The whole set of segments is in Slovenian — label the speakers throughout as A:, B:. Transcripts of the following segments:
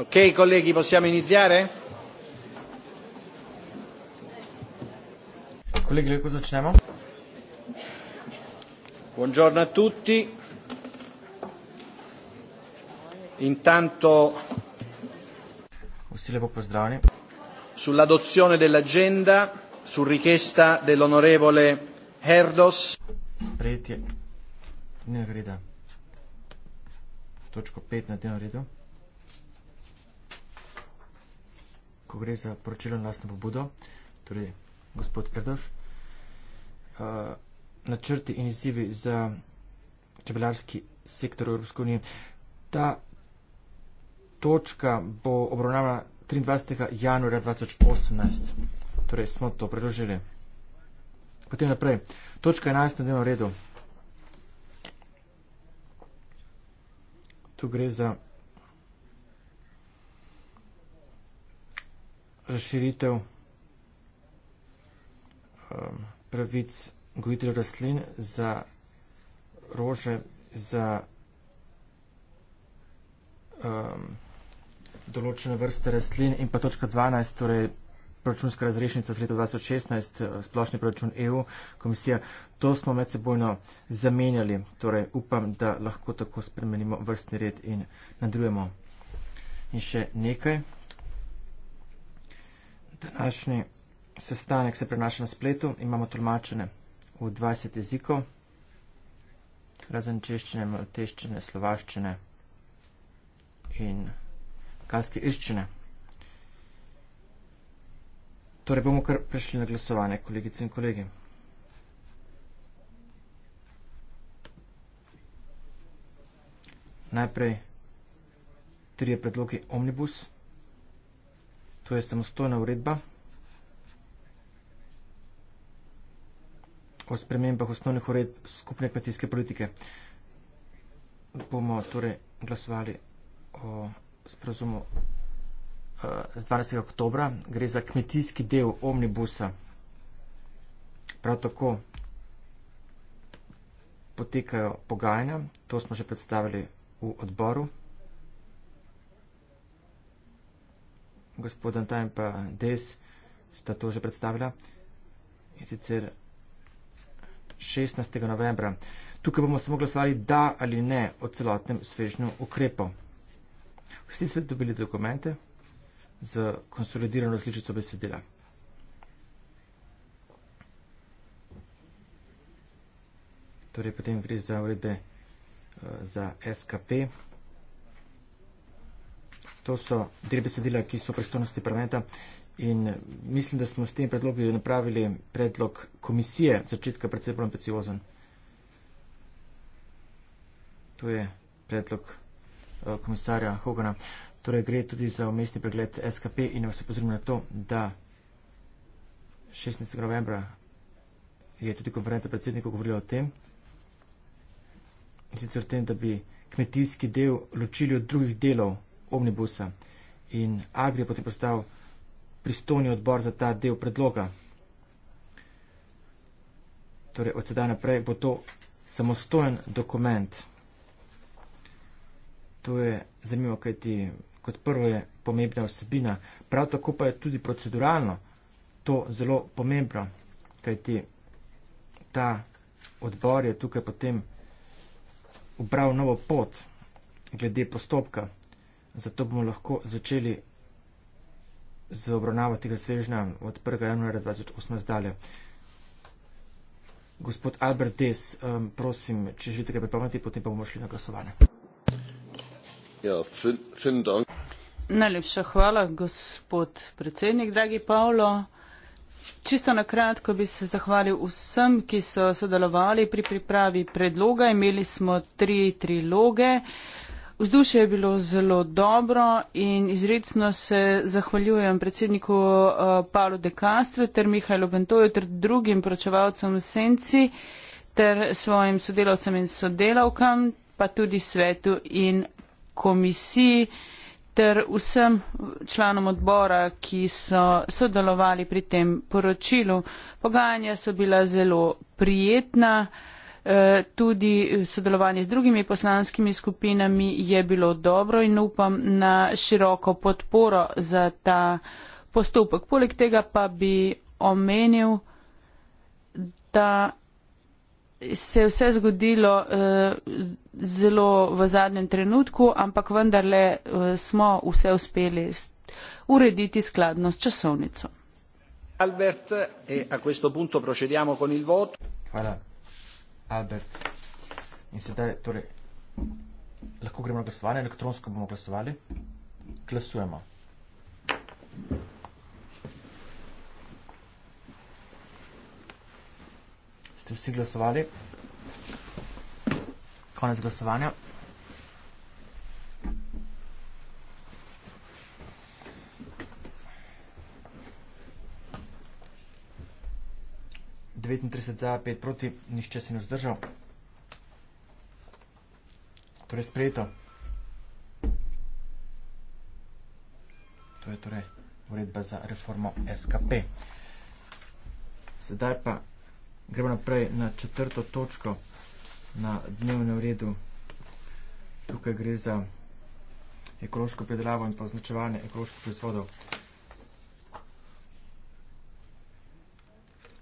A: Ok, colleghi, possiamo iniziare? Colleghi, che cosa c'è? Buongiorno a tutti. Intanto. Sull'adozione dell'agenda, su richiesta dell'onorevole Herdos. Spreti. Ne credo. Točko 5 na dnevnem redu. ko gre za poročilo na lastno pobudo, torej gospod Erdoš, uh, načrti in izzivi za čebelarski sektor v Evropske unije. Ta točka bo obravnavana 23. januarja 2018. Torej smo to predložili. Potem naprej. Točka 11 na dnevnem redu. Tu gre za razširitev um, pravic gojitev rastlin za rože, za um, določene vrste rastlin in pa točka 12, torej proračunska razrešnica z leta 2016, eh, splošni proračun EU, komisija, to smo med sebojno zamenjali, torej upam, da lahko tako spremenimo vrstni red in nadrujemo. In še nekaj današnji sestanek se prenaša na spletu. Imamo tolmačene v 20 jezikov, razen češčine, malteščine, slovaščine in kalske iščine. Torej bomo kar prešli na glasovanje, kolegice in kolegi. Najprej trije predlogi Omnibus. To je samostojna uredba o spremembah osnovnih ured skupne kmetijske politike. Bomo torej glasovali o sprozumu eh, z 12. oktobra. Gre za kmetijski del omnibusa. Prav tako potekajo pogajanja, to smo že predstavili v odboru. gospod Antaj in pa Des sta to že predstavila. In sicer 16. novembra. Tukaj bomo samo glasovali da ali ne o celotnem svežnju ukrepov. Vsi ste dobili dokumente z konsolidirano različico besedila. Torej, potem gre za uredbe eh, za SKP. To so tri besedila, ki so v pristojnosti parlamenta in mislim, da smo s tem predlogom napravili predlog komisije začetka predvsej bolj ambiciozen. To je predlog eh, komisarja Hogana. Torej gre tudi za umestni pregled SKP in vas opozorim na to, da 16. novembra je tudi konferenca predsednikov govorila o tem, in sicer o tem, da bi kmetijski del ločili od drugih delov omnibusa. In Agri je potem postal pristojni odbor za ta del predloga. Torej, od sedaj naprej bo to samostojen dokument. To je zanimivo, kajti kot prvo je pomembna osebina, prav tako pa je tudi proceduralno to zelo pomembno, kajti ta odbor je tukaj potem ubral novo pot glede postopka zato bomo lahko začeli z obravnavo tega svežnja od 1. januarja 2018 dalje. Gospod Albert Des, um, prosim, če želite kaj pripomniti, potem pa bomo šli na glasovanje.
B: Ja, fin, fin
C: Najlepša hvala, gospod predsednik, dragi Pavlo. Čisto na kratko bi se zahvalil vsem, ki so sodelovali pri pripravi predloga. Imeli smo tri triloge. Uh, Vzdušje je bilo zelo dobro in izredno se zahvaljujem predsedniku uh, Paolo de Castro ter Mihajlo Bentoju ter drugim pročevalcem v Senci ter svojim sodelavcem in sodelavkam, pa tudi svetu in komisiji ter vsem članom odbora, ki so sodelovali pri tem poročilu. Pogajanja so bila zelo prijetna. Eh, tudi eh, sodelovanje z drugimi poslanskimi skupinami je bilo dobro in upam na široko podporo za ta postopek. Poleg tega pa bi omenil, da se je vse zgodilo eh, zelo v zadnjem trenutku, ampak vendarle smo vse uspeli urediti skladno s časovnico.
A: Albert, e a questo punto procediamo con il voto. Hvala. Albert. In sedaj, torej, lahko gremo na glasovanje, elektronsko bomo glasovali. Glasujemo. Ste vsi glasovali? Konec glasovanja. 39 za, 5 proti, nišče se ni vzdržal. Torej, sprejeto. To je torej uredba za reformo SKP. Sedaj pa gremo naprej na četrto točko na dnevnem redu. Tukaj gre za ekološko predelavo in označevanje ekoloških proizvodov.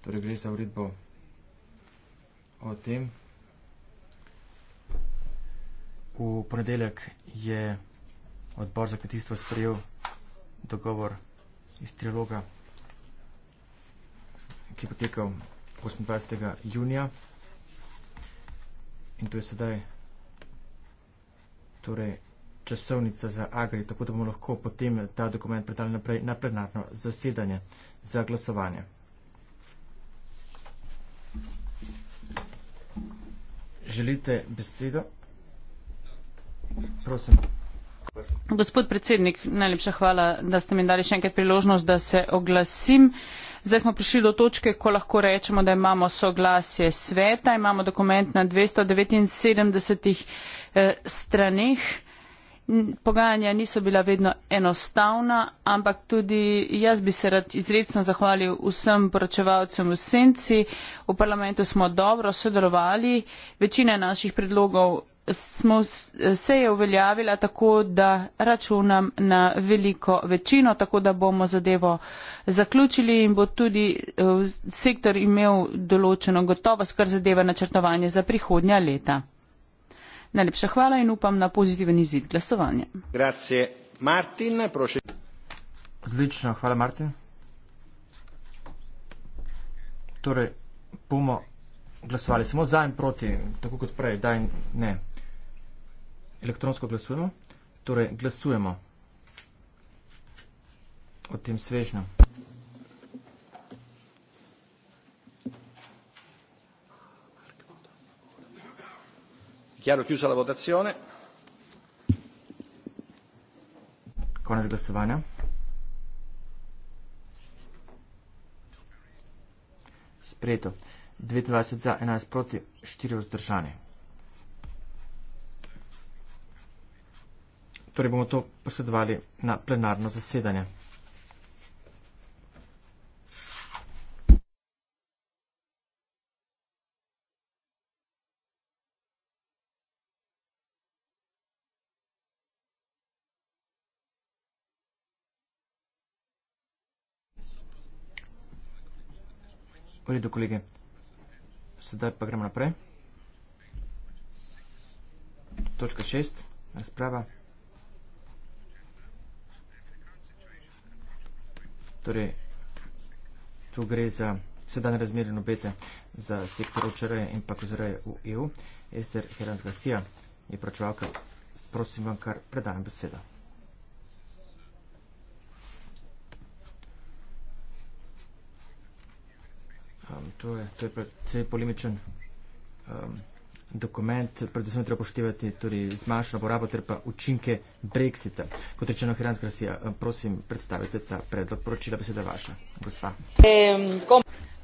A: Torej gre za uredbo o tem. V ponedeljek je odbor za kmetijstvo sprejel dogovor iz triloga, ki je potekal 28. junija. In to je sedaj torej, časovnica za Agri, tako da bomo lahko potem ta dokument predali naprej na plenarno zasedanje za glasovanje. Želite besedo? Prosim. Gospod
C: predsednik, najlepša hvala, da ste mi dali še enkrat priložnost, da se oglasim. Zdaj smo prišli do točke, ko lahko rečemo, da imamo soglasje sveta. Imamo dokument na 279 eh, straneh pogajanja niso bila vedno enostavna, ampak tudi jaz bi se rad izredno zahvalil vsem poročevalcem v Senci. V parlamentu smo dobro sodelovali, večina naših predlogov smo, se je uveljavila tako, da računam na veliko večino, tako da bomo zadevo zaključili in bo tudi eh, sektor imel določeno gotovost, kar zadeva načrtovanje za prihodnja leta najlepša hvala in upam na pozitiven izid glasovanja.
A: Grazie. Martin, proši... Odlično, hvala Martin. Torej, bomo glasovali samo za in proti, tako kot prej, da in ne. Elektronsko glasujemo. Torej, glasujemo o tem svežnem. dichiaro chiusa la votazione konec glasovanja sprejeto dvaindvajset za enajst proti štiri vzdržani torej bomo to posredovali na plenarno zasedanje V redu, kolege. Sedaj pa gremo naprej. Točka šest, razprava. Torej, tu gre za sedanje razmere in obete za sektor očaraje in pa kozoraje v EU. Ester Heranz Garcia je pročevalka. Prosim vam, kar predajam besedo. Um, to, je, to je predvsej polemičen um, dokument, predvsem treba poštevati tudi zmanjšeno porabo ter pa učinke Brexita. Kot rečeno, Hrvatska Rasija, um, prosim, predstavite ta predlog poročila, beseda vaša, gospa.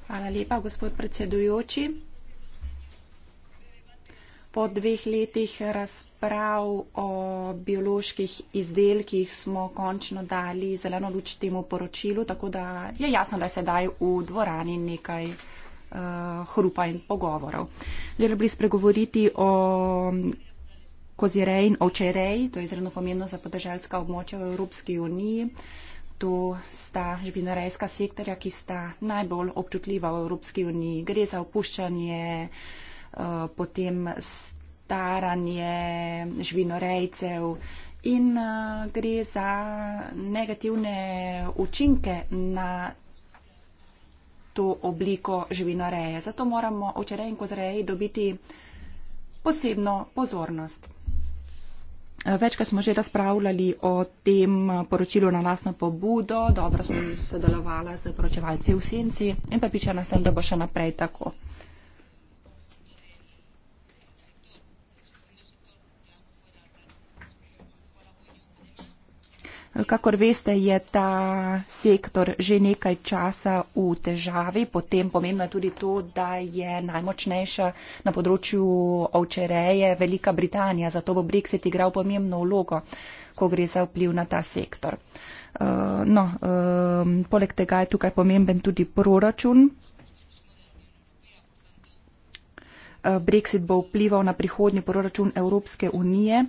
D: Hvala lepa, gospod predsedujoči. Po dveh letih razprav o bioloških izdelkih smo končno dali zeleno luč temu poročilu, tako da je jasno, da je sedaj v dvorani nekaj uh, hrupa in pogovorov. Želeli bi spregovoriti o kozirej in ovčerej, to je izredno pomembno za podeželjska območja v Evropski uniji. To sta živinorejska sektorja, ki sta najbolj občutljiva v Evropski uniji. Gre za opuščanje. Uh, Eh, potem staranje žvinorejcev in eh, gre za negativne učinke na to obliko živinoreje. Zato moramo očere in kozreji dobiti posebno pozornost. Eh, večkrat smo že razpravljali o tem poročilu na lastno pobudo, dobro smo sodelovala z poročevalci v Senci in pa piče nas, da bo še naprej tako. Kakor veste, je ta sektor že nekaj časa v težavi. Potem pomembno je tudi to, da je najmočnejša na področju ovčereje Velika Britanija. Zato bo Brexit igral pomembno vlogo, ko gre za vpliv na ta sektor. Eh, no, eh, poleg tega je tukaj pomemben tudi proračun. Eh, Brexit bo vplival na prihodnji proračun Evropske unije.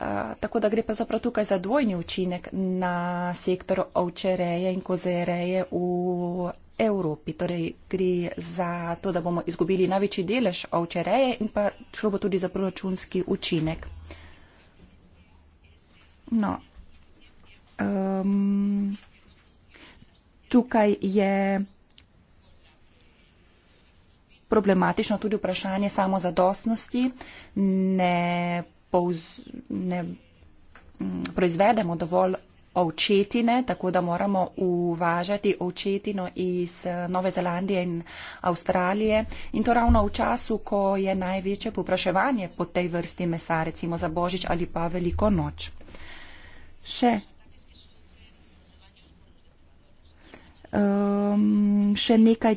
D: Eh, tako da gre pa zapravo tukaj za dvojni učinek na sektor ovčereje in kozereje v Evropi. Torej gre za to, da bomo izgubili največji delež ovčereje in pa šlo bo tudi za proračunski učinek. No. Um, tukaj je problematično tudi vprašanje samozadostnosti. Ne povz, ne, mm, proizvedemo dovolj ovčetine, tako da moramo uvažati ovčetino iz eh, Nove Zelandije in Avstralije. In to ravno v času, ko je največje popraševanje po tej vrsti mesa, recimo za božič ali pa veliko noč. Še. Um, še nekaj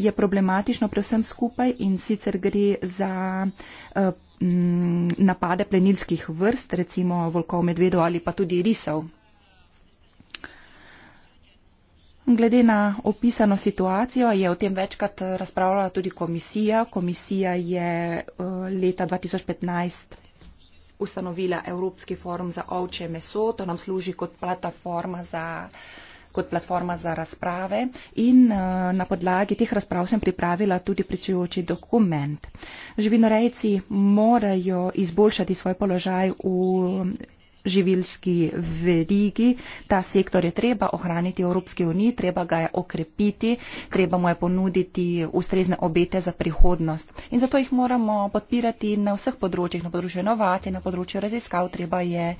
D: je problematično pri vsem skupaj in sicer gre za uh, Mm, napade plenilskih vrst, recimo volkov, medvedov ali pa tudi risov. Glede na opisano situacijo je o tem večkrat razpravljala tudi komisija. Komisija je eh, leta 2015 ustanovila Evropski forum za ovče meso. To nam služi kot plataforma za uh, kot platforma za razprave in eh, na podlagi teh razprav sem pripravila tudi pričujoči dokument. Živinorejci morajo izboljšati svoj položaj v živilski verigi. Ta sektor je treba ohraniti v Evropski uniji, treba ga je okrepiti, treba mu je ponuditi ustrezne obete za prihodnost. In zato jih moramo podpirati na vseh področjih, na področju inovacij, na področju raziskav, treba je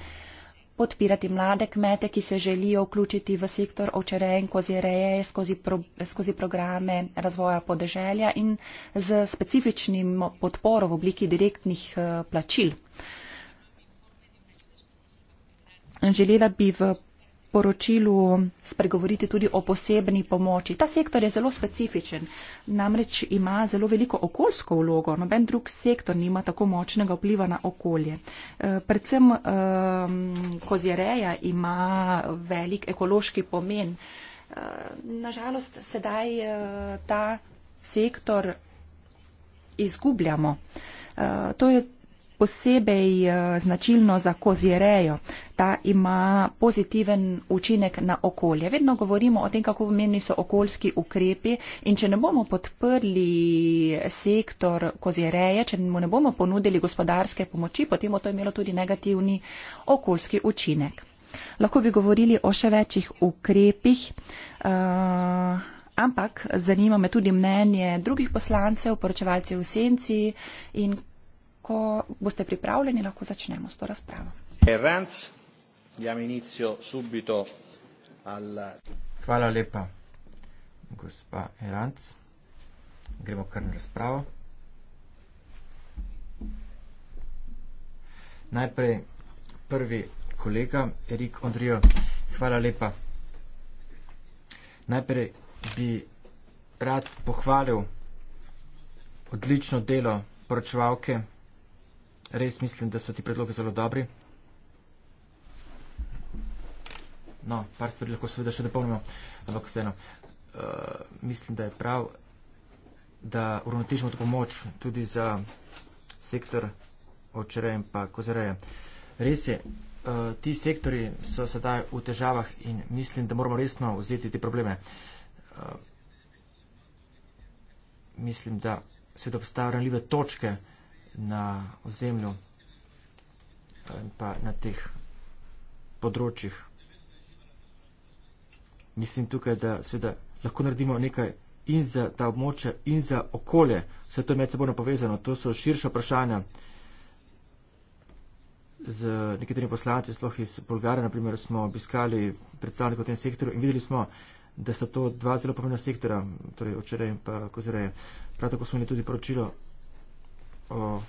D: podpirati mlade kmete, ki se želijo vključiti v sektor očerejen kozi reje, skozi, pro, skozi programe razvoja podeželja in z specifičnim podporo v obliki direktnih eh, plačil. Želela bi v poročilu spregovoriti tudi o posebni pomoči. Ta sektor je zelo specifičen, namreč ima zelo veliko okoljsko vlogo, noben drug sektor nima tako močnega vpliva na okolje. E, predvsem kozjereja ima velik ekološki pomen. E, Nažalost, sedaj e, ta sektor izgubljamo. To je posebej eh, značilno za kozirejo. Ta ima pozitiven učinek na okolje. Vedno govorimo o tem, kako pomeni so okoljski ukrepi in če ne bomo podprli sektor kozireje, če mu ne bomo ponudili gospodarske pomoči, potem bo to imelo tudi negativni okoljski učinek. Lahko bi govorili o še večjih ukrepih. Uh, Ampak zanima me tudi mnenje drugih poslancev, poročevalcev v senci in Ko boste pripravljeni, lahko začnemo s to razpravo.
A: Evans, jam inizio
B: subito al...
A: Hvala lepa, gospa Evans. Gremo kar na razpravo. Najprej prvi kolega Erik Ondrijo. Hvala lepa. Najprej bi rad pohvalil odlično delo poročevalke res mislim, da so ti predlogi zelo dobri. No, par stvari lahko seveda še dopolnimo, ampak vseeno, uh, mislim, da je prav, da uravnotežimo to pomoč tudi za sektor očereje in pa kozereje. Res je, uh, ti sektori so sedaj v težavah in mislim, da moramo resno vzeti te probleme. Uh, mislim, da se dobstavljajo ljive točke, uh, na ozemlju in pa na teh področjih. Mislim tukaj, da seveda lahko naredimo nekaj in za ta območja in za okolje. Vse to je med sebojno povezano. To so širša vprašanja z nekaterimi poslanci, sploh iz Bolgare, naprimer, smo obiskali predstavnikov v tem sektorju in videli smo, da sta to dva zelo pomembna sektora, torej očere in pa kozireje. Prav tako smo imeli tudi poročilo o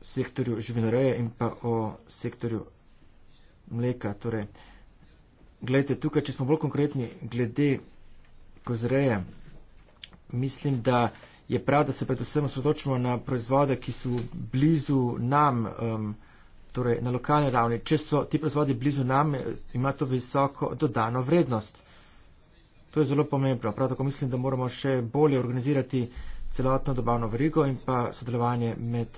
A: sektorju živinoreje in pa o sektorju mleka. Torej, gledajte, tukaj, če smo bolj konkretni glede kozreje, mislim, da je prav, da se predvsem osredotočimo na proizvode, ki so blizu nam, um, torej na lokalni ravni. Če so ti proizvodi blizu nam, ima to visoko dodano vrednost. To je zelo pomembno. Prav tako mislim, da moramo še bolje organizirati uh, celotno dobavno vrigo in pa sodelovanje med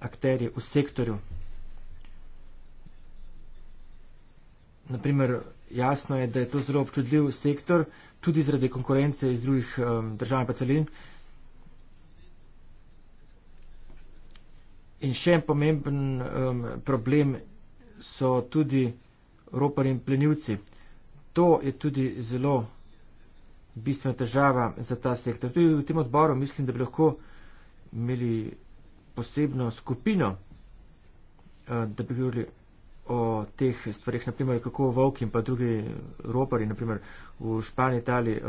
A: akterji v sektorju. Naprimer, jasno je, da je to zelo občudljiv sektor, tudi zaradi konkurence iz drugih um, držav in pa celin. In še en pomemben um, problem so tudi roparji in plenilci. To je tudi zelo bistvena težava za ta sektor. Tudi v tem odboru mislim, da bi lahko imeli posebno skupino, eh, da bi govorili o teh stvarih, naprimer, kako volki in pa drugi ropari, naprimer v Španiji, Italiji,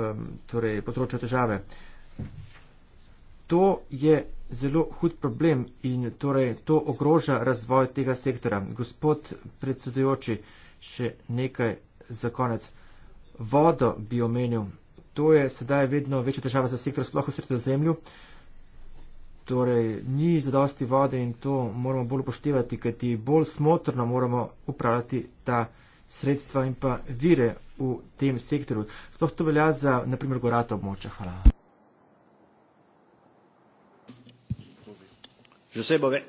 A: torej področja težave. To je zelo hud problem in torej to ogroža razvoj tega sektora. Gospod predsedujoči, še nekaj za konec. Vodo bi omenil to je sedaj vedno večja težava za sektor, sploh v sredozemlju. Torej, ni zadosti vode in to moramo bolj upoštevati, kajti bolj smotrno moramo upravljati ta sredstva in pa vire v tem sektorju. Sploh to velja za, naprimer, gorata območja. Hvala. Že se bo ve.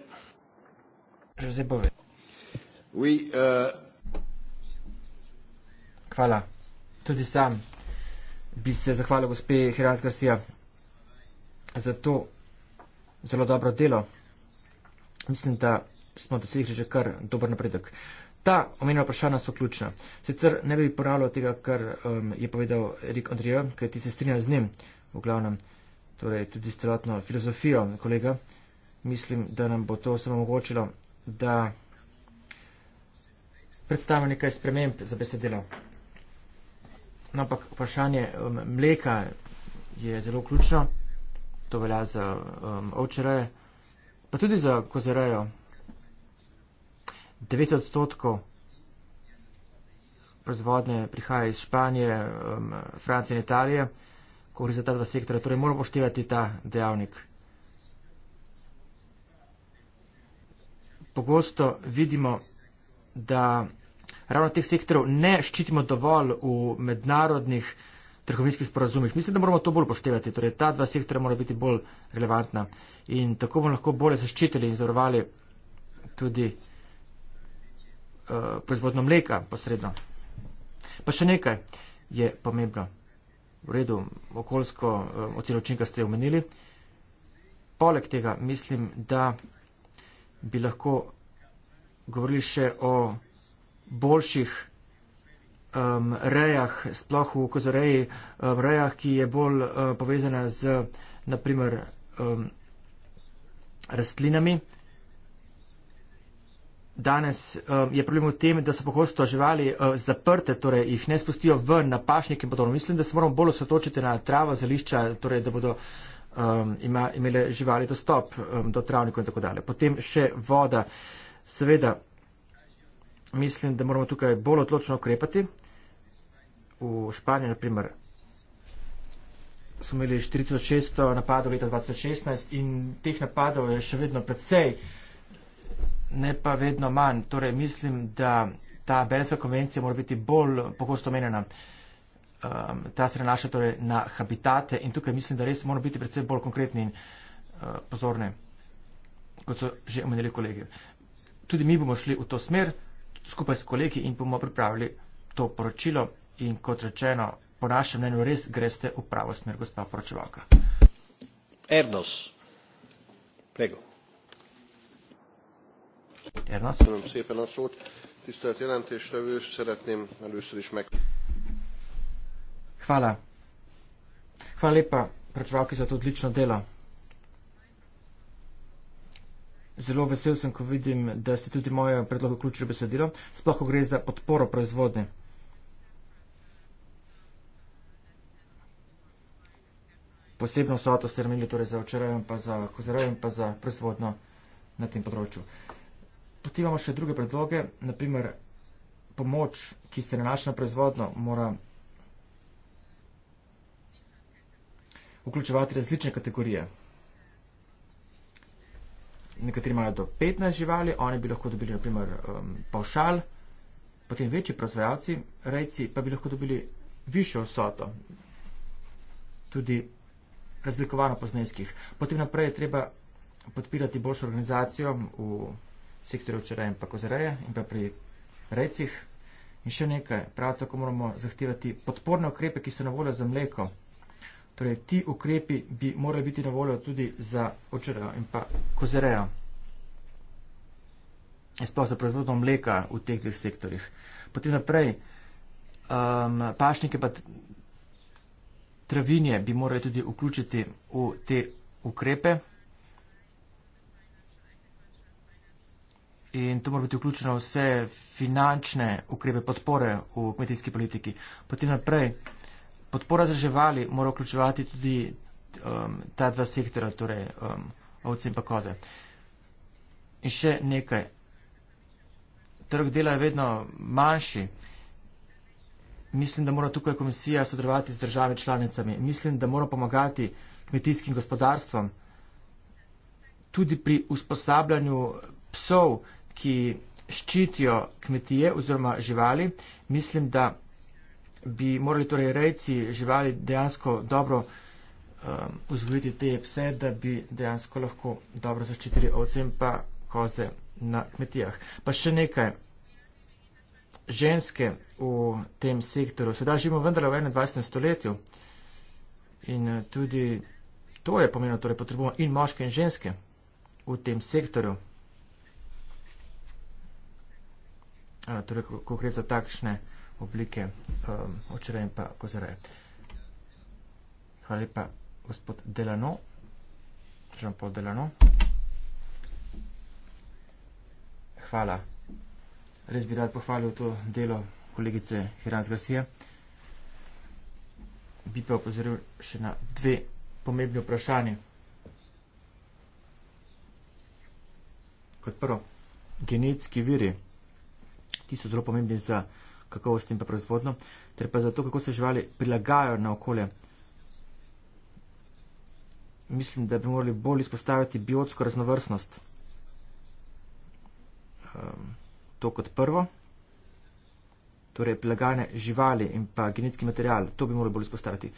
A: Hvala. Tudi sam bi se zahvalil gospe Hiranc Garcia za to zelo dobro delo. Mislim, da smo dosegli že kar dober napredek. Ta omenjena vprašanja so ključna. Sicer ne bi poravljal tega, kar um, je povedal Erik Andrija, ker ti se strinja z njim, v glavnem, torej tudi s celotno filozofijo kolega. Mislim, da nam bo to samo omogočilo, da predstavljamo nekaj sprememb za besedilo. No, ampak vprašanje um, mleka je zelo ključno. To velja za um, ovčereje, pa tudi za kozerejo. 90 odstotkov proizvodnje prihaja iz Španije, um, Francije in Italije, ko gre za ta dva sektora. Torej moramo poštevati ta dejavnik. Pogosto vidimo, da ravno teh sektorov ne ščitimo dovolj v mednarodnih trgovinskih sporazumih. Mislim, da moramo to bolj poštevati. Torej, ta dva sektora mora biti bolj relevantna in tako bomo lahko bolje zaščitili in zavarovali tudi uh, eh, proizvodno mleka posredno. Pa še nekaj je pomembno. V redu, okoljsko uh, oceno učinka ste omenili. Poleg tega mislim, da bi lahko govorili še o boljših um, rejah, sploh v kozoreji, um, rejah, ki je bolj uh, povezana z naprimer um, rastlinami. Danes um, je problem v tem, da so pogosto živali uh, zaprte, torej jih ne spustijo ven na pašnike in podobno. Mislim, da se moramo bolj osredotočiti na travo, zališča, torej da bodo um, ima, imele živali dostop um, do travnikov in tako dalje. Potem še voda. Seveda, mislim, da moramo tukaj bolj odločno ukrepati. V Španiji, na primer, smo imeli 4600 napadov leta 2016 in teh napadov je še vedno precej, ne pa vedno manj. Torej, mislim, da ta Berlinska konvencija mora biti bolj pogosto omenjena. Um, ta se nanaša torej na habitate in tukaj mislim, da res moramo biti predvsem bolj konkretni in uh, pozorni, kot so že omenili kolegi. Tudi mi bomo šli v to smer skupaj s kolegi in bomo pripravili to poročilo. In kot rečeno, po našem mnenju res greste v pravo smer, gospa poročevalka.
B: Ernos, prego. Ernos. Hvala vam lepa na sod. Tisto jedenante število srednjem alustriš mek.
A: Hvala. Hvala lepa poročevalki za to odlično delo. Zelo vesel sem, ko vidim, da ste tudi moje predloge vključili v besedilo, sploh ko gre za podporo proizvodnje. Posebno vsoto ste namenili torej za očarajem, pa za kozarajem, pa za proizvodno na tem področju. Potem imamo še druge predloge, naprimer pomoč, ki se nanaša na proizvodno, mora vključevati različne kategorije nekateri imajo do 15 živali, oni bi lahko dobili naprimer um, pavšal, potem večji proizvajalci, rejci, pa bi lahko dobili višjo vsoto, tudi razlikovano po zneskih. Potem naprej je treba podpirati boljšo organizacijo v sektorju včeraj in pa kozereje in pa pri rejcih. In še nekaj, prav tako moramo zahtevati podporne ukrepe, ki so na voljo za mleko. Torej, ti ukrepi bi morali biti na voljo tudi za očerejo in pa kozerejo. Sploh za proizvodno mleka v teh dveh sektorjih. Potem naprej, um, pašnike pa travinje bi morali tudi vključiti v te ukrepe. In to mora biti vključeno vse finančne ukrepe podpore v kmetijski politiki. Potem naprej, podpora za živali mora vključevati tudi um, ta dva sektora, torej um, ovce in pa koze. In še nekaj. Trg dela je vedno manjši. Mislim, da mora tukaj komisija sodelovati z državami članicami. Mislim, da mora pomagati kmetijskim gospodarstvom tudi pri usposabljanju psov, ki ščitijo kmetije oziroma živali. Mislim, da bi morali torej rejci živali dejansko dobro um, vzgojiti um, te pse, da bi dejansko lahko dobro zaščitili ovce in pa koze na kmetijah. Pa še nekaj. Ženske v tem sektoru. Sedaj živimo vendar v 21. stoletju in eh, tudi to je pomenilo, torej potrebujemo in moške in ženske v tem sektoru. A, eh, torej, ko, ko gre za takšne oblike um, očera in pa kozare. Hvala lepa, gospod Delano. Držam pa Delano. Hvala. Res bi rad pohvalil to delo kolegice Hiranz Garcia. Bi pa opozoril še na dve pomembni vprašanje. Kot prvo, genetski viri, ki so zelo pomembni za kakovost in pa proizvodno, ter pa zato, kako se živali prilagajajo na okolje. Mislim, da bi morali bolj izpostaviti biotsko raznovrstnost. Ehm, to kot prvo, torej prilagajanje živali in pa genetski material, to bi morali bolj izpostaviti.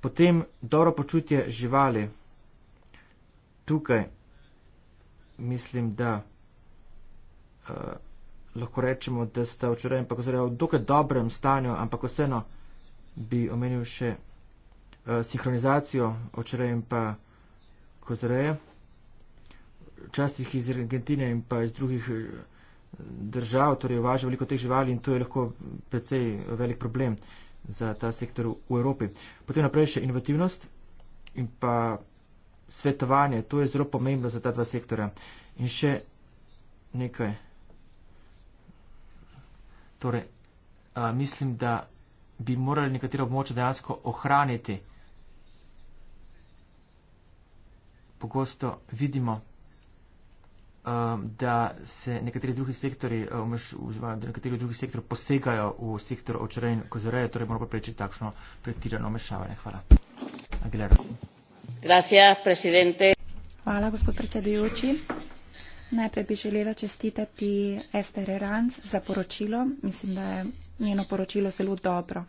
A: Potem dobro počutje živali. Tukaj mislim, da. Eh, lahko rečemo, da sta včeraj in pa ko zarejo v dokaj dobrem stanju, ampak vseeno bi omenil še uh, sinhronizacijo včeraj in pa ko zareje. Včasih iz Argentine in pa iz drugih eh, držav, torej uvaža veliko teh živali in to je lahko precej velik problem za ta sektor v Evropi. Potem naprej še inovativnost in pa svetovanje. To je zelo pomembno za ta dva sektora. In še nekaj. Torej, a, mislim, da bi morali nekatera območja dejansko ohraniti. Pogosto vidimo, a, da se nekateri drugi sektori, oziroma da nekateri drugi sektori posegajo v sektor očarajen kozoreje, torej moramo preprečiti takšno pretirano omešavanje. Hvala. Aguilera.
C: Gracias, presidente. Hvala, gospod
D: predsedujoči. Najprej bi želela čestitati Ester Ranc za poročilo. Mislim, da je njeno poročilo zelo dobro.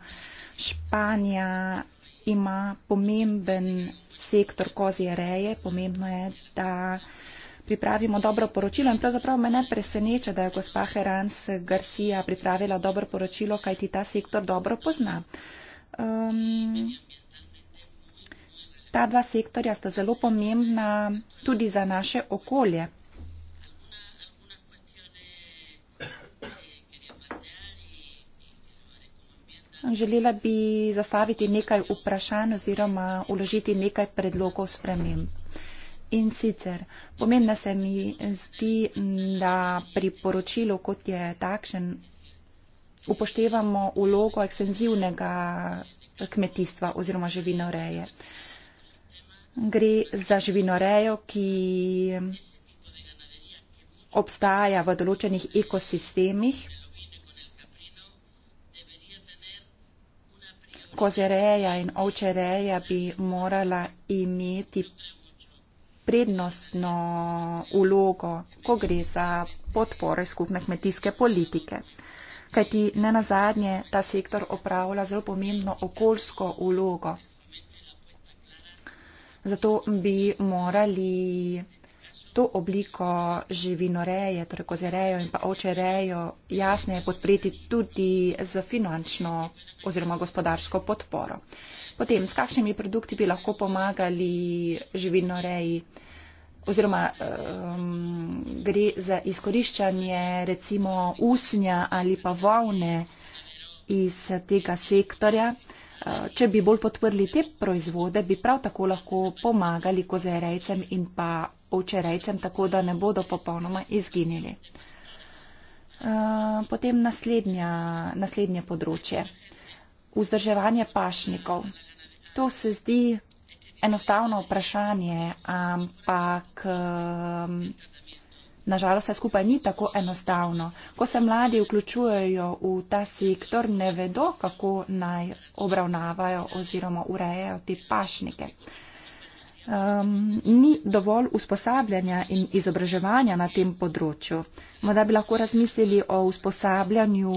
D: Španija ima pomemben sektor kozje reje. Pomembno je, da pripravimo dobro poročilo in pravzaprav me ne preseneča, da je gospa Herans Garcia pripravila dobro poročilo, kajti ta sektor dobro pozna. Um, ta dva sektorja sta zelo pomembna tudi za naše okolje. Želela bi zastaviti nekaj vprašanj oziroma uložiti nekaj predlogov sprememb. In sicer, pomembna se mi zdi, da pri poročilu, kot je takšen, upoštevamo ulogo ekstenzivnega kmetijstva oziroma živinoreje. Gre za živinorejo, ki obstaja v določenih ekosistemih, kozereja in ovčereja bi morala imeti prednostno ulogo, ko gre za podpore skupne kmetijske politike. Kajti ne nazadnje ta sektor opravlja zelo pomembno okoljsko ulogo. Zato bi morali to obliko živinoreje, torej kozerejo in pa očerejo, jasneje podpreti tudi z finančno oziroma gospodarsko podporo. Potem, s kakšnimi produkti bi lahko pomagali živinoreji? Oziroma, um, gre za izkoriščanje recimo usnja ali pa volne iz tega sektorja. E, če bi bolj podprli te proizvode, bi prav tako lahko pomagali kozerejcem in pa ovčerejcem, tako da ne bodo popolnoma izginili. Eh, potem naslednja, naslednje področje. Vzdrževanje pašnikov. To se zdi enostavno vprašanje, ampak eh, nažalost vse skupaj ni tako enostavno. Ko se mladi vključujejo v ta sektor, ne vedo, kako naj obravnavajo oziroma urejejo te pašnike um, ni dovolj usposabljanja in izobraževanja na tem področju. Morda bi lahko razmislili o usposabljanju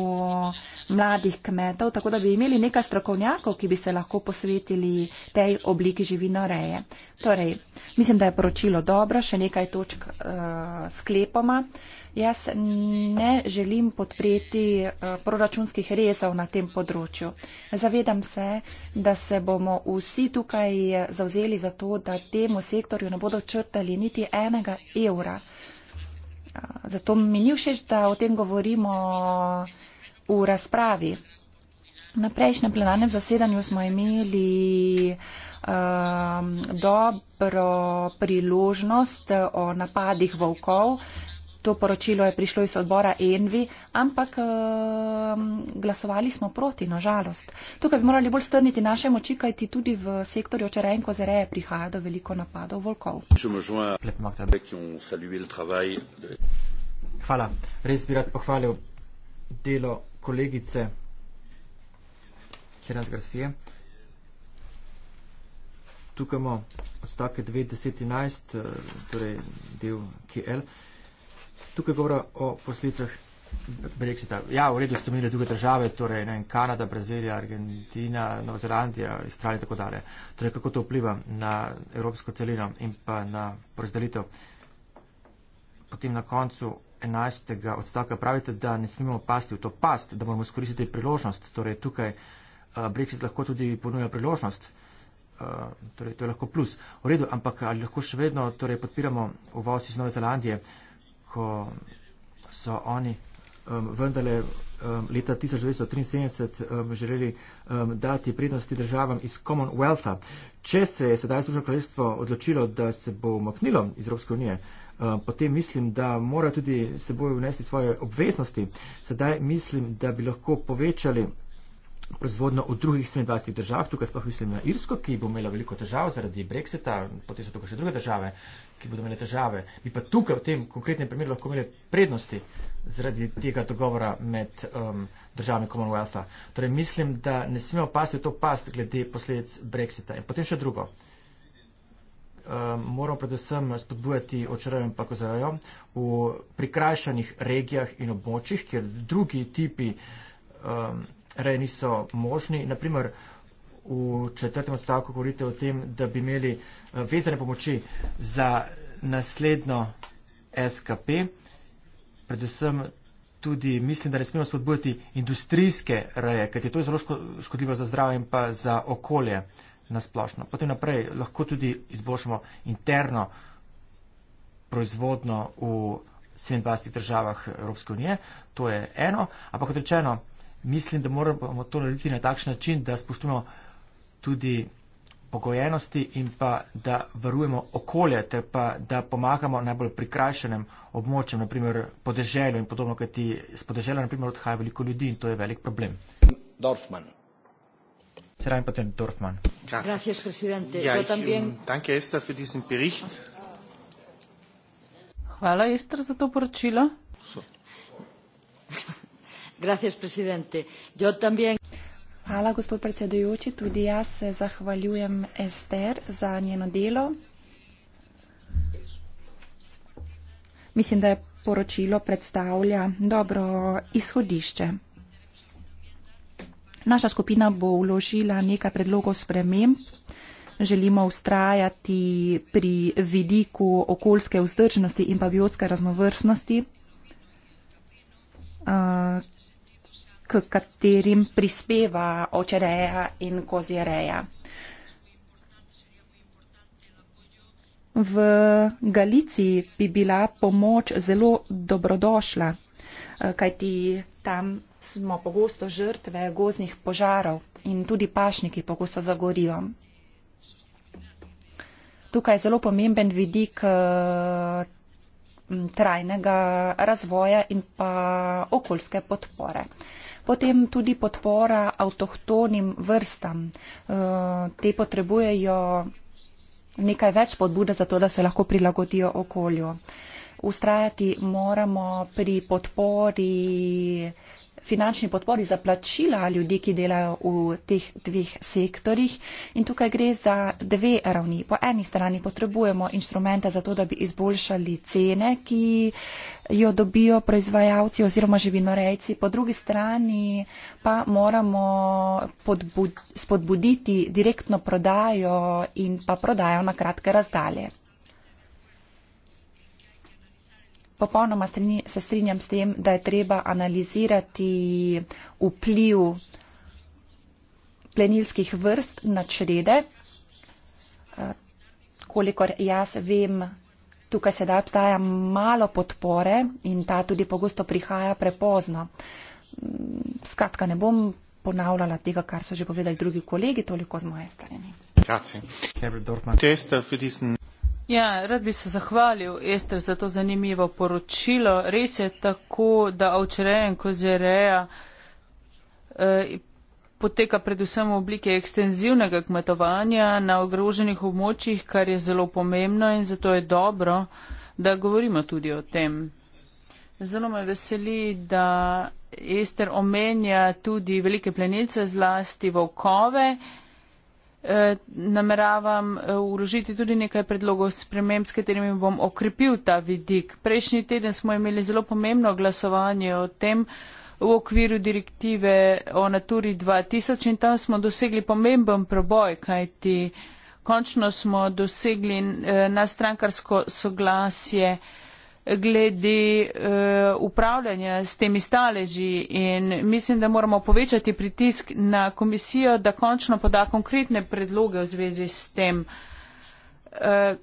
D: mladih kmetov, tako da bi imeli nekaj strokovnjakov, ki bi se lahko posvetili tej obliki živinoreje. Torej, mislim, da je poročilo dobro, še nekaj točk uh, sklepoma. Uh, Jaz ne želim podpreti eh, proračunskih rezov na tem področju. Zavedam se, da se bomo vsi tukaj zauzeli za to, da temu sektorju ne bodo črtali niti enega evra. Eh, zato mi ni všeč, da o tem govorimo v razpravi. Na prejšnjem plenarnem zasedanju smo imeli um, dobro priložnost o napadih volkov To poročilo je prišlo iz odbora Envi, ampak uh, glasovali smo proti, nažalost. Tukaj bi morali bolj strniti naše moči, kajti tudi v sektorju Očerenko zreje prihaja do veliko napadov volkov.
A: Hvala. Res bi rad pohvalil delo kolegice Hiranz Garcije. Tukaj imamo odstavke 2.10.11, eh, torej del KL tukaj govora o posledicah Brexita. Ja, v redu ste omenili druge države, torej ne, Kanada, Brazilija, Argentina, Nova Zelandija, Avstralija in tako dalje. Torej, kako to vpliva na evropsko celino in pa na porazdelitev. Potem na koncu 11. odstavka pravite, da ne smemo pasti v to past, da moramo skoristiti priložnost. Torej, tukaj eh, Brexit lahko tudi ponuja priložnost. Uh, torej, to je lahko plus. V redu, ampak ali lahko še vedno torej, podpiramo uvoz iz Nove Zelandije? Uh, ko so oni um, vendarle um, leta 1973 um, želeli um, dati prednosti državam iz Commonwealtha. Če se je sedaj Združeno kraljestvo odločilo, da se bo umaknilo iz Evropske unije, um, potem mislim, da mora tudi seboj vnesti svoje obveznosti. Sedaj mislim, da bi lahko povečali proizvodno v drugih 27 državah, tukaj sploh mislim na Irsko, ki bo imela veliko težav zaradi Brexita, potem so tukaj še druge države, ki bodo imeli težave. Mi pa tukaj v tem konkretnem primeru lahko imeli prednosti zaradi tega dogovora med um, državami Commonwealtha. Torej mislim, da ne smemo pasti v to past glede posledic Brexita. In potem še drugo. Um, moramo predvsem spodbujati očarajo in pa kozarajo v prikrajšanih regijah in območjih, kjer drugi tipi um, reje niso možni. Naprimer, v četrtem odstavku govorite o tem, da bi imeli eh, vezane pomoči za naslednjo SKP. Predvsem tudi mislim, da ne smemo spodbujati industrijske reje, ker je to zelo škodljivo za zdravje in pa za okolje nasplošno. Potem naprej lahko tudi izboljšamo interno proizvodno v 27 državah Evropske unije. To je eno. Ampak kot rečeno, mislim, da moramo to narediti na takšen način, da spoštujemo tudi pogojenosti in pa da varujemo okolje ter pa da pomagamo najbolj prikrajšanem območjem, naprimer podeželju in podobno, kajti z podeželja naprimer odhaja veliko ljudi in to je velik problem. Dorfman. Será importante Dorfman. Gracias, Gracias presidente. Ja, Yo ich, también. Ähm, danke Esther für diesen Bericht.
C: Hvala Ester za to poročilo. Gracias, presidente. Yo también.
D: Hvala, gospod predsedujoči. Tudi jaz se zahvaljujem Ester za njeno delo. Mislim, da je poročilo predstavlja dobro izhodišče. Naša skupina bo uložila nekaj predlogov sprememb. Želimo ustrajati pri vidiku okoljske vzdržnosti in pa biotske raznovrstnosti. Uh, k katerim prispeva očereja in kozjereja. V Galiciji bi bila pomoč zelo dobrodošla, eh, kajti tam smo pogosto žrtve goznih požarov in tudi pašniki pogosto zagorijo. Tukaj je zelo pomemben vidik eh, trajnega razvoja in pa okoljske podpore potem tudi podpora avtohtonim vrstam. Eh, te potrebujejo nekaj več podbude za to, da se lahko prilagodijo okolju. Ustrajati moramo pri podpori finančni podpori za plačila ljudi, ki delajo v teh dveh sektorjih. In tukaj gre za dve ravni. Po eni strani potrebujemo inštrumente za to, da bi izboljšali cene, ki jo dobijo proizvajalci oziroma živinorejci. Po drugi strani pa moramo spodbuditi direktno prodajo in pa prodajo na kratke razdalje. Popolnoma se strinjam s tem, da je treba analizirati vpliv plenilskih vrst na črede. Eh, kolikor jaz vem, tukaj se da obstaja malo podpore in ta tudi pogosto prihaja prepozno. Mm, skratka, ne bom ponavljala tega, kar so že povedali drugi kolegi, toliko z moje strani.
C: Ja, rad bi se zahvalil Ester za to zanimivo poročilo. Res je tako, da avčereje in kozereja eh, poteka predvsem v oblike ekstenzivnega kmetovanja na ogroženih območjih, kar je zelo pomembno in zato je dobro, da govorimo tudi o tem. Zelo me veseli, da Ester omenja tudi velike plenice, zlasti volkove. Eh, Eh, nameravam uložiti eh, tudi nekaj predlogov sprememb, s katerimi bom okrepil ta vidik. Prejšnji teden smo imeli zelo pomembno glasovanje o tem v okviru direktive o Naturi 2000 in tam smo dosegli pomemben proboj, kajti končno smo dosegli eh, na strankarsko soglasje eh, glede eh, upravljanja s temi staleži in mislim, da moramo povečati pritisk na komisijo, da končno poda konkretne predloge v zvezi s tem. Eh,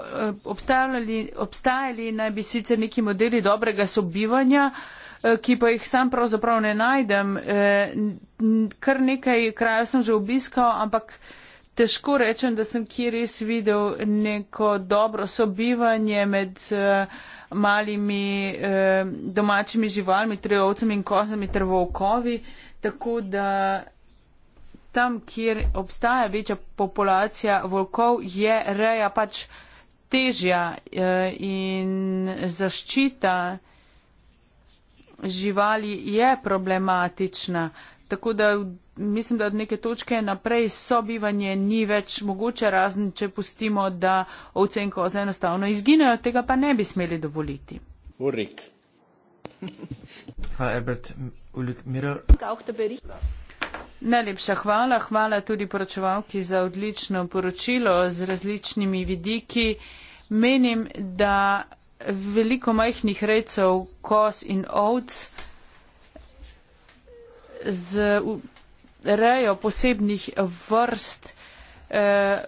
C: eh, obstajali naj bi sicer neki modeli dobrega sobivanja, ki pa jih sam pravzaprav ne najdem. Kar nekaj krajev sem že obiskal, ampak težko rečem, da sem kjer res videl neko dobro sobivanje med eh, malimi eh, domačimi živalmi, torej ovcami in kozami ter volkovi, tako da tam, kjer obstaja večja populacija volkov, je reja pač težja eh, in zaščita živali je problematična. Tako da mislim, da od neke točke naprej sobivanje ni več mogoče, razen če pustimo, da ovce in koze enostavno izginejo, tega pa ne bi smeli dovoliti.
A: Urik. Hvala, Ebert. Ulik Mirer.
C: Najlepša hvala. Hvala tudi poročevalki za odlično poročilo z različnimi vidiki. Menim, da veliko majhnih rejcev, koz in ovc z rejo posebnih vrst eh,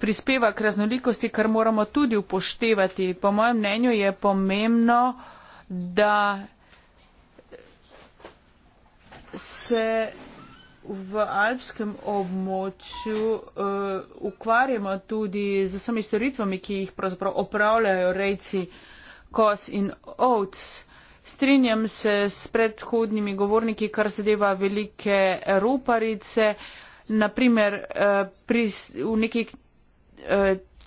C: prispeva k raznolikosti, kar moramo tudi upoštevati. Po mojem mnenju je pomembno, da se v alpskem območju uh, ukvarjamo tudi z vsemi storitvami, ki jih pravzaprav opravljajo rejci kos in ovc. Uh, Strinjam se s predhodnimi govorniki, kar zadeva velike roparice. Naprimer, eh, pri, v neki eh,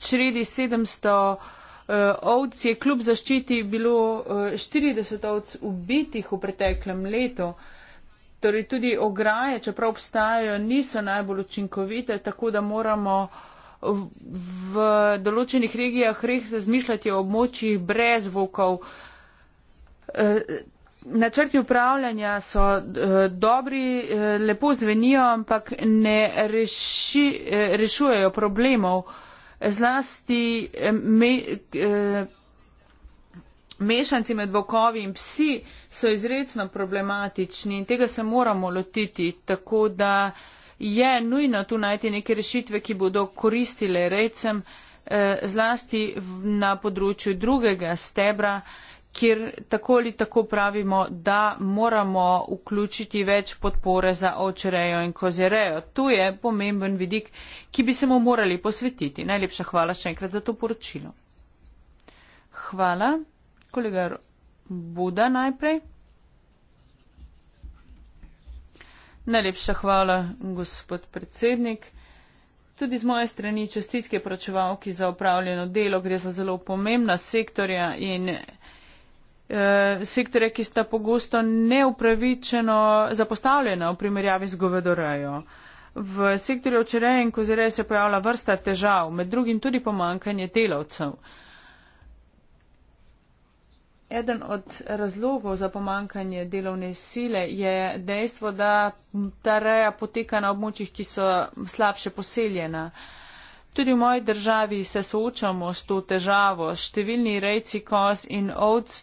C: čredi 700 eh, ovc je kljub zaščiti bilo 40 ovc ubitih v preteklem letu. Torej tudi ograje, čeprav obstajajo, niso najbolj učinkovite, tako da moramo v določenih regijah res razmišljati o območjih brez vokov. Eh, načrti upravljanja so eh, dobri, eh, lepo zvenijo, ampak ne reši, rešujejo problemov. Zlasti me, mešanci med vokovi in psi so izredno problematični in tega se moramo lotiti, tako da je nujno tu najti neke rešitve, ki bodo koristile recem zlasti na področju drugega stebra kjer tako ali tako pravimo, da moramo vključiti več podpore za očerejo in kozerejo. Tu je pomemben vidik, ki bi se mu morali posvetiti. Najlepša hvala še enkrat za to poročilo. Hvala. Kolega Buda najprej. Najlepša hvala, gospod predsednik. Tudi z moje strani čestitke pročevalki za upravljeno delo. Gre za zelo pomembna sektorja in. Eh, sektore, ki sta pogosto neupravičeno zapostavljena v primerjavi z govedorejo. V sektorju očereje in kozereje se pojavlja vrsta težav, med drugim tudi pomankanje delavcev. Eden od razlogov za pomankanje delovne sile je dejstvo, da ta reja poteka na območjih, ki so slabše poseljena. Uh, Tudi v moji državi se soočamo s to težavo. Številni rejci koz in ovc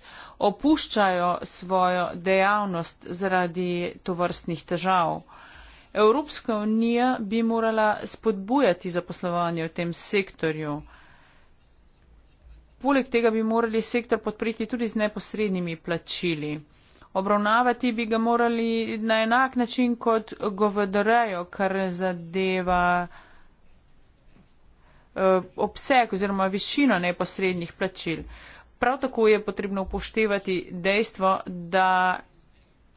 C: opuščajo svojo dejavnost zaradi tovrstnih težav. Evropska unija bi morala spodbujati zaposlovanje v tem sektorju. Poleg tega bi morali sektor podpreti tudi z neposrednimi plačili. Obravnavati bi ga morali na enak način kot govedorejo, kar zadeva. Eh, obseg oziroma višino neposrednih plačil. Prav tako je potrebno upoštevati dejstvo, da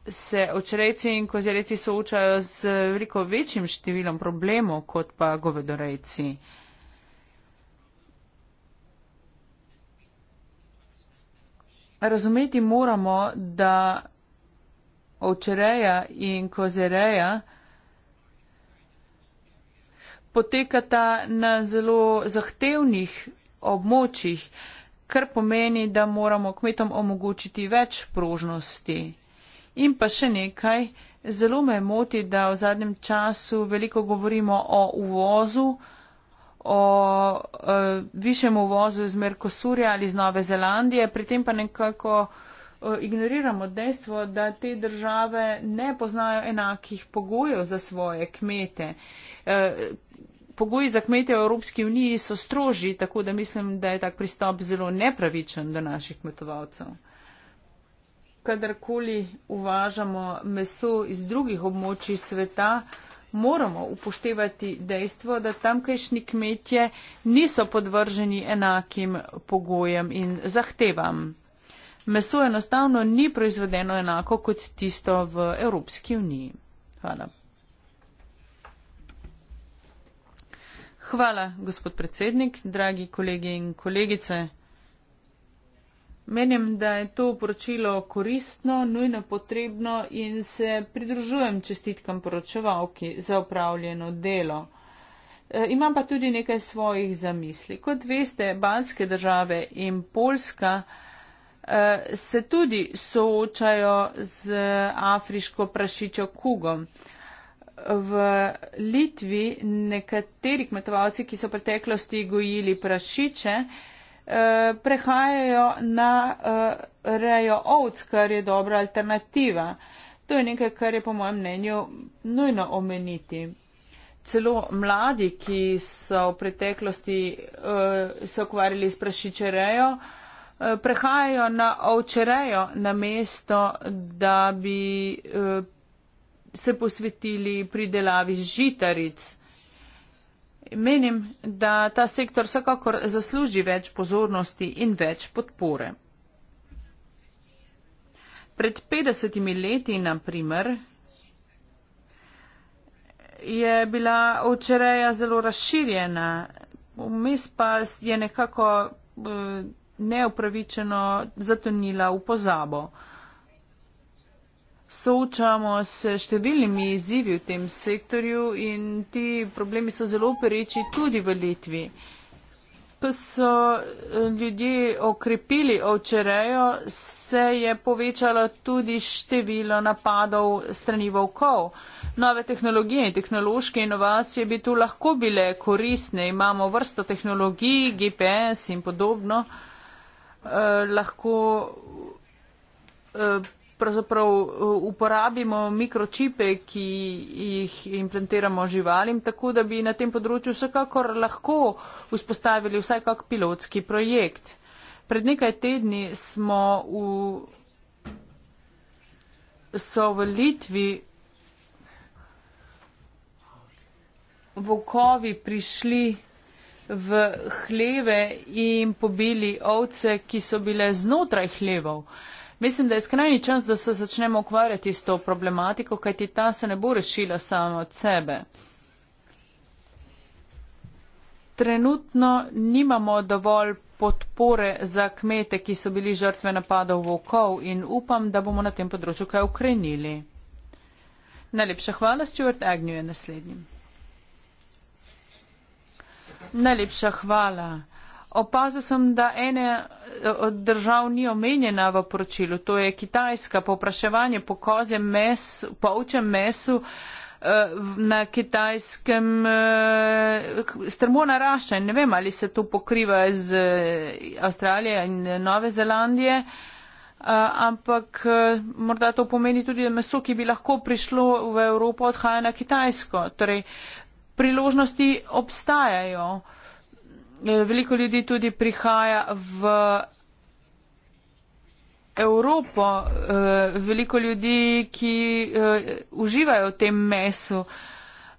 C: se očrejci in kozjereci soočajo z veliko večjim številom problemov kot pa govedorejci. Razumeti moramo, da očereja in kozjereja potekata na zelo zahtevnih območjih, kar pomeni, da moramo kmetom omogočiti več prožnosti. In pa še nekaj, zelo me moti, da v zadnjem času veliko govorimo o uvozu, o e, višjem uvozu iz Merkosurja ali iz Nove Zelandije, pri tem pa nekako e, ignoriramo dejstvo, da te države ne poznajo enakih pogojev za svoje kmete. E, pogoji za kmete v Evropski uniji so stroži, tako da mislim, da je tak pristop zelo nepravičen do naših kmetovalcev. Kadarkoli uvažamo meso iz drugih območij sveta, moramo upoštevati dejstvo, da tamkajšnji kmetje niso podvrženi enakim pogojem in zahtevam. Meso enostavno ni proizvedeno enako kot tisto v Evropski uniji. Hvala. Hvala, gospod predsednik, dragi kolegi in kolegice. Menim, da je to poročilo koristno, nujno potrebno in se pridružujem čestitkam poročevalki za upravljeno delo. E, imam pa tudi nekaj svojih zamisli. Kot veste, Balske države in Poljska e, se tudi soočajo z afriško prašičjo kugom v Litvi nekateri kmetovalci, ki so v preteklosti gojili prašiče, eh, prehajajo na eh, rejo ovc, kar je dobra alternativa. To je nekaj, kar je po mojem mnenju nujno omeniti. Celo mladi, ki so v preteklosti eh, se okvarjali s prašičerejo, prehajajo na ovčerejo na mesto, da bi se posvetili pridelavi žitaric. Menim, da ta sektor vsekakor zasluži več pozornosti in več podpore. Pred 50 leti, na primer, je bila očereja zelo razširjena, vmes pa je nekako eh, neupravičeno zatonila v pozabo soočamo s številnimi izzivi v tem sektorju in ti problemi so zelo pereči tudi v Litvi. Ko so eh, ljudje okrepili ovčerejo, se je povečalo tudi število napadov strani volkov. Nove tehnologije in tehnološke inovacije bi tu lahko bile koristne. Imamo vrsto tehnologij, GPS in podobno. Eh, lahko eh, pravzaprav eh, uporabimo mikročipe, ki jih implantiramo živalim, tako da bi na tem področju vsekakor lahko vzpostavili vsaj kak pilotski projekt. Pred nekaj tedni smo v, so v Litvi vokovi prišli v hleve in pobili ovce, ki so bile znotraj hlevov. Uh, Mislim, da je skrajni čas, da se začnemo ukvarjati s to problematiko, kajti ta se ne bo rešila sama od sebe. Trenutno nimamo dovolj podpore za kmete, ki so bili žrtve napadov volkov in upam, da bomo na tem področju kaj ukrenili. Najlepša hvala, Stuart Agnew je naslednji. Najlepša hvala opazil sem, da ene eh, od držav ni omenjena v poročilu, to je Kitajska. Popraševanje po kozem mesu, po ovčem mesu eh, na kitajskem eh, strmo narašča in ne vem, ali se to pokriva z Avstralije in Nove Zelandije, ampak morda to pomeni tudi, da meso, ki bi lahko prišlo v Evropo, odhaja na kitajsko. Torej, priložnosti obstajajo veliko ljudi tudi prihaja v Evropo, eh, veliko ljudi, ki eh, uživajo v tem mesu.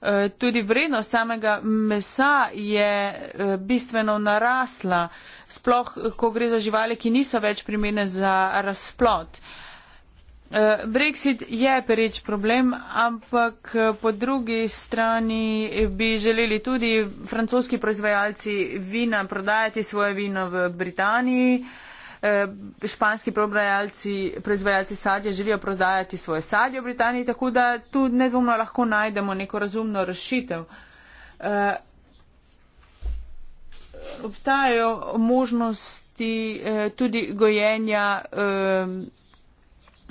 C: Eh, tudi vrednost samega mesa je bistveno narasla, sploh ko gre za živali, ki niso več primene za razplot. Eh, Brexit je pereč problem, ampak eh, po drugi strani bi želeli tudi francoski proizvajalci vina prodajati svoje vino v Britaniji. Eh, španski proizvajalci sadja želijo prodajati svoje sadje v Britaniji, tako da tu nedvomno lahko najdemo neko razumno rešitev. Obstajajo možnosti tudi gojenja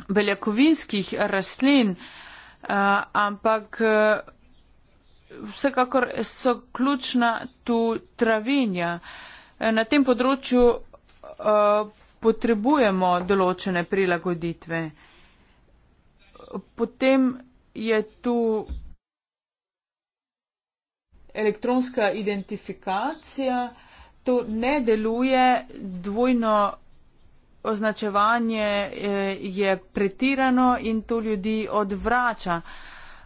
C: beljakovinskih rastlin, eh, ampak eh, vsekakor so ključna tu travinja. Eh, na tem področju potrebujemo določene prilagoditve. Potem je tu elektronska identifikacija, to ne deluje dvojno označevanje eh, je pretirano in to ljudi odvrača.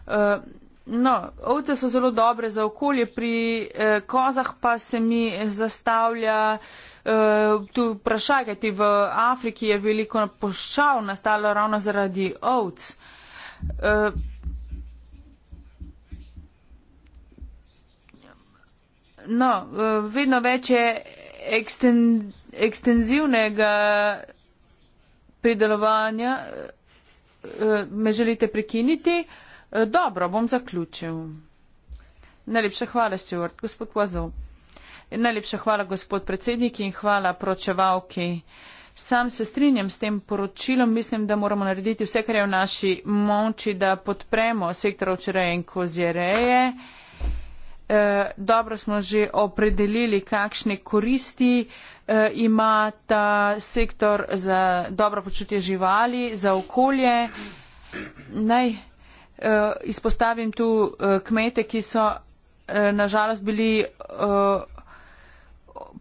C: Eh, no, ovce so zelo dobre za okolje, pri eh, kozah pa se mi zastavlja tu vprašaj, kajti v Afriki je veliko poščav nastalo ravno zaradi ovc. No, vedno več je ekstend ekstenzivnega pridelovanja eh, me želite prekiniti. Eh, dobro, bom zaključil. Najlepša hvala, Stuart, gospod Poazov. Najlepša hvala, gospod predsednik, in hvala pročevalki. Sam se strinjam s tem poročilom. Mislim, da moramo narediti vse, kar je v naši moči, da podpremo sektor očereje in kozjereje. E, dobro smo že opredelili, kakšne koristi Eh, ima ta sektor za dobro počutje živali, za okolje. Naj eh, izpostavim tu eh, kmete, ki so nažalost bili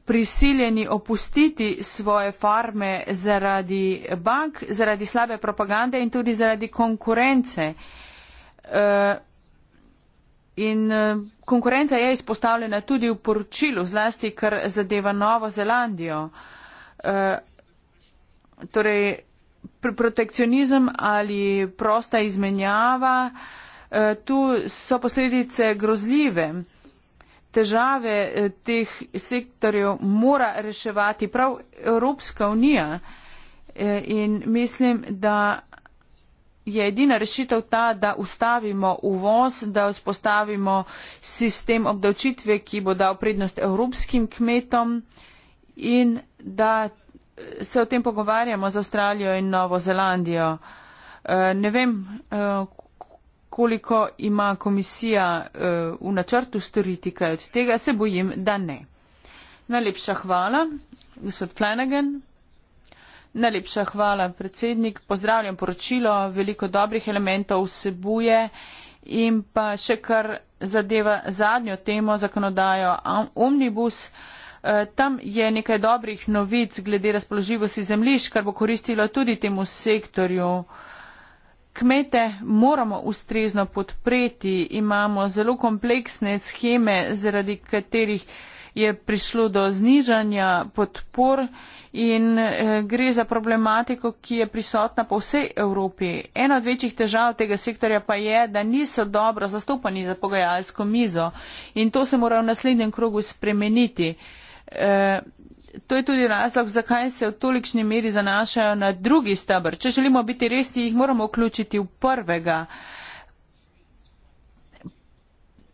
C: prisiljeni opustiti svoje farme zaradi bank, zaradi slabe propagande in tudi zaradi konkurence. In eh, konkurenca je izpostavljena tudi v poročilu, zlasti kar zadeva Novo Zelandijo. Eh, torej, protekcionizem ali prosta izmenjava, eh, tu so posledice grozljive. Težave teh sektorjev mora reševati prav Evropska unija. In mislim, da je edina rešitev ta, da ustavimo uvoz, da vzpostavimo sistem obdavčitve, ki bo dal prednost evropskim kmetom in da eh, se o tem pogovarjamo z Avstralijo in Novo Zelandijo. Eh, ne vem, eh, koliko ima komisija v načrtu storiti kaj od tega, se bojim, da ne. Najlepša hvala, gospod Flanagan. Najlepša hvala, predsednik. Pozdravljam poročilo, veliko dobrih elementov vsebuje in pa še kar zadeva zadnjo temo zakonodajo Omnibus. E, tam je nekaj dobrih novic glede razpoložljivosti zemljišč, kar bo koristilo tudi temu sektorju. Kmete moramo ustrezno podpreti, imamo zelo kompleksne scheme, zaradi katerih je prišlo do znižanja podpor in eh, gre za problematiko, ki je prisotna po vsej Evropi. Ena od večjih težav tega sektorja pa je, da niso dobro zastopani za pogajalsko mizo in to se mora v naslednjem krogu spremeniti. E, to je tudi razlog, zakaj se v tolikšni meri zanašajo na drugi stabr. Če želimo biti resni, jih moramo vključiti v prvega. E,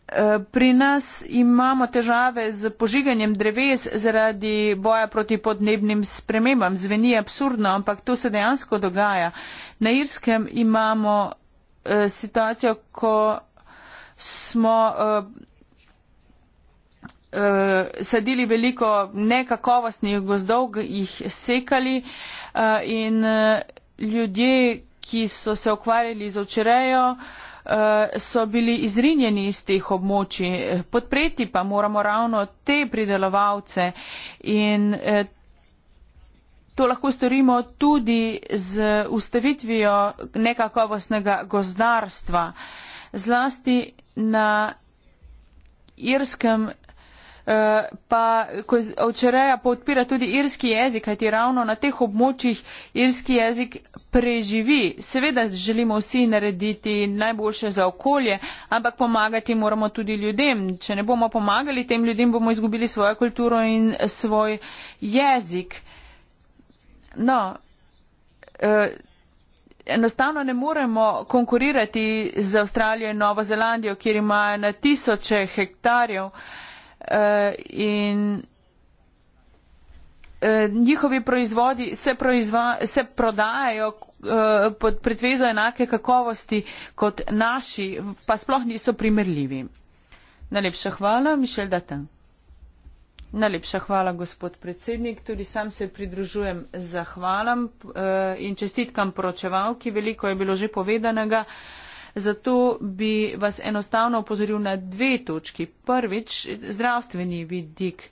C: Eh, pri nas imamo težave z požiganjem dreves zaradi boja proti podnebnim spremembam. Zveni absurdno, ampak to se dejansko dogaja. Na Irskem imamo eh, situacijo, ko smo eh, eh, sadili veliko nekakovostnih gozdov, jih sekali eh, in eh, ljudje, ki so se ukvarjali z očerejo, eh, Eh, so bili izrinjeni iz teh območij. Podpreti pa moramo ravno te pridelovalce in eh, to lahko storimo tudi z ustavitvijo nekakovostnega gozdarstva. Zlasti na irskem Eh, pa očereja podpira tudi irski jezik, kajti ravno na teh območjih irski jezik preživi. Seveda želimo vsi narediti najboljše za okolje, ampak pomagati moramo tudi ljudem. Če ne bomo pomagali tem ljudem, bomo izgubili svojo kulturo in svoj jezik. No, eh, enostavno ne moremo konkurirati z Avstralijo in Novo Zelandijo, kjer imajo na tisoče hektarjev uh, uh, in eh, Njihovi proizvodi se, proizva, se prodajajo eh, pod pretvezo enake kakovosti kot naši, pa sploh niso primerljivi. Najlepša hvala, Mišel Datan. Najlepša hvala, gospod predsednik. Tudi sam se pridružujem zahvalam in čestitkam poročevalki. Veliko je bilo že povedanega. Zato bi vas enostavno opozoril na dve točki. Prvič, zdravstveni vidik.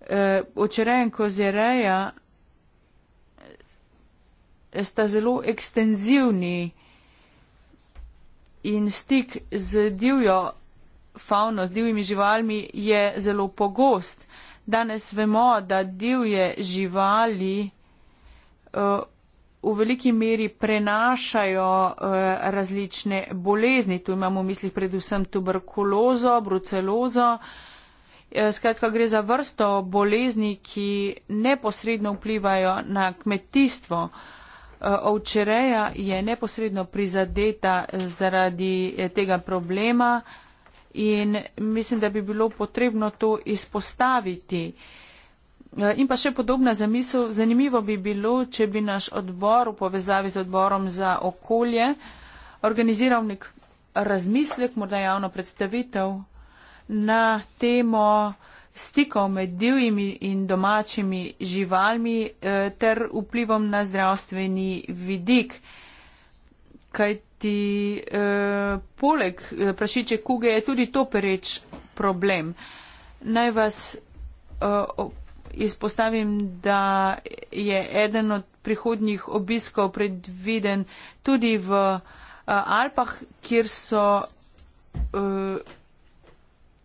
C: E, Očerejen kozereja e, sta zelo ekstenzivni in stik z divjo fauno, z divjimi živalmi je zelo pogost. Danes vemo, da divje živali uh, v veliki meri prenašajo eh, različne bolezni. Tu imamo v mislih predvsem tuberkulozo, brucelozo. Eh, skratka, gre za vrsto bolezni, ki neposredno vplivajo na kmetijstvo. Eh, ovčereja je neposredno prizadeta zaradi tega problema in mislim, da bi bilo potrebno to izpostaviti. Uh, Eh, in pa še podobna zamisel. Zanimivo bi bilo, če bi naš odbor v povezavi z odborom za okolje organiziral nek razmislek, morda javno predstavitev na temo stikov med divjimi in domačimi živalmi eh, ter vplivom na zdravstveni vidik. Kajti eh, poleg prašiče kuge je tudi to pereč problem. Naj vas izpostavim, da je eden od prihodnjih obiskov predviden tudi v uh, Alpah, kjer so uh,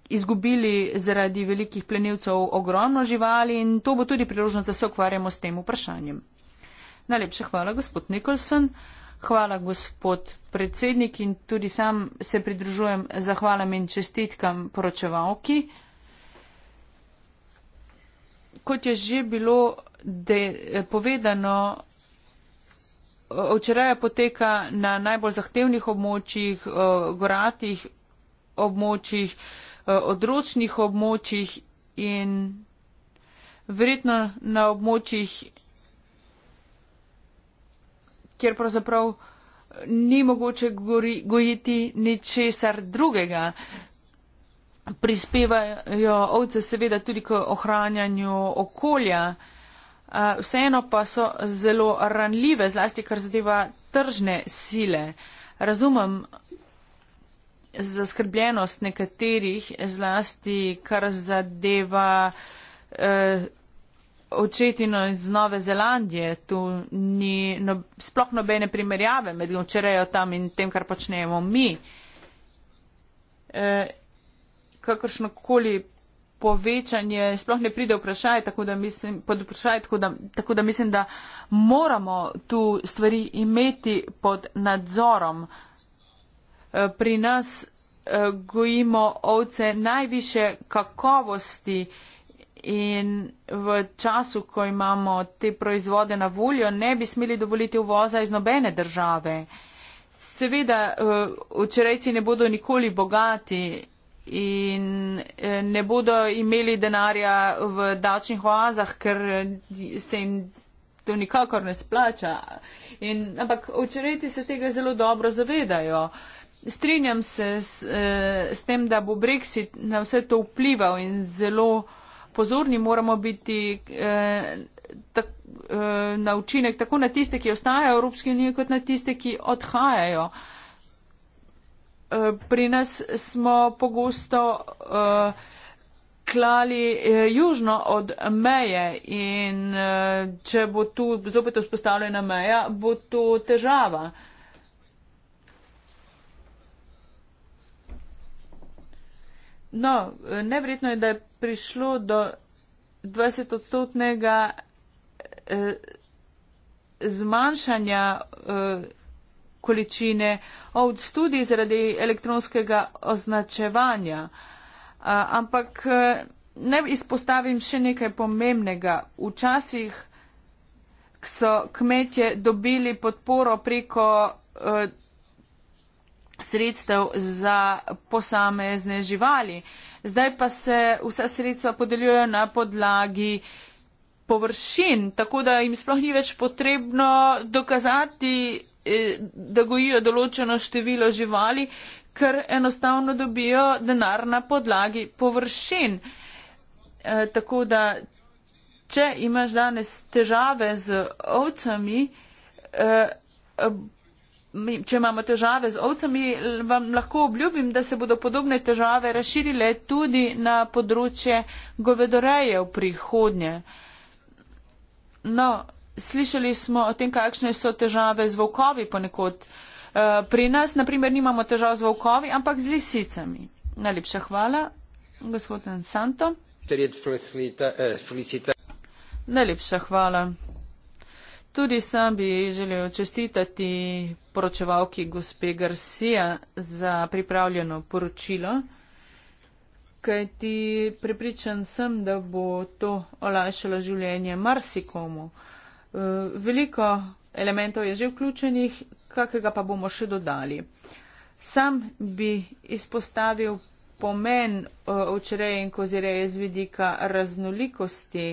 C: izgubili zaradi velikih plenilcev ogromno živali in to bo tudi priložnost, da se ukvarjamo s tem vprašanjem. Najlepša hvala, gospod Nikolson. Hvala, gospod predsednik in tudi sam se pridružujem zahvalam in čestitkam poročevalki kot je že bilo de, eh, povedano, včeraj poteka na najbolj zahtevnih območjih, eh, goratih območjih, eh, odročnih območjih in verjetno na območjih, kjer pravzaprav ni mogoče gori, gojiti ničesar drugega prispevajo ovce seveda tudi k ohranjanju okolja, eh, vseeno pa so zelo ranljive, zlasti kar zadeva tržne sile. Razumem zaskrbljenost nekaterih, zlasti kar zadeva eh, očetino iz Nove Zelandije. Tu ni no, sploh nobene primerjave med včerajo tam in tem, kar počnemo mi. Eh, kakršnokoli povečanje sploh ne pride vprašaj, tako da mislim, pod vprašaj, tako da, tako da mislim, da moramo tu stvari imeti pod nadzorom. Eh, pri nas eh, gojimo ovce najviše kakovosti in v času, ko imamo te proizvode na voljo, ne bi smeli dovoliti uvoza iz nobene države. Seveda, eh, včerajci ne bodo nikoli bogati in eh, ne bodo imeli denarja v davčnih oazah, ker se jim to nikakor ne splača. In, ampak očereci se tega zelo dobro zavedajo. Strinjam se s, eh, s tem, da bo Brexit na vse to vplival in zelo pozorni moramo biti eh, tak, na učinek tako na tiste, ki ostajajo v Evropski uniji, kot na tiste, ki odhajajo pri nas smo pogosto uh, klali uh, južno od meje in uh, če bo tu zopet vzpostavljena meja, bo to težava. No, nevredno je, da je prišlo do 20 odstotnega uh, zmanjšanja. Uh, količine ovc tudi zaradi elektronskega označevanja. Ampak e, naj izpostavim še nekaj pomembnega. Včasih so kmetje dobili podporo preko e, sredstev za posamezne živali. Zdaj pa se vsa sredstva podeljujejo na podlagi površin, tako da jim sploh ni več potrebno dokazati Eh, da gojijo določeno število živali, ker enostavno dobijo denar na podlagi površin. E, tako da, če imaš danes težave z ovcami, e, Če imamo težave z ovcami, vam lahko obljubim, da se bodo podobne težave razširile tudi na področje govedoreje v prihodnje. No, slišali smo o tem, kakšne so težave z volkovi ponekod. Eh, pri nas, naprimer, nimamo težav z volkovi, ampak z lisicami. Najlepša hvala, gospod Ansanto. Najlepša hvala. Tudi sam bi želel čestitati poročevalki gospe Garcia za pripravljeno poročilo, kajti prepričan sem, da bo to olajšalo življenje marsikomu. Eh, veliko elementov je že vključenih, kakega pa bomo še dodali. Sam bi izpostavil pomen eh, ovčereje in kozireje z vidika raznolikosti.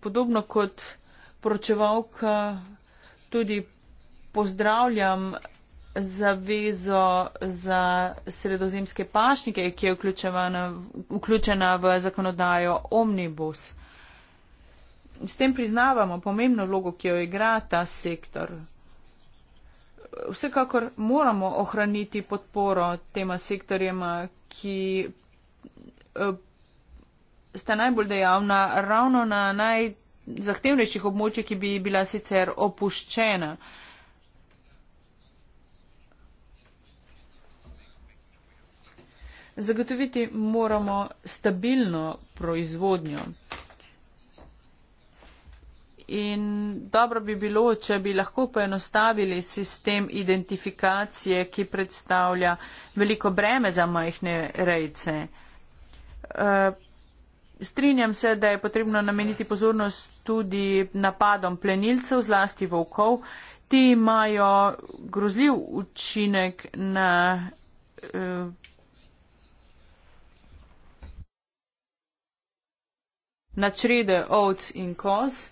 C: Podobno kot pročevalka tudi pozdravljam zavezo za sredozemske pašnike, ki je vključena, vključena v zakonodajo omnibus. S tem priznavamo pomembno vlogo, ki jo igra ta sektor. Vsekakor moramo ohraniti podporo tema sektorjema, ki eh, sta najbolj dejavna ravno na najzahtevnejših območjih, ki bi bila sicer opuščena. Zagotoviti moramo stabilno proizvodnjo. In dobro bi bilo, če bi lahko poenostavili sistem identifikacije, ki predstavlja veliko breme za majhne rejce. Eh, strinjam se, da je potrebno nameniti pozornost tudi napadom plenilcev, zlasti volkov. Ti imajo grozljiv učinek na. Uh, na črede ovc in koz.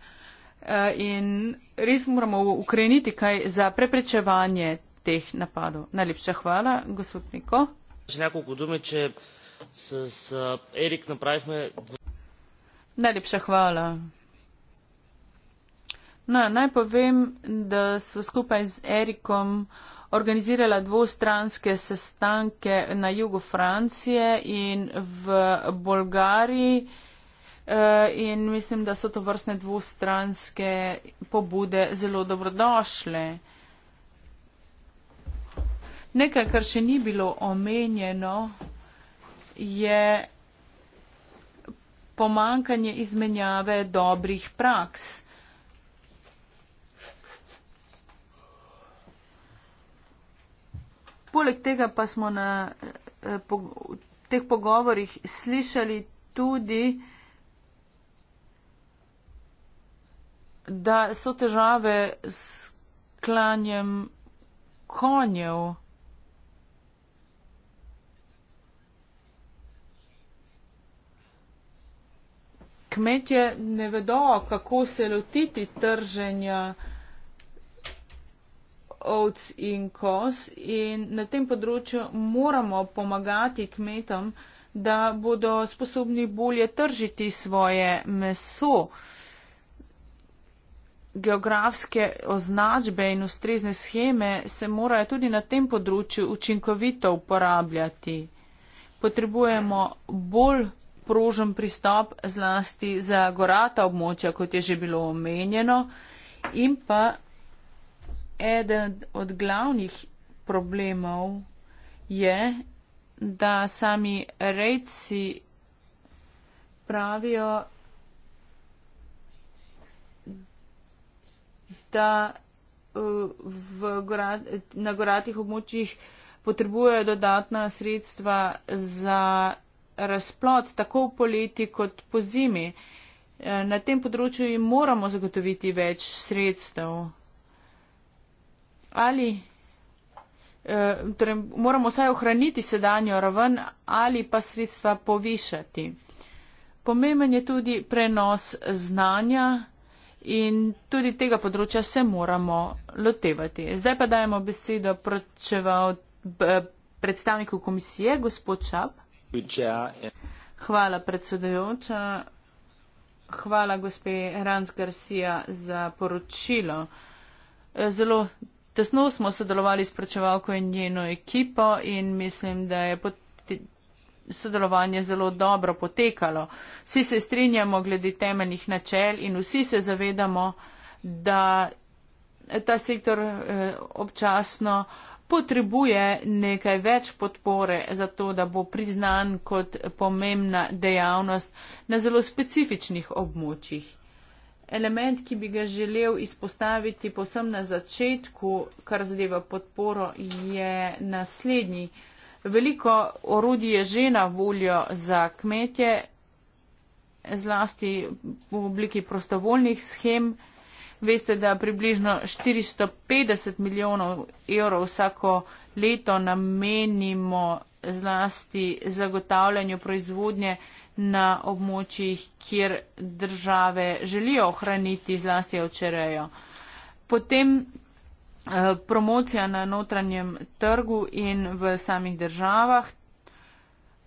C: Eh, in res moramo ukreniti kaj za preprečevanje teh napadov. Najlepša hvala, gospod Miko.
B: Eh,
C: Najlepša hvala. No, naj povem, da smo skupaj z Erikom organizirala dvostranske sestanke na jugu Francije in v Bolgariji. Eh, in mislim, da so to vrstne dvostranske pobude zelo dobrodošle. Nekaj, kar še ni bilo omenjeno, je pomankanje izmenjave dobrih praks. Poleg tega pa smo na eh, po, teh pogovorih slišali tudi eh, da so težave s klanjem konjev. Kmetje ne vedo, kako se lotiti trženja ovc in kos in na tem področju moramo pomagati kmetom, da bodo sposobni bolje tržiti svoje meso. Uh, geografske označbe in ustrezne scheme se morajo tudi na tem področju učinkovito uporabljati. Potrebujemo bolj prožen pristop zlasti za gorata območja, kot je že bilo omenjeno, in pa eden od glavnih problemov je, da sami rejci pravijo, da eh, v, na goratih območjih potrebujejo dodatna sredstva za razplot tako v poleti kot po zimi. Eh, na tem področju jim moramo zagotoviti več sredstev. Ali eh, torej moramo vsaj ohraniti sedanjo raven ali pa sredstva povišati. Pomemben je tudi prenos znanja in tudi tega področja se moramo lotevati. Zdaj pa dajemo besedo predstavniku komisije, gospod Čap. Hvala, predsedujoča. Hvala, gospe Hrans Garcia, za poročilo. Zelo tesno smo sodelovali s pročevalko in njeno ekipo in mislim, da je potrebno sodelovanje zelo dobro potekalo. Vsi se strinjamo glede temeljnih načel in vsi se zavedamo, da ta sektor eh, občasno potrebuje nekaj več podpore za to, da bo priznan kot pomembna dejavnost na zelo specifičnih območjih. Element, ki bi ga želel izpostaviti posebno na začetku, kar zadeva podporo, je naslednji. Veliko orodij je že na voljo za kmetje, zlasti v obliki prostovoljnih schem. Veste, da približno 450 milijonov evrov vsako leto namenimo zlasti zagotavljanju proizvodnje na območjih, kjer države želijo ohraniti zlasti očerejo. Potem Eh, promocija na notranjem trgu in v samih državah.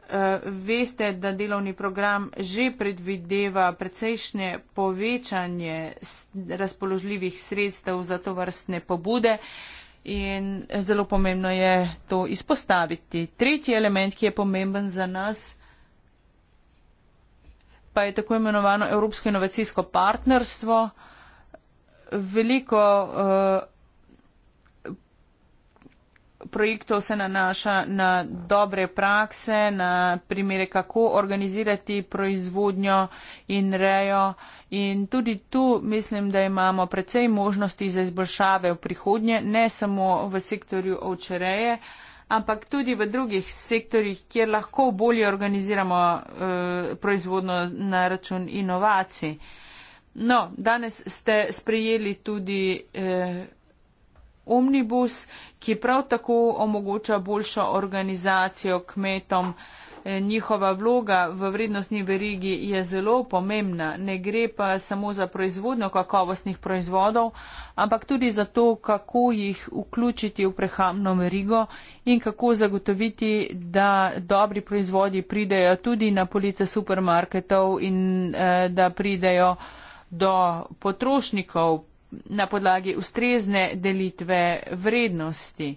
C: Eh, veste, da delovni program že predvideva precejšnje povečanje razpoložljivih sredstev za to vrstne pobude in zelo pomembno je to izpostaviti. Tretji element, ki je pomemben za nas, pa je tako imenovano Evropsko inovacijsko partnerstvo. Veliko uh, projektov se nanaša na dobre prakse, na primere, kako organizirati proizvodnjo in rejo. In tudi tu mislim, da imamo precej možnosti za izboljšave v prihodnje, ne samo v sektorju ovčereje, ampak tudi v drugih sektorjih, kjer lahko bolje organiziramo eh, proizvodno na račun inovacij. No, danes ste sprejeli tudi. Eh, omnibus, ki prav tako omogoča boljšo organizacijo kmetom. E, njihova vloga v vrednostni verigi je zelo pomembna. Ne gre pa samo za proizvodno kakovostnih proizvodov, ampak tudi za to, kako jih vključiti v prehamno verigo in kako zagotoviti, da dobri proizvodi pridejo tudi na police supermarketov in e, da pridejo do potrošnikov na podlagi ustrezne delitve vrednosti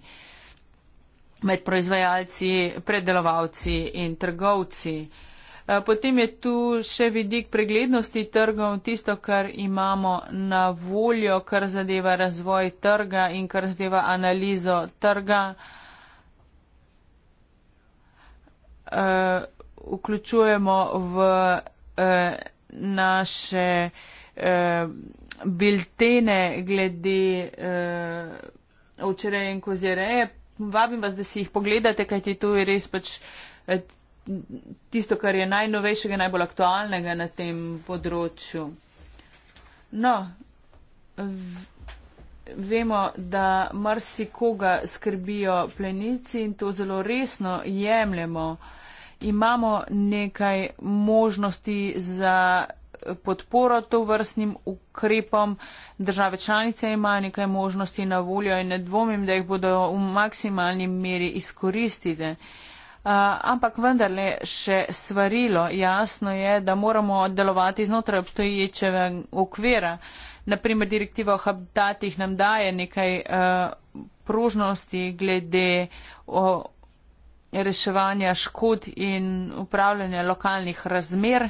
C: med proizvajalci, predelovalci in trgovci. E, potem je tu še vidik preglednosti trgov, tisto, kar imamo na voljo, kar zadeva razvoj trga in kar zadeva analizo trga. E, vključujemo v e, naše biltene glede uh, eh, ovčereje in kozereje. Vabim vas, da si jih pogledate, kajti to je res pač eh, tisto, kar je najnovejšega, najbolj aktualnega na tem področju. No, vemo, da marsikoga skrbijo plenici in to zelo resno jemljemo. Imamo nekaj možnosti za podporo to vrstnim ukrepom. Države članice imajo nekaj možnosti na voljo in ne dvomim, da jih bodo v maksimalni meri izkoristile. Uh, ampak vendarle še svarilo jasno je, da moramo delovati znotraj obstoječega okvira. Naprimer, direktiva o habitatih nam daje nekaj uh, prožnosti glede o reševanja škod in upravljanja lokalnih razmer. Uh,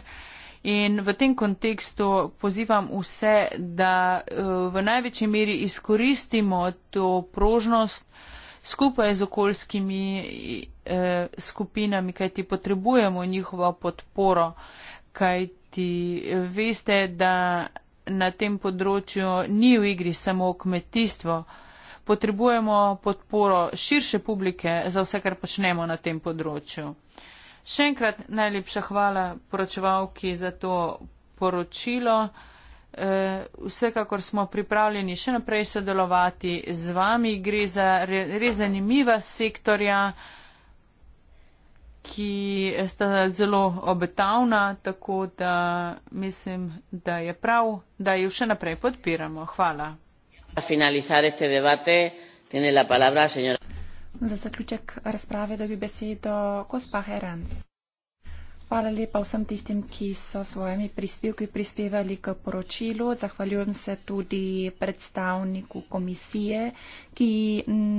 C: In v tem kontekstu pozivam vse, da eh, v največji meri izkoristimo to prožnost skupaj z okoljskimi eh, skupinami, kajti potrebujemo njihovo podporo, kajti eh, veste, da na tem področju ni v igri samo kmetijstvo. Potrebujemo podporo širše publike za vse, kar počnemo na tem področju. Še enkrat najlepša hvala poročevalki za to poročilo. E, vsekakor smo pripravljeni še naprej sodelovati z vami. Gre za res zanimiva sektorja, ki sta zelo obetavna, tako da mislim, da je prav, da jo še naprej podpiramo. Hvala. Finalizar este debate, tiene la palabra, señora.
D: Za zaključek razprave dobi besedo gospa Herenc. Hvala lepa vsem tistim, ki so svojimi prispevki prispevali k poročilu. Zahvaljujem se tudi predstavniku komisije, ki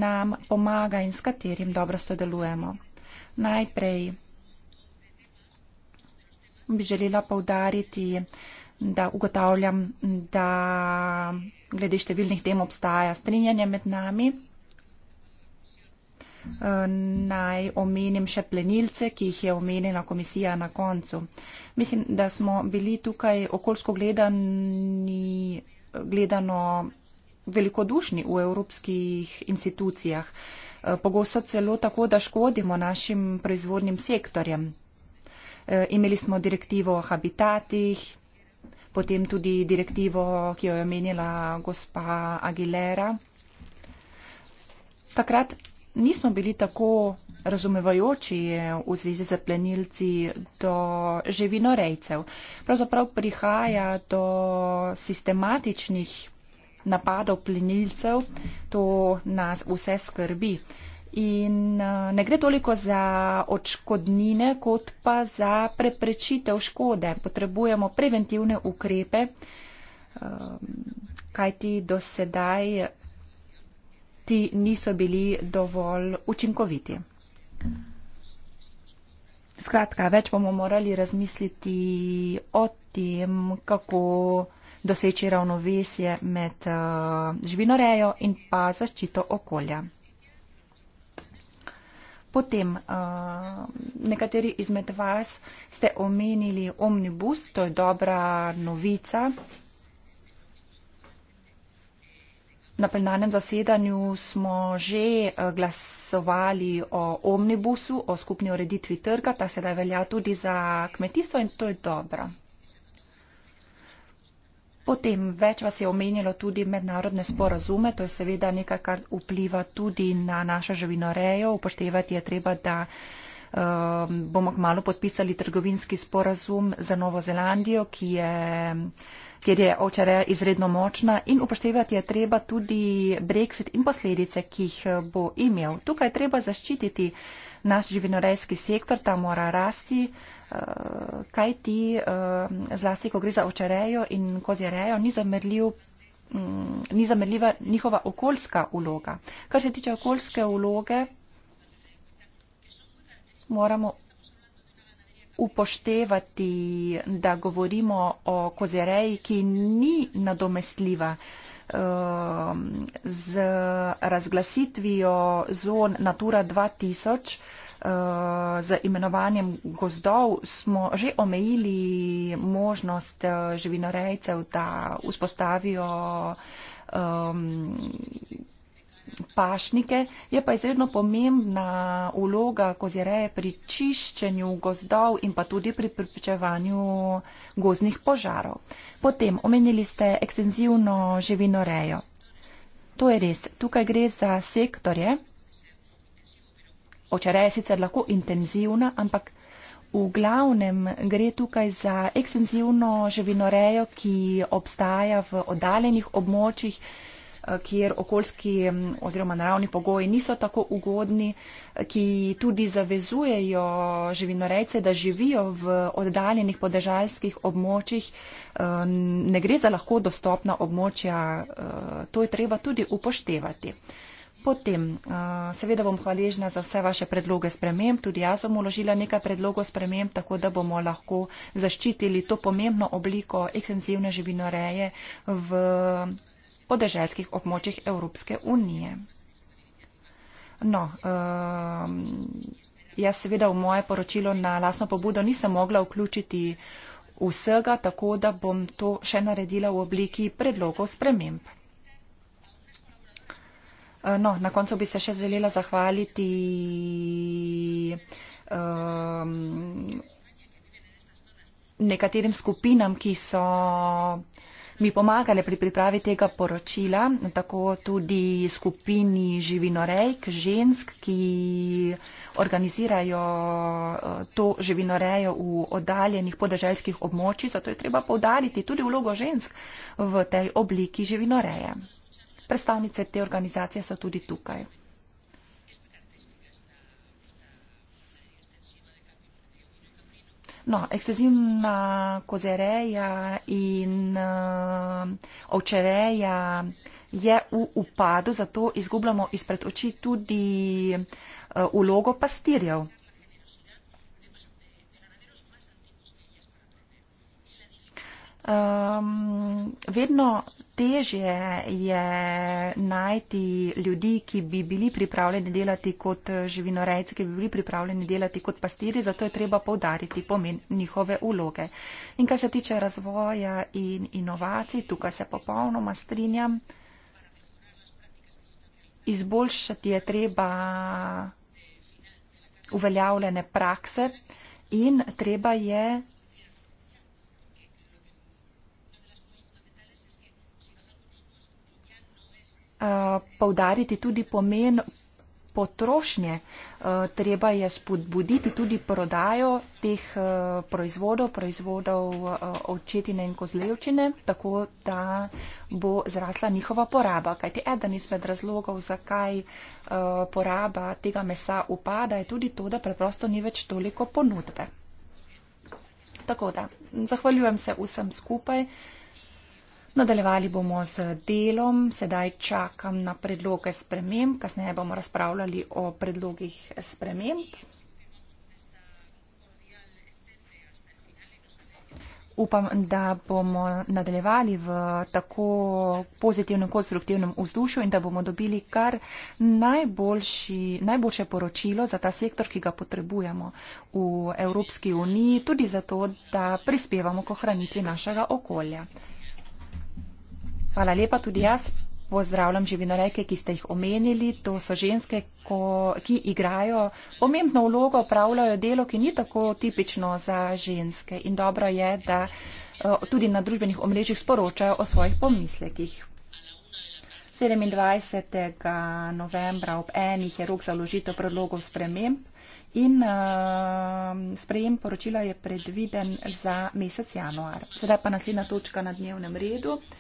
D: nam pomaga in s katerim dobro sodelujemo. Najprej bi želela povdariti, da ugotavljam, da glede številnih tem obstaja strinjanje med nami. Eh, naj omenim še plenilce, ki jih je omenila komisija na koncu. Mislim, da smo bili tukaj okoljsko gledani, gledano velikodušni v evropskih institucijah. Eh, pogosto celo tako, da škodimo našim proizvodnim sektorjem. Eh, imeli smo direktivo o habitatih, potem tudi direktivo, ki jo je omenila gospa Aguilera. Takrat nismo bili tako razumevajoči v zvezi z plenilci do živinorejcev. Pravzaprav prihaja do sistematičnih napadov plenilcev, to nas vse skrbi. In eh, ne gre toliko za odškodnine, kot pa za preprečitev škode. Potrebujemo preventivne ukrepe, eh, kajti do sedaj ti niso bili dovolj učinkoviti. Skratka, več bomo morali razmisliti o tem, kako doseči ravnovesje med eh, živinorejo in pa zaščito okolja. Potem, eh, nekateri izmed vas ste omenili omnibus, to je dobra novica. Na plenarnem zasedanju smo že eh, glasovali o omnibusu, o skupni ureditvi trga, ta sedaj velja tudi za kmetijstvo in to je dobro. Potem več vas je omenjalo tudi mednarodne sporazume, to je seveda nekaj, kar vpliva tudi na našo živinorejo. Upoštevati je treba, da um, bomo kmalo podpisali trgovinski sporazum za Novo Zelandijo, ki je kjer je OČR izredno močna in upoštevati je treba tudi brexit in posledice, ki jih eh, bo imel. Tukaj je treba zaščititi naš živinorejski sektor, ta mora rasti, eh, kaj ti eh, zlasti, ko gre za očerejo in kozjerejo, ni zamrljiv mm, ni zamrljiva njihova okoljska uloga. Kar se tiče okoljske uloge, moramo upoštevati, da govorimo o kozereji, ki ni nadomestljiva um, z razglasitvijo zon Natura 2000. Uh, z imenovanjem gozdov smo že omejili možnost uh, živinorejcev, da vzpostavijo um, pašnike, je pa izredno pomembna uloga kozireje pri čiščenju gozdov in pa tudi pri pripričevanju gozdnih požarov. Potem omenili ste ekstenzivno živinorejo. To je res. Tukaj gre za sektorje. Očareja je sicer lahko intenzivna, ampak v glavnem gre tukaj za ekstenzivno živinorejo, ki obstaja v oddaljenih območjih, kjer okoljski mm, oziroma naravni pogoji niso tako ugodni, ki tudi zavezujejo živinorejce, da živijo v oddaljenih podežalskih območjih. Eh, ne gre za lahko dostopna območja, eh, to je treba tudi upoštevati. Potem, eh, seveda bom hvaležna za vse vaše predloge sprememb, tudi jaz bom uložila nekaj predlogov sprememb, tako da bomo lahko zaščitili to pomembno obliko ekstenzivne živinoreje v podeželskih območjih Evropske unije. No, um, jaz seveda v moje poročilo na lasno pobudo nisem mogla vključiti vsega, tako da bom to še naredila v obliki predlogov sprememb. Eh, no, na koncu bi se še želela zahvaliti um, nekaterim skupinam, ki so mi pomagale pri pripravi tega poročila, tako tudi skupini živinorejk, žensk, ki organizirajo eh, to živinorejo v oddaljenih podeželjskih območjih, zato je treba povdariti tudi vlogo žensk v tej obliki živinoreje. Predstavnice te organizacije so tudi tukaj. No, ekskluzivna kozereja in uh, ovčereja je v upadu, zato izgubljamo izpred oči tudi uh, eh, ulogo pastirjev. Um, vedno težje je najti ljudi, ki bi bili pripravljeni delati kot eh, živinorejci, ki bi bili pripravljeni delati kot pastiri, zato je treba povdariti pomen njihove uloge. In kar se tiče razvoja in inovacij, tukaj se popolnoma strinjam, izboljšati je treba uveljavljene prakse in treba je Eh, poudariti tudi pomen potrošnje. Eh, treba je spodbuditi tudi prodajo teh eh, proizvodov, proizvodov očetine in kozlevčine, tako da bo zrasla njihova poraba. Kaj ti eden izmed razlogov, zakaj poraba tega mesa upada, je tudi to, da preprosto ni več toliko ponudbe. Tako da, zahvaljujem se vsem skupaj. Nadaljevali bomo z delom, sedaj čakam na predloge sprememb, kasneje bomo razpravljali o predlogih sprememb. Upam, da bomo nadaljevali v tako pozitivnem, konstruktivnem vzdušju in da bomo dobili kar najboljši, najboljše poročilo za ta sektor, ki ga potrebujemo v Evropski uniji, tudi zato, da prispevamo k ohranitvi našega okolja. Hvala lepa tudi jaz. Pozdravljam živinoreke, ki ste jih omenili. To so ženske, ko, ki igrajo pomembno vlogo, upravljajo delo, ki ni tako tipično za ženske. In dobro je, da eh, tudi na družbenih omrežjih sporočajo o svojih pomislekih. 27. novembra ob enih je rok za vložitev predlogov sprememb in uh, sprejem poročila je predviden za mesec januar. Sedaj pa naslednja točka na dnevnem redu. Uh,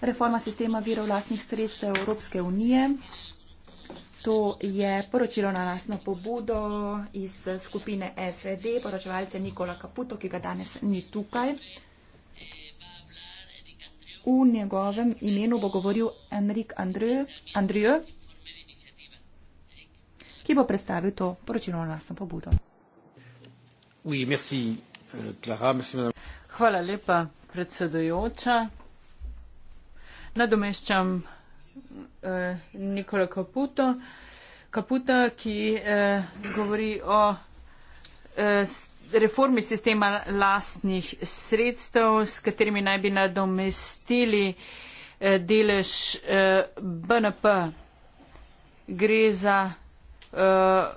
D: Reforma sistema virov lastnih sredstev Evropske unije. To je poročilo na lastno pobudo iz skupine SED, poročevalce Nikola Caputo, ki ga danes ni tukaj. V njegovem imenu bo govoril Enrik Andrije, ki bo predstavil to poročilo na lastno pobudo.
B: Euh,
C: Hvala lepa, predsedujoča nadomeščam eh, Nikola Kaputo, Kaputa, ki eh, govori o eh, reformi sistema lastnih sredstev, s katerimi naj bi nadomestili eh, delež eh, BNP. Gre za eh,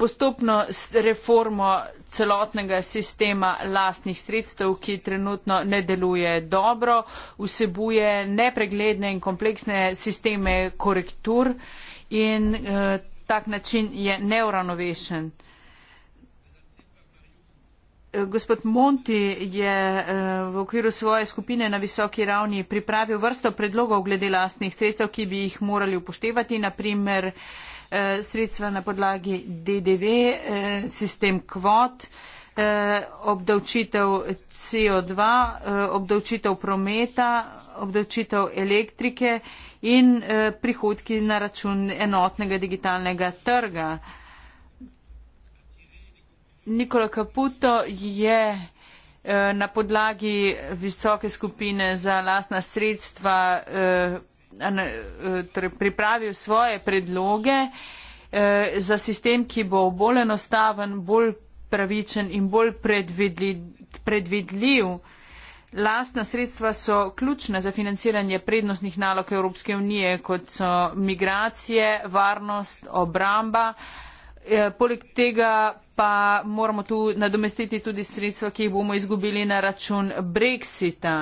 C: postopno reformo celotnega sistema lastnih sredstev, ki trenutno ne deluje dobro, vsebuje nepregledne in kompleksne sisteme korektur in eh, tak način je neuravnovešen. Eh, gospod Monti je eh, v okviru svoje skupine na visoki ravni pripravil vrsto predlogov glede lastnih sredstev, ki bi jih morali upoštevati, naprimer Eh, sredstva na podlagi DDV, eh, sistem kvot, eh, obdavčitev CO2, obdavčitev prometa, obdavčitev elektrike in prihodki na račun enotnega digitalnega trga. Nikola Caputo je na podlagi visoke skupine za lasna sredstva E, torej pripravil svoje predloge e, za sistem, ki bo bolj enostaven, bolj pravičen in bolj predvidljiv. Lastna sredstva so ključna za financiranje prednostnih nalog Evropske unije, kot so migracije, varnost, obramba. E, poleg tega pa moramo tu nadomestiti tudi sredstva, ki jih bomo izgubili na račun Brexita.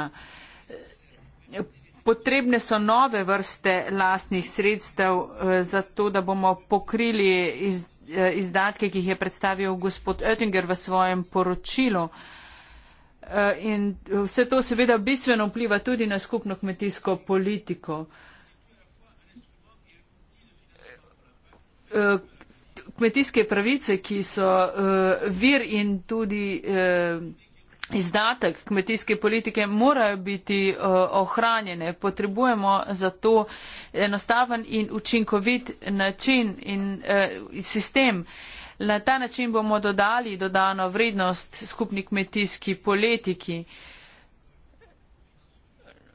C: Potrebne so nove vrste lastnih sredstev, eh, zato da bomo pokrili iz, eh, izdatke, ki jih je predstavil gospod Oettinger v svojem poročilu. Eh, in vse to seveda bistveno vpliva tudi na skupno kmetijsko politiko. Kmetijske pravice, ki so vir in tudi izdatek kmetijske politike morajo biti uh, ohranjene. Potrebujemo za to enostaven in učinkovit način in uh, sistem. Na ta način bomo dodali dodano vrednost skupni kmetijski politiki.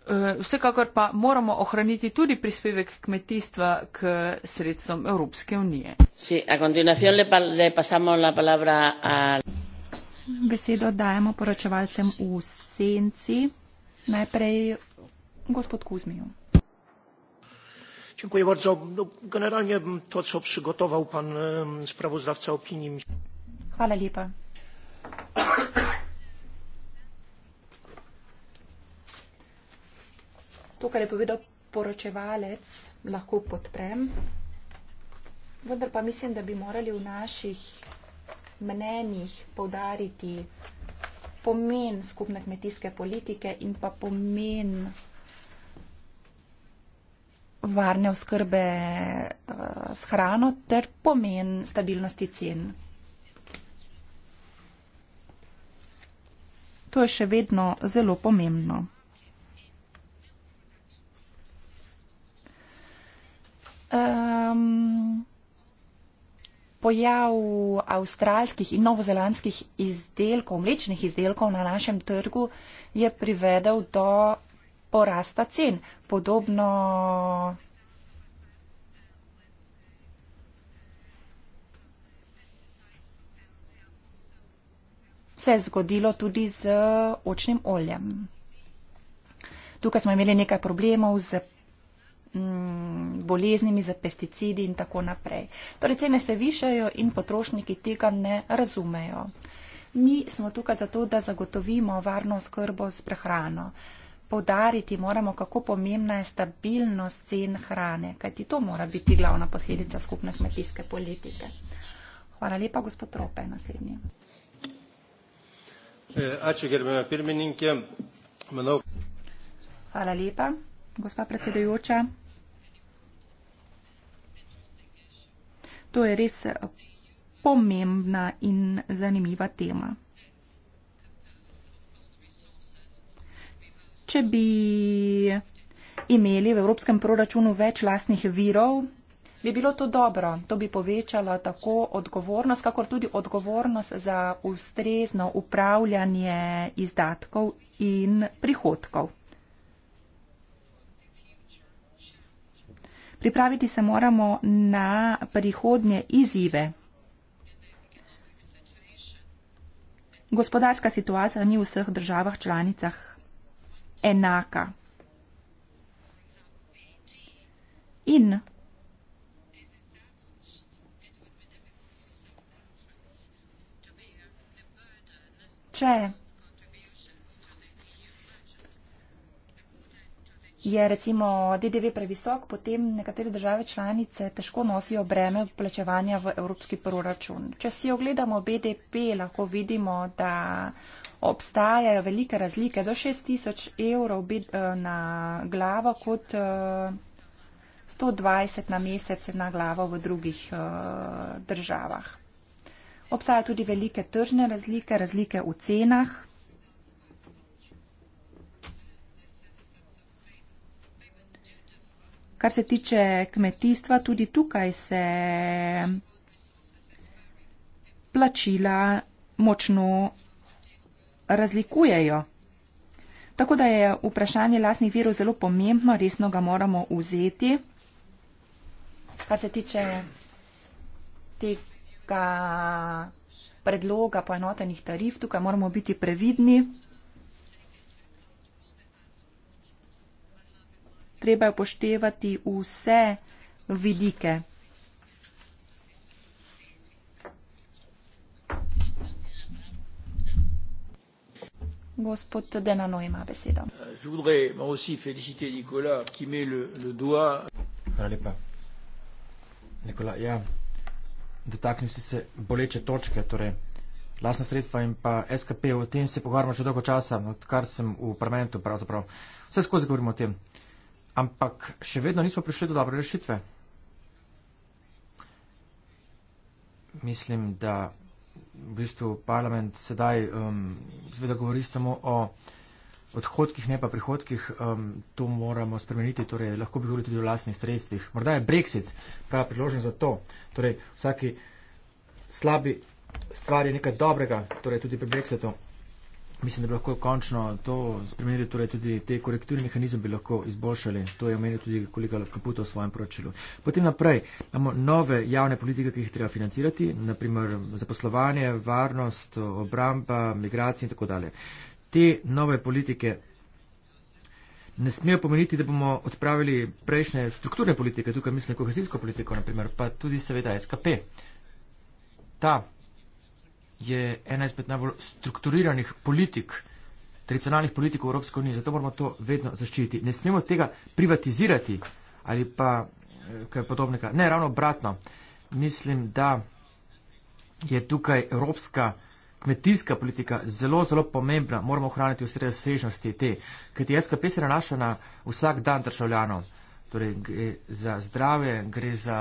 C: Eh, vsekakor pa moramo ohraniti tudi prispevek kmetijstva k sredstvom Evropske unije. Sí, a continuación le, pa, le pasamos la palabra a besedo
D: dajemo poročevalcem v senci. Najprej gospod Kuzmiju.
B: Dziękuję bardzo. No, generalnie to, co przygotował
A: pan sprawozdawca opinii.
D: Hvala lepa. To, kar je povedal poročevalec, lahko podprem. Vendar pa mislim, da bi morali v naših mnenjih povdariti pomen skupne kmetijske politike in pa pomen varne oskrbe eh, s hrano ter pomen stabilnosti cen. To je še vedno zelo pomembno. Um, pojav avstralskih in novozelandskih izdelkov, mlečnih izdelkov na našem trgu je privedel do porasta cen. Podobno se je zgodilo tudi z očnim oljem. Tukaj smo imeli nekaj problemov z Mm, boleznimi, za pesticidi in tako naprej. Torej, cene se višajo in potrošniki tega ne razumejo. Mi smo tukaj zato, da zagotovimo varno skrbo s prehrano. Povdariti moramo, kako pomembna je stabilnost cen hrane, kajti to mora biti glavna posledica skupne kmetijske politike. Hvala lepa, gospod Trope, naslednji.
A: Eh,
D: Hvala lepa, gospa predsedujoča. To je res eh, pomembna in zanimiva tema. Če bi imeli v evropskem proračunu več lastnih virov, bi bilo to dobro. To bi povečalo tako odgovornost, kakor tudi odgovornost za ustrezno upravljanje izdatkov in prihodkov. Pripraviti se moramo na prihodnje izzive. Gospodarska situacija ni v vseh državah članicah enaka. In če je recimo DDV previsok, potem nekatere države članice težko nosijo breme plačevanja v evropski proračun. Če si ogledamo BDP, lahko vidimo, da obstajajo velike razlike do 6 tisoč evrov eh, na glavo kot 120 eh, na mesec na glavo v drugih eh, državah. Obstajajo tudi velike tržne razlike, razlike v cenah kar se tiče kmetijstva, tudi tukaj se plačila močno razlikujejo. Tako da je vprašanje lastnih virov zelo pomembno, resno ga moramo vzeti. Kar se tiče tega predloga poenotenih tarif, tukaj moramo biti previdni. treba upoštevati vse vidike. Gospod Denano ima besedo.
A: Hvala lepa. Nikola, ja, dotaknil si se boleče točke, torej lastna sredstva in pa SKP, o tem se pogovarjamo že dolgo časa, odkar no, sem v parlamentu pravzaprav. Vse skozi govorimo o tem. Uh, ampak še vedno nismo prišli do dobre rešitve. Mislim, da v bistvu parlament sedaj um, zveda govori samo o odhodkih, ne pa prihodkih. Um, to moramo spremeniti, torej lahko bi govorili tudi o lastnih sredstvih. Morda je Brexit prava priložnost za to. Torej, vsaki slabi stvari nekaj dobrega, torej tudi pri Brexitu mislim, da bi lahko končno to spremenili, torej tudi te korekturne mehanizme bi lahko izboljšali. To je omenil tudi kolega Kaputo v svojem poročilu. Potem naprej imamo nove javne politike, ki jih treba financirati, naprimer zaposlovanje, varnost, obramba, migracije in tako dalje. Te nove politike ne smejo pomeniti, da bomo odpravili prejšnje strukturne politike, tukaj mislim kohezijsko politiko, naprimer, pa tudi seveda SKP. Ta je ena izmed najbolj strukturiranih politik, tradicionalnih politik v Evropske unije, zato moramo to vedno zaščititi. Ne smemo tega privatizirati ali pa eh, kaj podobnega. Ne, ravno obratno. Mislim, da je tukaj evropska kmetijska politika zelo, zelo pomembna. Moramo ohraniti vse razsežnosti te, kajti SKP se nanaša na vsak dan državljanov. Torej, gre za zdrave, gre za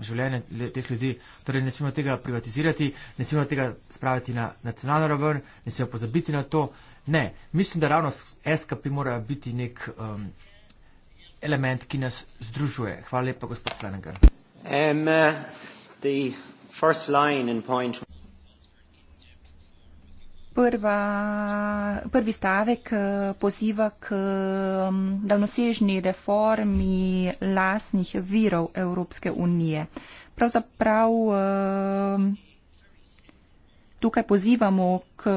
A: življenje le, teh ljudi. Torej, ne smemo tega privatizirati, ne smemo tega spraviti na nacionalno raven, ne smemo pozabiti na to. Ne, mislim, da ravno SKP mora biti nek um, element, ki nas združuje. Hvala lepa, gospod Flanagan.
C: Um, uh,
D: Prva, prvi stavek eh, poziva k mm, daljnosežni reformi lastnih virov Evropske unije. Pravzaprav eh, tukaj pozivamo k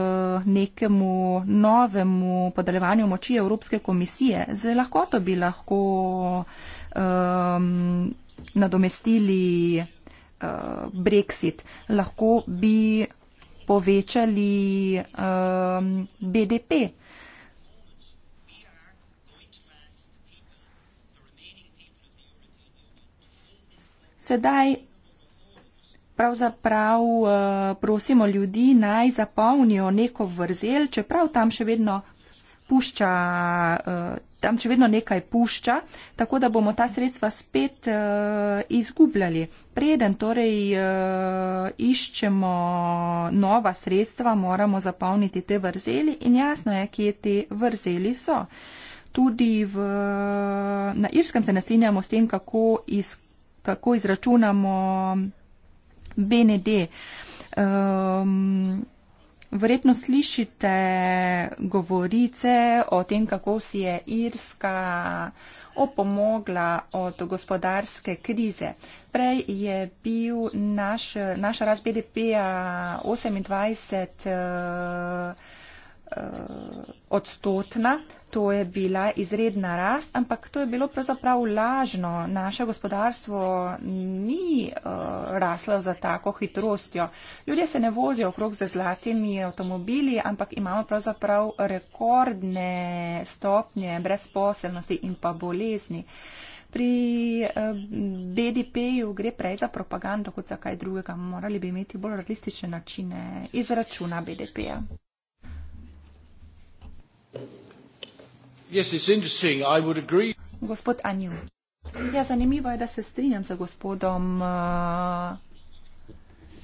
D: nekemu novemu podaljevanju moči Evropske komisije. Z lahkoto bi lahko um, nadomestili uh, Brexit. Lahko bi povečali um, BDP. Sedaj pravzaprav uh, prosimo ljudi naj zapolnijo neko vrzel, čeprav tam še vedno pušča uh, tam še vedno nekaj pušča, tako da bomo ta sredstva spet uh, izgubljali. Preden torej uh, iščemo nova sredstva, moramo zapolniti te vrzeli in jasno je, kje te vrzeli so. Tudi v, na Irskem se nasinjamo s tem, kako, iz, kako izračunamo BND. Um, ehm, Verjetno slišite govorice o tem, kako si je Irska opomogla od gospodarske krize. Prej je bil naš, naš rast BDP-a 28. Uh, uh, odstotna, to je bila izredna rast, ampak to je bilo pravzaprav lažno. Naše gospodarstvo ni uh, raslo za tako hitrostjo. Ljudje se ne vozijo okrog z zlatimi avtomobili, ampak imamo pravzaprav rekordne stopnje brezposelnosti in pa bolezni. Pri BDP-ju eh, gre prej za propagando kot za kaj drugega. Morali bi imeti bolj realistične načine izračuna BDP-ja. Gospod Anju, ja, zanimivo je, da se strinjam z gospodom uh,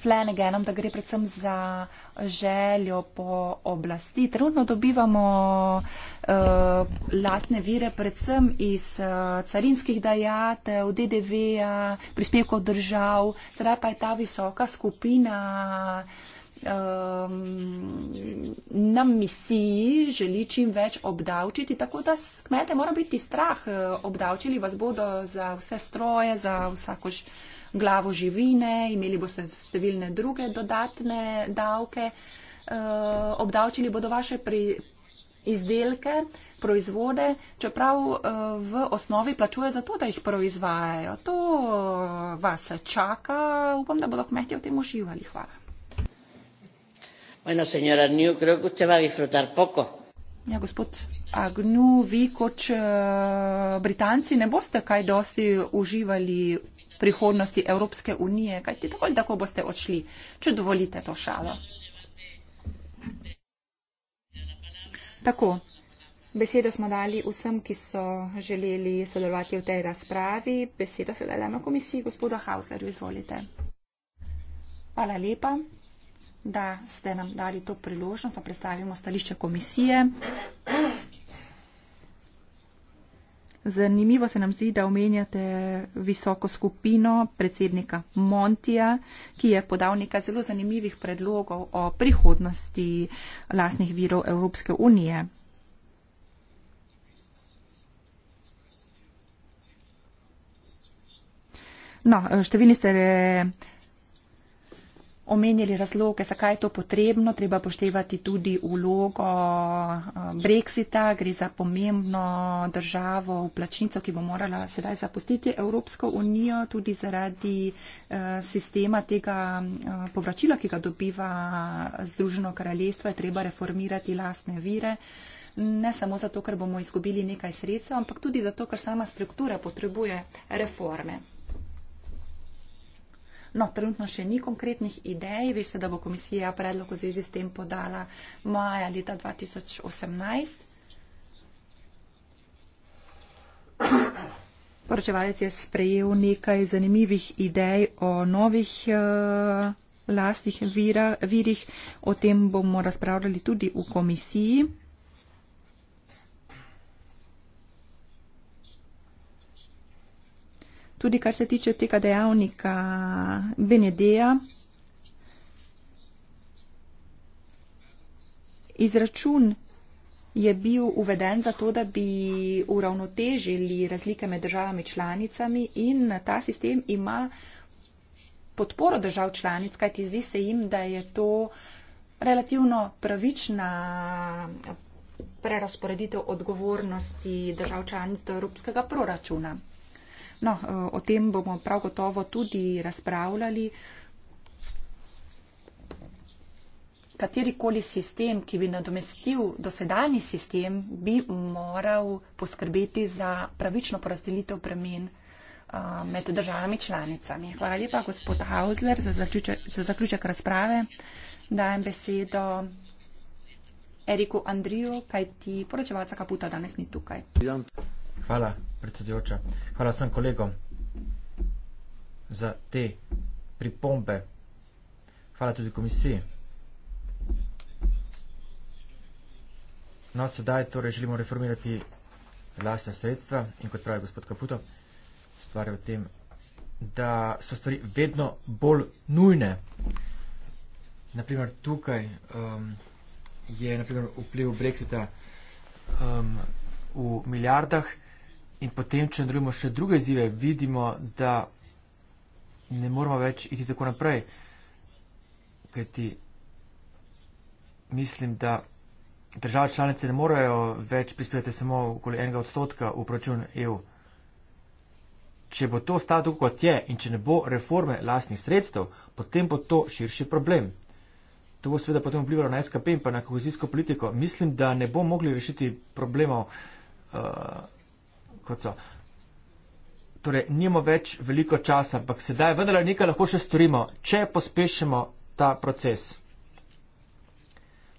D: Flanaganom, da gre predvsem za željo po oblasti. Trenutno dobivamo uh, lastne vire predvsem iz uh, carinskih dajatev, DDV-ja, prispevkov držav, sedaj pa je ta visoka skupina. Uh, um, ehm, nam misiji želi čim več obdavčiti, tako da kmete mora biti strah, e, obdavčili vas bodo za vse stroje, za vsako glavo živine, imeli boste številne druge dodatne davke, uh, obdavčili bodo vaše pri izdelke, proizvode, čeprav e, v osnovi plačuje za to, da jih proizvajajo. To vas čaka. Upam, da bodo kmetje v tem uživali. Hvala.
C: Bueno, señora New, creo que usted va a disfrutar poco.
D: Ja, gospod Agnu, vi kot uh, Britanci ne boste kaj dosti uživali prihodnosti Evropske unije, kajti tako ali tako boste odšli, če dovolite to šalo. Tako, besedo smo dali vsem, ki so želeli sodelovati v tej razpravi. Besedo se da na komisiji, gospoda Hausler, izvolite. Hvala lepa da ste nam dali to priložnost, da predstavimo stališče komisije. Zanimivo se nam zdi, da omenjate visoko skupino predsednika Montija, ki je podal nekaj zelo zanimivih predlogov o prihodnosti lastnih virov Evropske unije. No, številni ste omenili razloge, zakaj je to potrebno. Treba poštevati tudi ulogo eh, Brexita. Gre za pomembno državo, plačnico, ki bo morala sedaj zapustiti Evropsko unijo tudi zaradi eh, sistema tega eh, povračila, ki ga dobiva Združeno kraljestvo. Je treba reformirati lastne vire. Ne samo zato, ker bomo izgubili nekaj sredstev, ampak tudi zato, ker sama struktura potrebuje reforme. No, trenutno še ni konkretnih idej. Veste, da bo komisija predlog v zvezi s tem podala maja leta 2018. Poročevalec je sprejel nekaj zanimivih idej o novih uh, lastnih vira, virih. O tem bomo razpravljali tudi v komisiji. Tudi kar se tiče tega dejavnika Benedeja, izračun je bil uveden zato, da bi uravnotežili razlike med državami članicami in ta sistem ima podporo držav članic, kajti zdi se jim, da je to relativno pravična prerasporeditev odgovornosti držav članic do evropskega proračuna. No, eh, o tem bomo prav gotovo tudi razpravljali. Katerikoli sistem, ki bi nadomestil dosedaljni sistem, bi moral poskrbeti za pravično porazdelitev bremen eh, med državami članicami. Hvala lepa, gospod Hausler, za zaključek, za zaključek razprave. Dajem besedo Eriku Andriju, kaj ti poročevalca Kaputa danes ni tukaj.
A: Ja. Hvala, predsedujoča. Hvala sem kolegom za te pripombe. Hvala tudi komisiji. No, sedaj torej želimo reformirati vlastne sredstva in kot pravi gospod Kaputo, stvar je v tem, da so stvari vedno bolj nujne. Naprimer, tukaj um, je naprimer, vpliv Brexita um, v milijardah. In potem, če nadaljujemo še druge izzive, vidimo, da ne moramo več iti tako naprej. Ker ti mislim, da države članice ne morejo več prispevati samo okoli enega odstotka v proračun EU. Če bo to ostalo tako, kot je, in če ne bo reforme lastnih sredstev, potem bo to širši problem. To bo seveda potem vplivalo na SKP in pa na kohezijsko politiko. Mislim, da ne bo mogli rešiti problemov. Uh, kot so. Torej, nimamo več veliko časa, ampak sedaj vendar nekaj lahko še storimo, če pospešimo ta proces.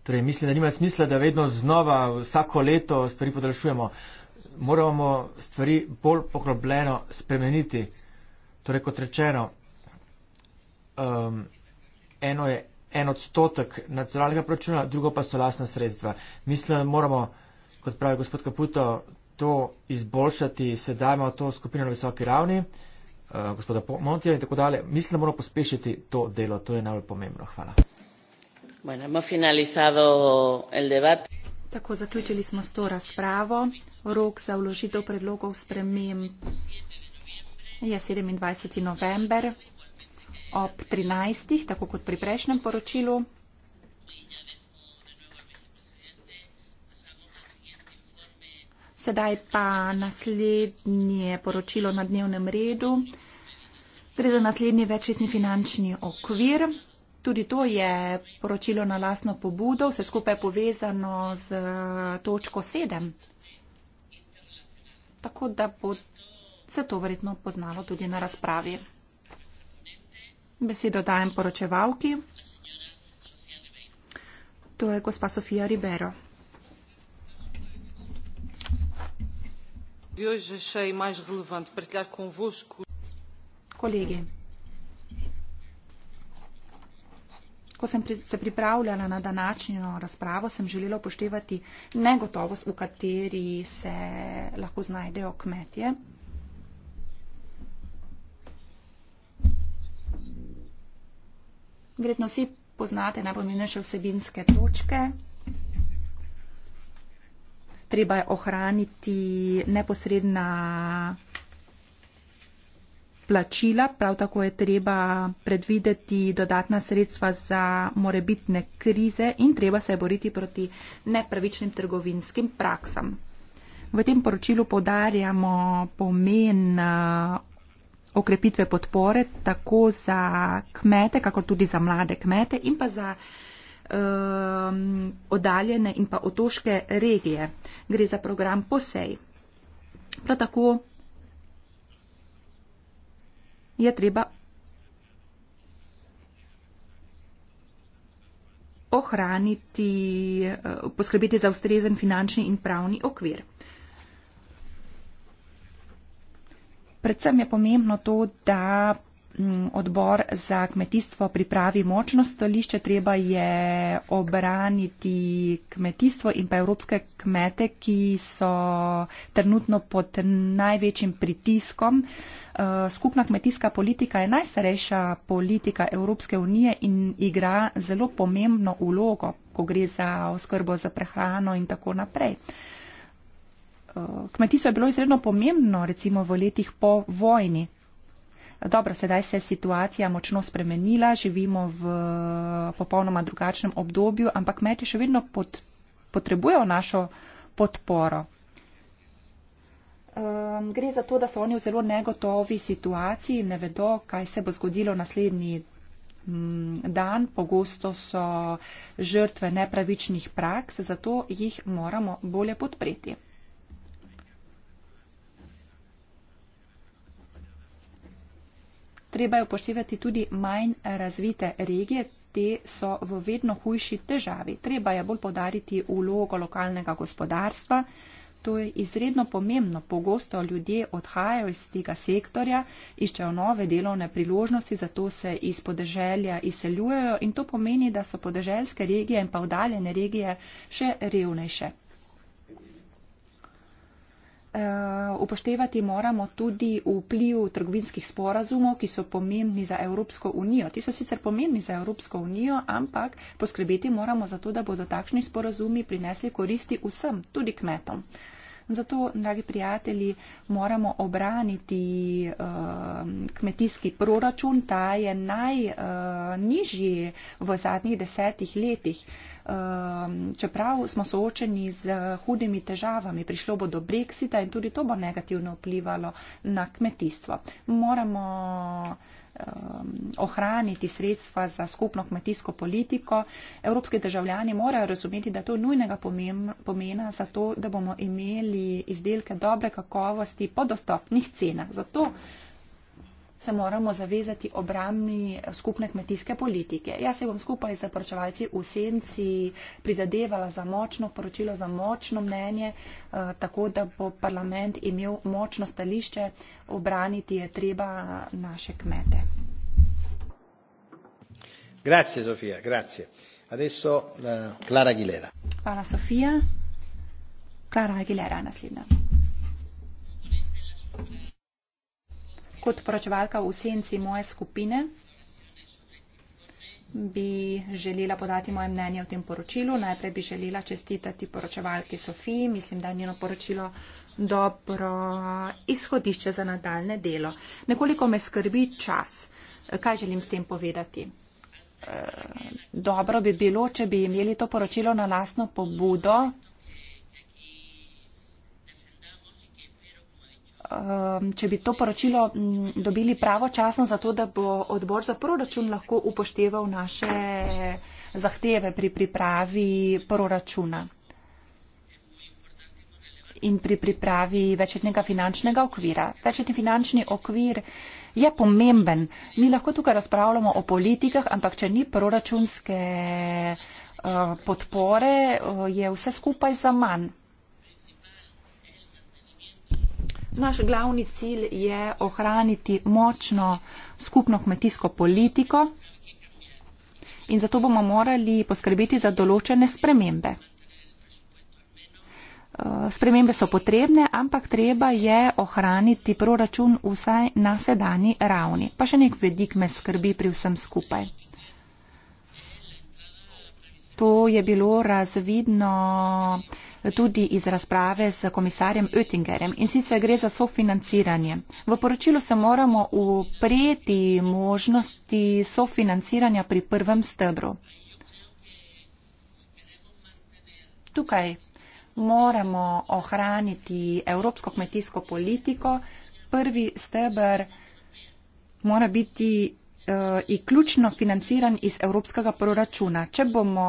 A: Torej, mislim, da nima smisla, da vedno znova, vsako leto stvari podaljšujemo. Moramo stvari bolj poglobljeno spremeniti. Torej, kot rečeno, um, eno je en odstotek nacionalnega proračuna, drugo pa so lastna sredstva. Mislim, da moramo, kot pravi gospod Kaputo, to izboljšati, sedaj imamo to skupino na visoki ravni, uh, gospoda Montija in tako dalje. Mislim, da moramo pospešiti to delo, to je najbolj pomembno. Hvala.
C: Bueno,
D: tako zaključili smo s to razpravo. Rok za vložitev predlogov spremem je 27. november ob 13. tako kot pri prejšnjem poročilu. Sedaj pa naslednje poročilo na dnevnem redu. Gre za naslednji večletni finančni okvir. Tudi to je poročilo na lasno pobudo, vse skupaj povezano z točko 7. Tako da bo se to verjetno poznalo tudi na razpravi. Besedo dajem poročevalki. To je gospa Sofija Ribero.
C: de hoje achei mais relevante partilhar convosco. Colegue.
D: Ko sem se pripravljala na današnjo razpravo, sem želela upoštevati negotovost, v kateri se lahko znajdejo kmetje. Gretno vsi poznate najpomembnejše vsebinske točke treba je ohraniti neposredna plačila, prav tako je treba predvideti dodatna sredstva za morebitne krize in treba se boriti proti nepravičnim trgovinskim praksam. V tem poročilu podarjamo pomen eh, okrepitve podpore tako za kmete, kako tudi za mlade kmete in pa za um, odaljene in pa otoške regije. Gre za program posej. Prav tako je treba ohraniti, uh, poskrbeti za ustrezen finančni in pravni okvir. Predvsem je pomembno to, da odbor za kmetijstvo pripravi močno stališče, treba je obraniti kmetijstvo in pa evropske kmete, ki so trenutno pod največjim pritiskom. E, skupna kmetijska politika je najstarejša politika Evropske unije in igra zelo pomembno ulogo, ko gre za oskrbo za prehrano in tako naprej. E, kmetijstvo je bilo izredno pomembno, recimo v letih po vojni, Dobro, sedaj se je situacija močno spremenila, živimo v popolnoma drugačnem obdobju, ampak kmetje še vedno pod, potrebujejo našo podporo. Um, gre za to, da so oni v zelo negotovi situaciji, ne vedo, kaj se bo zgodilo naslednji mm, dan, pogosto so žrtve nepravičnih praks, zato jih moramo bolje podpreti. Treba je upoštevati tudi manj razvite regije, te so v vedno hujši težavi. Treba je bolj podariti vlogo lokalnega gospodarstva. To je izredno pomembno. Pogosto ljudje odhajajo iz tega sektorja, iščejo nove delovne priložnosti, zato se iz podeželja izseljujejo in to pomeni, da so podeželske regije in pa oddaljene regije še revnejše. Eh, upoštevati moramo tudi vpliv trgovinskih sporazumov, ki so pomembni za Evropsko unijo. Ti so sicer pomembni za Evropsko unijo, ampak poskrbeti moramo za to, da bodo takšni sporazumi prinesli koristi vsem, tudi kmetom. Zato, dragi prijatelji, moramo obraniti uh, kmetijski proračun. Ta je najnižji eh, uh, v zadnjih desetih letih. Uh, čeprav smo soočeni z hudimi težavami, prišlo bo do brexita in tudi to bo negativno vplivalo na kmetijstvo. Moramo Um, ohraniti sredstva za skupno kmetijsko politiko. Evropski državljani morajo razumeti, da to nujnega pomena za to, da bomo imeli izdelke dobre kakovosti po dostopnih cenah. Zato se moramo zavezati obrambni eh, skupne kmetijske politike. Jaz se bom skupaj z poročevalci v senci prizadevala za močno poročilo, za močno mnenje, eh, tako da bo parlament imel močno stališče, obraniti je treba naše kmete.
A: Grazie, Sofia, grazie. Adesso uh, Clara Aguilera.
D: Hvala, Sofia. Clara Aguilera, naslednja. Kot poročevalka v senci moje skupine bi želela podati moje mnenje o tem poročilu. Najprej bi želela čestitati poročevalki Sofiji. Mislim, da je njeno poročilo dobro izhodišče za nadaljne delo. Nekoliko me skrbi čas. Kaj želim s tem povedati? Eh, dobro bi bilo, če bi imeli to poročilo na lastno pobudo, Um, če bi to poročilo mm, dobili pravočasno, zato da bo odbor za proračun lahko upošteval naše zahteve pri pripravi proračuna in pri pripravi večetnega finančnega okvira. Večetni finančni okvir je pomemben. Mi lahko tukaj razpravljamo o politikah, ampak če ni proračunske uh, podpore, uh, je vse skupaj za manj. Naš glavni cilj je ohraniti močno skupno kmetijsko politiko in zato bomo morali poskrbeti za določene spremembe. Eh, spremembe so potrebne, ampak treba je ohraniti proračun vsaj na sedani ravni. Pa še nek vedik me skrbi pri vsem skupaj. To je bilo razvidno tudi iz razprave z komisarjem Oettingerjem in sicer gre za sofinanciranje. V poročilu se moramo upreti možnosti sofinanciranja pri prvem stebru. Tukaj moramo ohraniti evropsko kmetijsko politiko. Prvi steber mora biti je ključno financiran iz evropskega proračuna. Če bomo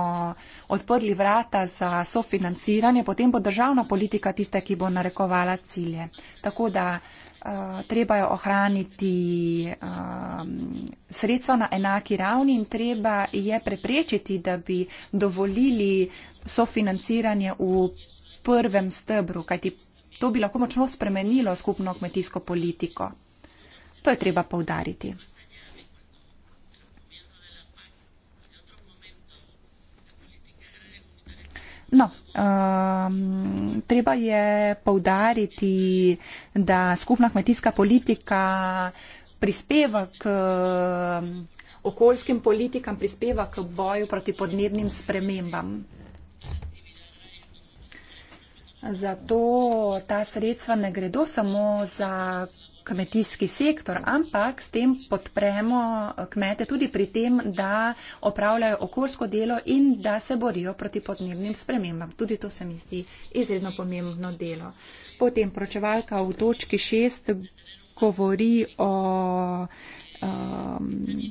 D: odprli vrata za sofinanciranje, potem bo državna politika tista, ki bo narekovala cilje. Tako da eh, treba je ohraniti ehm, sredstva na enaki ravni in treba je preprečiti, da bi dovolili sofinanciranje v prvem stebru, kajti to bi lahko močno spremenilo skupno kmetijsko politiko. To je treba poudariti. No, um, treba je povdariti, da skupna kmetijska politika prispeva k um, okoljskim politikam, prispeva k boju proti podnebnim spremembam. Zato ta sredstva ne gredo samo za kmetijski sektor, ampak s tem podpremo eh, kmete tudi pri tem, da opravljajo okoljsko delo in da se borijo proti podnebnim spremembam. Tudi to se mi zdi izredno pomembno delo. Potem pročevalka v točki šest govori o um,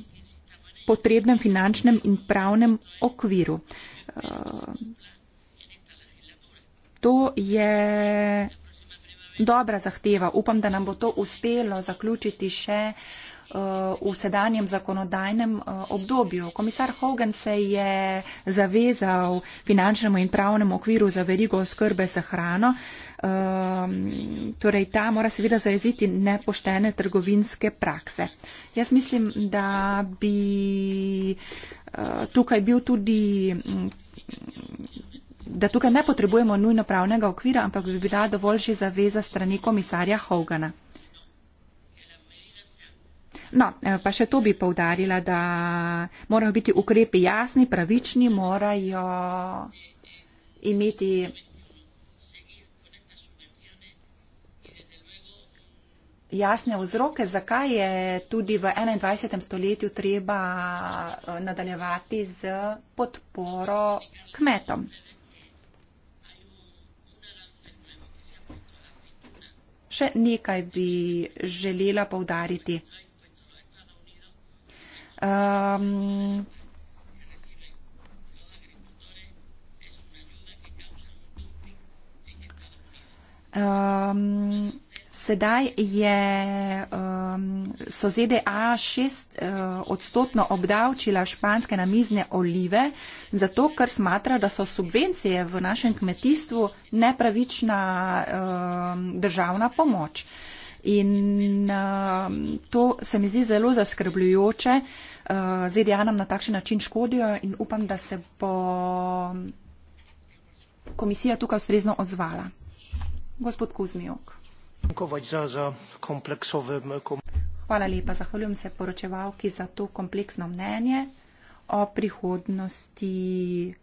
D: potrebnem finančnem in pravnem okviru. Uh, to je dobra zahteva. Upam, da nam bo to uspelo zaključiti še uh, v sedanjem zakonodajnem uh, obdobju. Komisar Hogan se je zavezal finančnemu in pravnemu okviru za verigo oskrbe za hrano. Um, torej, ta mora seveda zajeziti nepoštene trgovinske prakse. Jaz mislim, da bi uh, tukaj bil tudi mm, da tukaj ne potrebujemo nujno pravnega okvira, ampak bi bila dovolj že zaveza strani komisarja Hogana. No, eh, pa še to bi povdarila, da morajo biti ukrepi jasni, pravični, morajo imeti. Jasne vzroke, zakaj je tudi v 21. stoletju treba eh, nadaljevati z podporo kmetom. Še nekaj bi želela povdariti. Um, um, Sedaj je, um, so ZDA šest uh, odstotno obdavčila španske namizne olive, zato ker smatra, da so subvencije v našem kmetijstvu nepravična um, državna pomoč. In um, to se mi zdi zelo zaskrbljujoče. Uh, ZDA nam na takšen način škodijo in upam, da se bo um, komisija tukaj ustrezno odzvala. Gospod Kuzmijok. Hvala lepa, zahvaljujem se poročevalki za to kompleksno mnenje o prihodnosti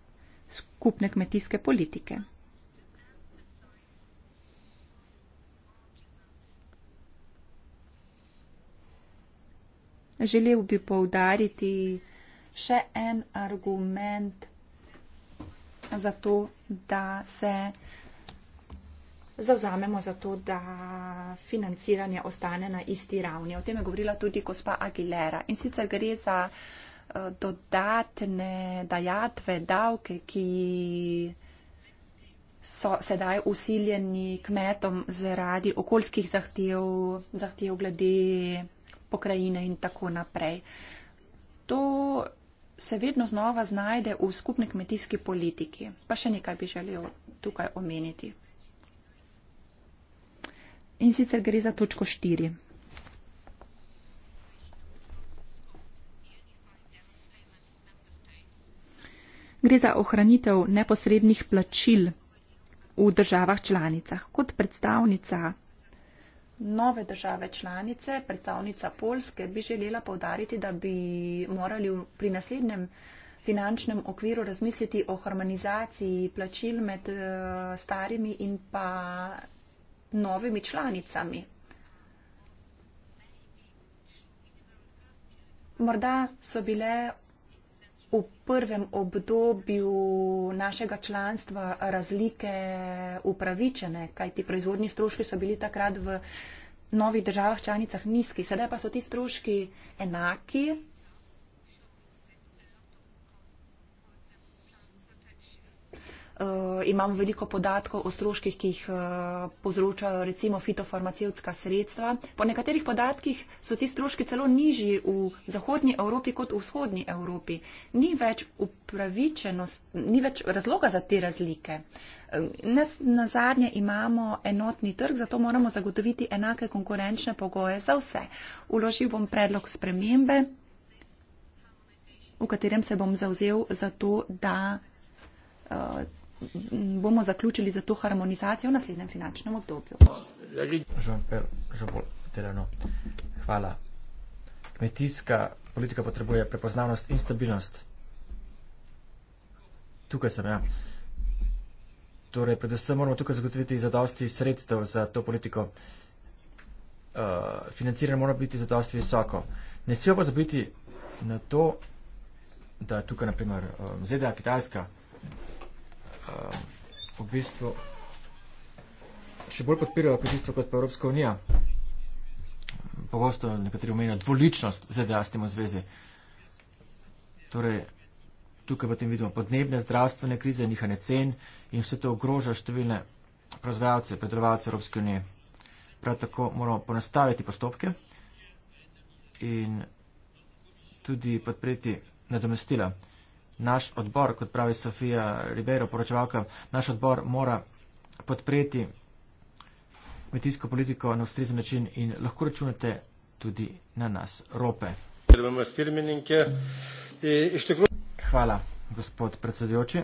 D: skupne kmetijske politike. Želel bi poudariti še en argument za to, da se zauzamemo za to, da financiranje ostane na isti ravni. O tem je govorila tudi gospa Aguilera. In sicer gre za eh, dodatne dajatve, davke, ki so sedaj usiljeni kmetom zaradi okoljskih zahtev, zahtev glede pokrajine in tako naprej. To se vedno znova znajde v skupni kmetijski politiki. Pa še nekaj bi želel tukaj omeniti in sicer gre za točko 4. Gre za ohranitev neposrednih plačil v državah članicah. Kot predstavnica nove države članice, predstavnica Polske, bi želela povdariti, da bi morali pri naslednjem finančnem okviru razmisliti o harmonizaciji plačil med eh, starimi in pa novimi članicami. Morda so bile v prvem obdobju našega članstva razlike upravičene, kajti proizvodni stroški so bili takrat v novih državah članicah nizki, sedaj pa so ti stroški enaki, Eh, imam veliko podatkov o stroških, ki jih eh, povzročajo recimo fitofarmacevtska sredstva. Po nekaterih podatkih so ti stroški celo nižji v Zahodnji Evropi kot v Vzhodnji Evropi. Ni več upravičenost, ni več razloga za te razlike. Eh, nas na zadnje imamo enotni trg, zato moramo zagotoviti enake konkurenčne pogoje za vse. Uložil bom predlog spremembe, v katerem se bom zauzel za to, da uh, bomo zaključili za to harmonizacijo v naslednjem finančnem obdobju.
A: Hvala. Kmetijska politika potrebuje prepoznavnost in stabilnost. Tukaj sem, ja. Torej, predvsem moramo tukaj zagotoviti zadosti sredstev za to politiko. Uh, financiranje mora biti zadosti visoko. Ne smemo pa zabiti na to, da tukaj, naprimer, um, ZDA, Kitajska, v bistvu še bolj podpirajo kmetijstvo kot pa Evropska unija. Pogosto nekateri omenjajo dvoličnost ZDA s tem v zvezi. Torej, tukaj potem vidimo podnebne, zdravstvene krize, nihanje cen in vse to ogroža številne proizvajalce, predelovalce Evropske unije. Prav tako moramo ponastaviti postopke in tudi podpreti nadomestila naš odbor, kot pravi Sofija Ribeiro, poročevalka, naš odbor mora podpreti kmetijsko politiko na ustrezen način in lahko računate tudi na nas, rope. Hvala, gospod predsedujoči.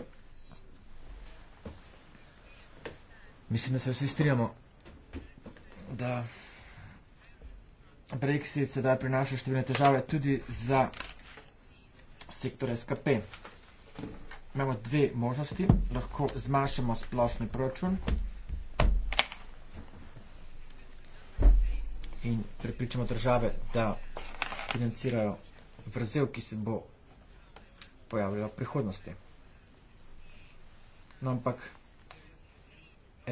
A: Mislim, da se vsi strinjamo, da Brexit sedaj prinaša številne težave tudi za sektor SKP imamo dve možnosti, lahko zmanjšamo splošni proračun in prepričamo države, da financirajo vrzel, ki se bo pojavljal v prihodnosti. No, ampak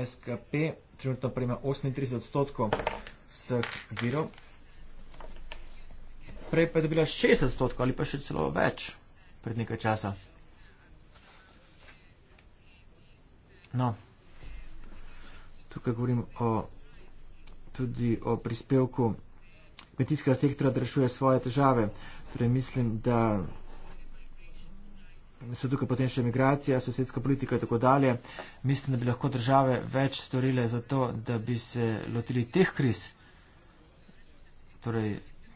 A: SKP trenutno prejme 38 odstotkov vseh virov, prej pa je dobila 60 odstotkov ali pa še celo več pred nekaj časa. No, tukaj govorim o, tudi o prispevku kmetijskega sektora, da rešuje svoje težave. Torej, mislim, da so tukaj potem še migracija, sosedska politika in tako dalje. Mislim, da bi lahko države več storile za to, da bi se lotili teh kriz, torej,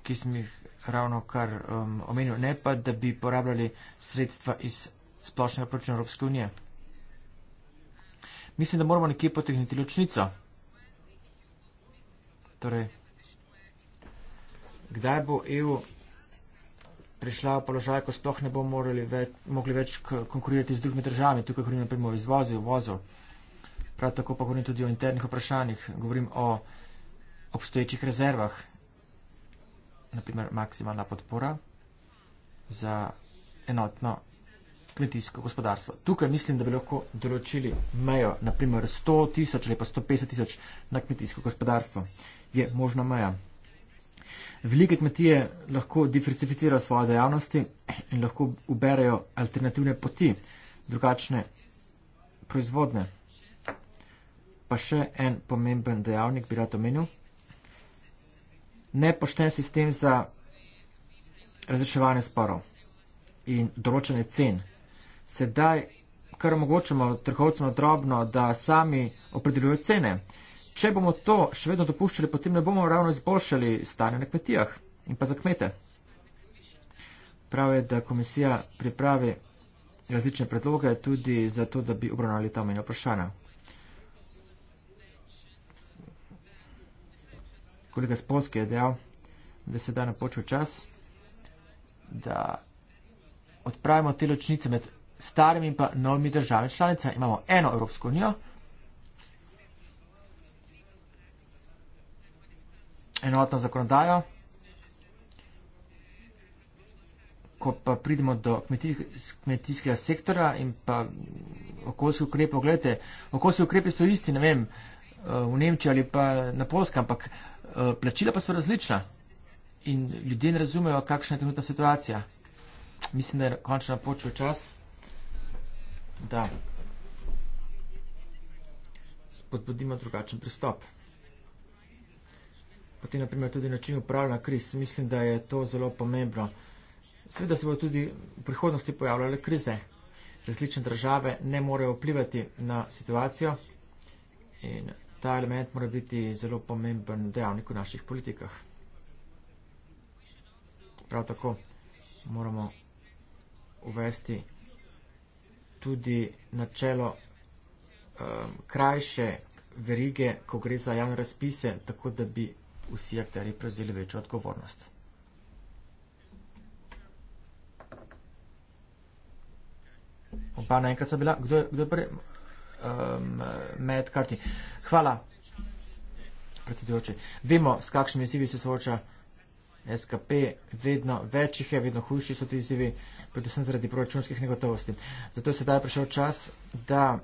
A: ki sem jih ravno kar um, omenil, ne pa, da bi porabljali sredstva iz splošnega proračuna Evropske unije mislim, da moramo nekje potegniti ločnico. Torej, kdaj bo EU prišla v položaj, ko sploh ne bo več, mogli več konkurirati z drugimi državami, tukaj govorim naprimer o izvozu, o vozu. Prav tako pa govorim tudi o internih vprašanjih, govorim o obstoječih rezervah, naprimer maksimalna podpora za enotno kmetijsko gospodarstvo. Tukaj mislim, da bi lahko določili mejo, naprimer 100 tisoč ali pa 150 tisoč na kmetijsko gospodarstvo. Je možna meja. Velike kmetije lahko diversificirajo svoje dejavnosti in lahko uberejo alternativne poti, drugačne proizvodne. Pa še en pomemben dejavnik bi rad omenil. Nepošten sistem za razreševanje sporov in določene cene sedaj kar omogočamo trgovcem drobno, da sami opredeljujejo cene. Če bomo to še vedno dopuščali, potem ne bomo ravno izboljšali stanja na kmetijah in pa za kmete. Prav je, da komisija pripravi različne predloge tudi za to, da bi obravnali ta omenja vprašanja. Kolega Sponski je dejal, da se da napočil čas, da odpravimo te ločnice med starimi in pa novimi državami članica. Imamo eno Evropsko unijo, enotno zakonodajo, ko pa pridemo do kmetijskega sektora in pa okoljskih ukrepov, gledajte, okoljski ukrepi so isti, ne vem, eh, v Nemčiji ali pa na Polska, ampak eh, plačila pa so različna in ljudje ne razumejo, kakšna je trenutna situacija. Mislim, da je končno počel čas da spodbudimo drugačen pristop. Potem, naprimer, tudi način upravljanja kriz. Mislim, da je to zelo pomembno. Seveda se bodo tudi v prihodnosti pojavljale krize. Različne države ne morejo vplivati na situacijo in ta element mora biti zelo pomemben dejavnik v naših politikah. Prav tako moramo uvesti tudi načelo um, krajše verige, ko gre za javne razpise, tako da bi vsi akteri prevzeli večjo odgovornost. Oba naenkrat so bila. Kdo, kdo je prvi? Um, Med karti. Hvala, predsedujoči. Vemo, s kakšnimi izzivi se sooča. SKP, vedno več jih je, vedno hujši so ti izzivi, predvsem zaradi proračunskih negotovosti. Zato je sedaj prišel čas, da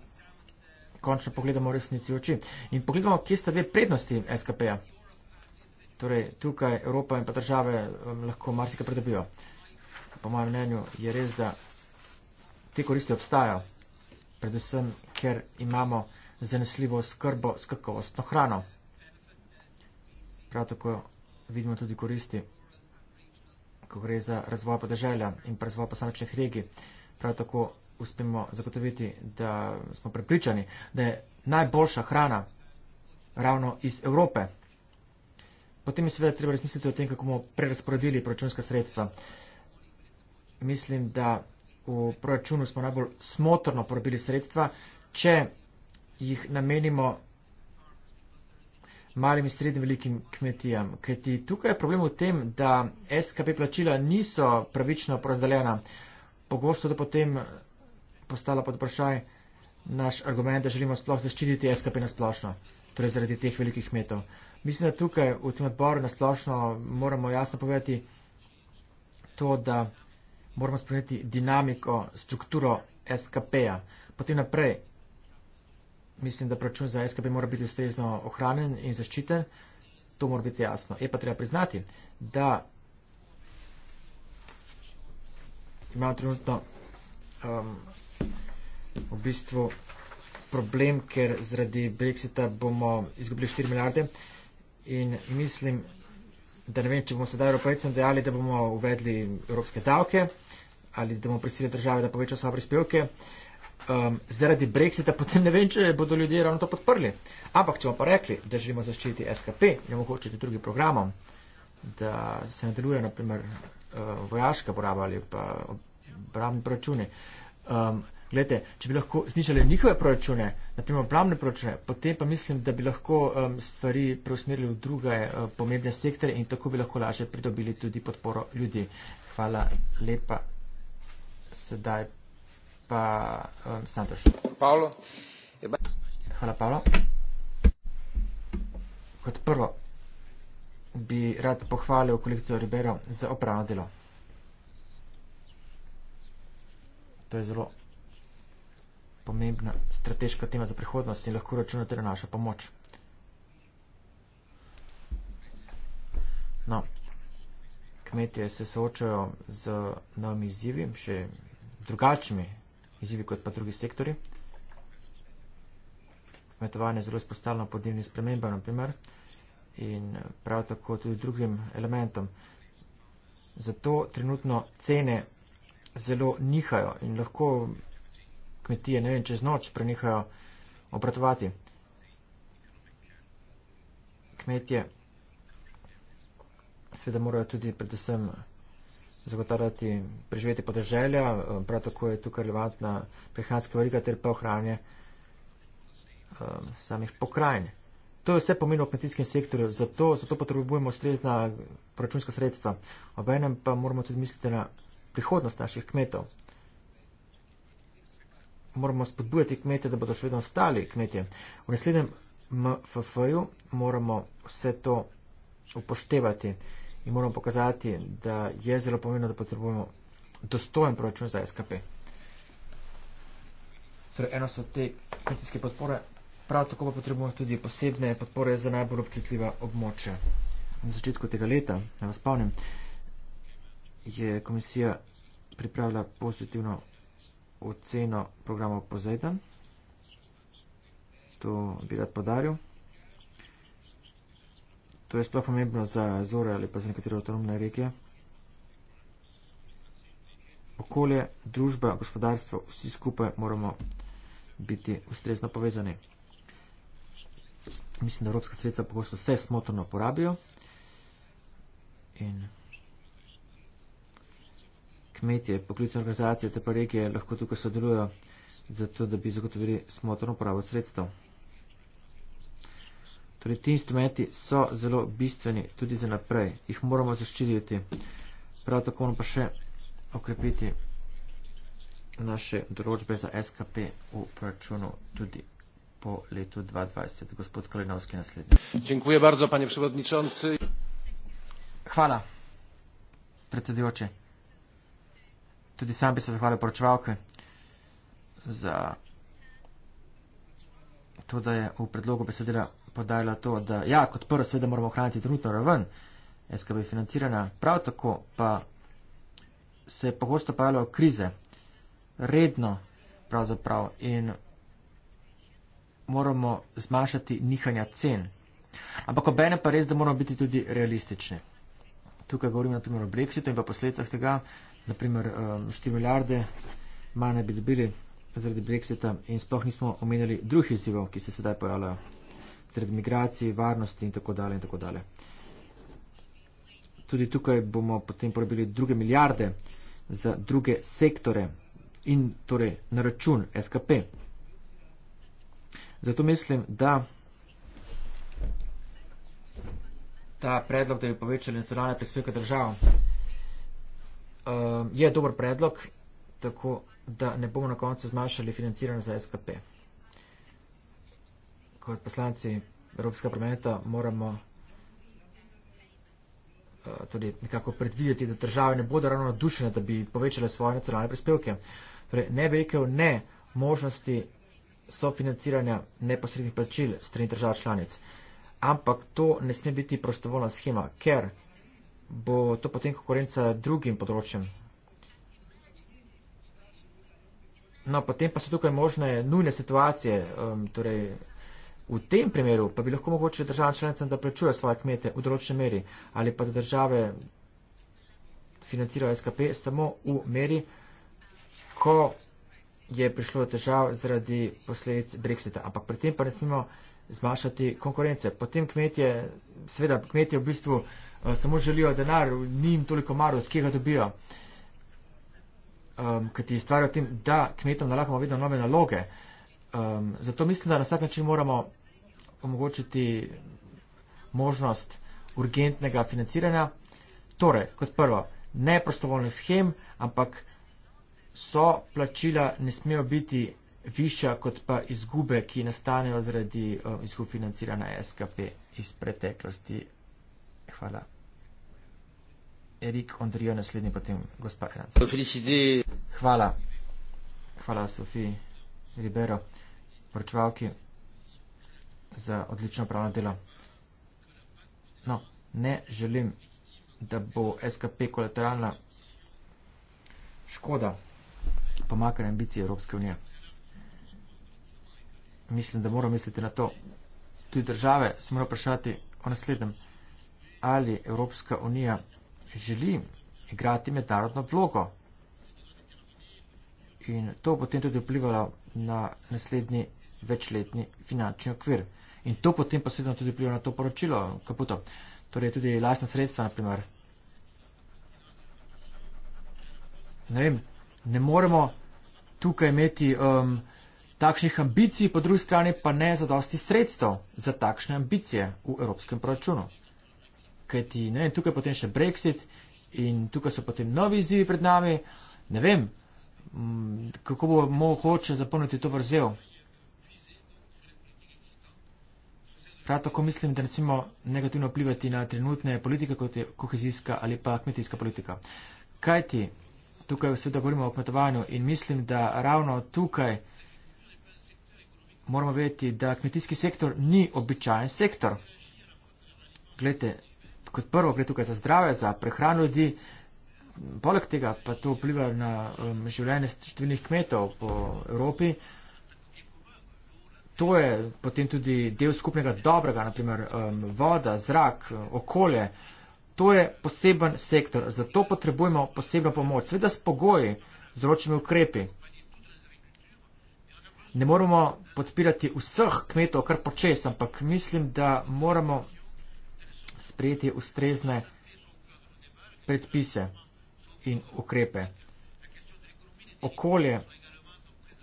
A: končno pogledamo resnici oči in pogledamo, kje sta dve prednosti SKP-ja. Torej, tukaj Evropa in pa države um, lahko marsikaj pridobijo. Po mojem mnenju je res, da te koristi obstajajo, predvsem, ker imamo zanesljivo skrbo s kakovostno hrano. Prav tako vidimo tudi koristi, ko gre za razvoj podeželja in pa razvoj posamečnih regij. Prav tako uspemo zagotoviti, da smo prepričani, da je najboljša hrana ravno iz Evrope. Potem je seveda treba razmisliti o tem, kako bomo prerasporedili proračunska sredstva. Mislim, da v proračunu smo najbolj smotrno porabili sredstva, če jih namenimo malim in srednjim velikim kmetijam. Kajti tukaj je problem v tem, da SKP plačila niso pravično porazdeljena. Pogosto da potem postala pod vprašaj naš argument, da želimo sploh zaščititi SKP na splošno, torej zaradi teh velikih kmetov. Mislim, da tukaj v tem odboru na splošno moramo jasno povedati to, da moramo spremeniti dinamiko, strukturo SKP-ja. Potem naprej, mislim, da račun za SKB mora biti ustrezno ohranjen in zaščiten, to mora biti jasno. Je pa treba priznati, da imamo trenutno um, v bistvu problem, ker zaradi Brexita bomo izgubili 4 milijarde in mislim, da ne vem, če bomo sedaj evropejcem dejali, da bomo uvedli evropske davke ali da bomo prisili države, da povečajo svoje prispevke. Uh, um, zaradi brexita, potem ne vem, če bodo ljudje ravno to podprli. Ampak, če bomo pa rekli, da želimo zaščititi SKP, ne mogočiti drugim programom, da se nadaljuje naprimer uh, eh, vojaška poraba ali pa obramni proračuni. Um, ehm, Glede, če bi lahko znižali njihove proračune, naprimer obramne proračune, potem pa mislim, da bi lahko um, stvari preusmerili v druge uh, pomembne sektore in tako bi lahko lažje pridobili tudi podporo ljudi. Hvala lepa. Sedaj pa um, Santoš. Pavlo. Hvala, Pavlo. Kot prvo bi rad pohvalil kolekcijo Ribero za opravno delo. To je zelo pomembna strateška tema za prihodnost in lahko računate na našo pomoč. No, kmetje se soočajo z novimi izzivi, še drugačnimi izzivi kot pa drugi sektori. Kmetovanje je zelo izpostavljeno podnebnim spremembam, naprimer, in prav tako tudi drugim elementom. Zato trenutno cene zelo nihajo in lahko kmetije, ne vem, čez noč prenehajo obratovati. Kmetje seveda morajo tudi predvsem zagotavljati preživeti podeželja, eh, prav tako je tukaj relevantna prehranska verika ter pa ohranje um, eh, samih pokrajin. To je vse pomeni v kmetijskem sektorju, zato, zato potrebujemo ustrezna proračunska sredstva. Obenem pa moramo tudi misliti na prihodnost naših kmetov. Moramo spodbujati kmete, da bodo še vedno ostali kmetje. V naslednjem MFF-ju moramo vse to upoštevati in moramo pokazati, da je zelo pomembno, da potrebujemo dostojen proračun za SKP. Torej, eno so te kmetijske podpore, prav tako pa potrebujemo tudi posebne podpore za najbolj občutljiva območja. Na začetku tega leta, na vas spomnim, je komisija pripravila pozitivno oceno programov Pozajdan. To bi rad podaril. To je sploh pomembno za Azore ali pa za nekatere avtonomne regije. Okolje, družba, gospodarstvo, vsi skupaj moramo biti ustrezno povezani. Mislim, da evropska sredstva pogosto vse smotrno porabijo in kmetje, poklicne organizacije, te pa regije lahko tukaj sodelujo za to, da bi zagotovili smotrno porabo sredstev. Torej, ti instrumenti so zelo bistveni tudi za naprej, jih moramo zaščititi. Prav tako moramo pa še okrepiti naše določbe za SKP v proračunu tudi po letu 2020. Gospod Kalinovski naslednji.
B: Dziękuję bardzo, panie przewodniczący. Hvala,
A: predsedujoče. Tudi sam bi se zahvalil poročevalke za to, da je v predlogu besedila podajala to, da ja, kot prvo seveda moramo ohraniti trenutno raven SKB financiranja, prav tako pa se pogosto pojavljajo krize, redno pravzaprav in moramo zmanjšati nihanja cen. Ampak obene pa res, da moramo biti tudi realistični. Tukaj govorimo na primer o Brexitu in pa posledicah tega, na primer 4 um, milijarde manj bi dobili zaradi Brexita in sploh nismo omenjali drugih izzivov, ki se sedaj pojavljajo zaradi migracij, varnosti in tako dalje in tako dalje. Tudi tukaj bomo potem porabili druge milijarde za druge sektore in torej na račun SKP. Zato mislim, da ta predlog, da bi povečali nacionalne prispevke držav, eh, je dober predlog, tako da ne bomo na koncu zmanjšali financiranje za SKP kot poslanci Evropskega parlamenta moramo eh, tudi nekako predvideti, da države ne bodo ravno nadušene, da bi povečale svoje nacionalne prispevke. Torej, ne bi rekel ne možnosti sofinanciranja neposrednih plačil strani držav članic. Ampak to ne sme biti prostovoljna schema, ker bo to potem konkurenca drugim področjem. No, potem pa so tukaj možne nujne situacije, um, torej V tem primeru pa bi lahko mogoče državam članicam, da plačuje svoje kmete v določeni meri ali pa da države financirajo SKP samo v meri, ko je prišlo do držav zaradi posledic Brexita. Ampak pri tem pa ne smemo zmašati konkurence. Potem kmetje, seveda kmetje v bistvu eh, samo želijo denar, ni jim toliko maro, od kje ga dobijo. Um, ehm, kaj ti stvarijo tem, da kmetom nalagamo vedno nove naloge. Uh, Um, zato mislim, da na vsak način moramo omogočiti možnost urgentnega financiranja. Torej, kot prvo, ne prostovoljnih schem, ampak so plačila ne smejo biti višja kot pa izgube, ki nastanejo zaradi um, izgub financiranja SKP iz preteklosti. Hvala. Erik Ondrijo, naslednji potem gospa Hranc. Hvala. Hvala, Sofi Ribero vrčevalki za odlično pravno delo. No, ne želim, da bo SKP kolateralna škoda pomakanja ambicije Evropske unije. Mislim, da moram misliti na to. Tudi države se mora vprašati o naslednjem. Ali Evropska unija želi igrati mednarodno vlogo? In to potem tudi vplivalo na naslednji večletni finančni okvir. In to potem posebno tudi pliva na to poročilo, kaputo. Torej tudi lastna sredstva, naprimer. Ne vem, ne moremo tukaj imeti um, takšnih ambicij, po drugi strani pa ne za dosti sredstev za takšne ambicije v evropskem proračunu. Kaj ti, ne vem, tukaj potem še Brexit in tukaj so potem novi izzivi pred nami. Ne vem, kako bomo hoče zapolniti to vrzel. Prav tako mislim, da ne smemo negativno vplivati na trenutne politike, kot je kohezijska ali pa kmetijska politika. Kaj ti, tukaj vse dogovorimo o kmetovanju in mislim, da ravno tukaj moramo vedeti, da kmetijski sektor ni običajen sektor. Glede, kot prvo gre tukaj za zdrave, za prehrano ljudi, poleg tega pa to vpliva na um, življenje številnih kmetov po Evropi. Uh, to je potem tudi del skupnega dobrega, naprimer um, voda, zrak, okolje. To je poseben sektor, zato potrebujemo posebno pomoč, seveda s pogoji, z ročnimi ukrepi. Ne moramo podpirati vseh kmetov, kar počes, ampak mislim, da moramo sprejeti ustrezne predpise in ukrepe. Okolje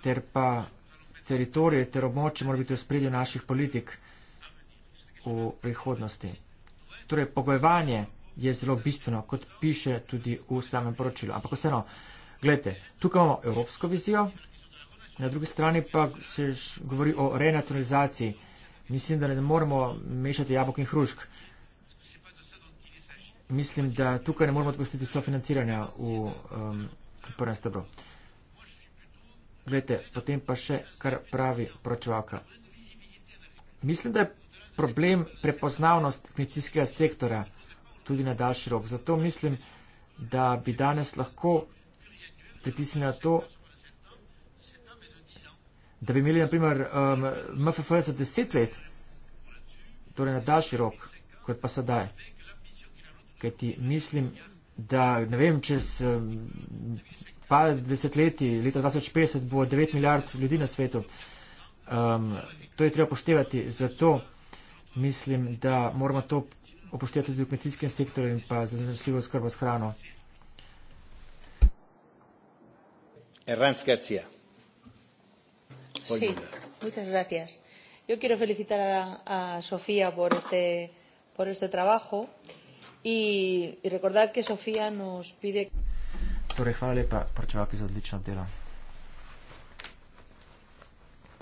A: ter pa teritorije ter območje mora biti v spredju naših politik v prihodnosti. Torej, pogojevanje je zelo bistveno, kot piše tudi v samem poročilu. Ampak vseeno, gledajte, tukaj imamo evropsko vizijo, na drugi strani pa se govori o renaturalizaciji. Mislim, da ne moramo mešati jabolk in hrušk. Mislim, da tukaj ne moramo odpustiti sofinanciranja v um, prvem stebru. Uh, Glede, potem pa še, kar pravi pročvalka. Mislim, da je problem prepoznavnost kmetijskega sektora tudi na daljši rok. Zato mislim, da bi danes lahko pritisnili na to, da bi imeli naprimer um, MFF za deset let, torej na daljši rok, kot pa sedaj. Kajti mislim, da ne vem, čez um, pa desetletji, leta 2050, bo 9 milijard ljudi na svetu. Um, to je treba poštevati. Zato mislim, da moramo to upoštevati tudi v kmetijskem sektorju in pa za zanesljivo skrbo s hrano. Errant Skacija.
C: Muchas gracias. Yo quiero felicitar a, a Sofía por este, por este trabajo y, y recordar que Sofía nos pide.
A: Torej, hvala lepa, prčevaki, za odlično delo.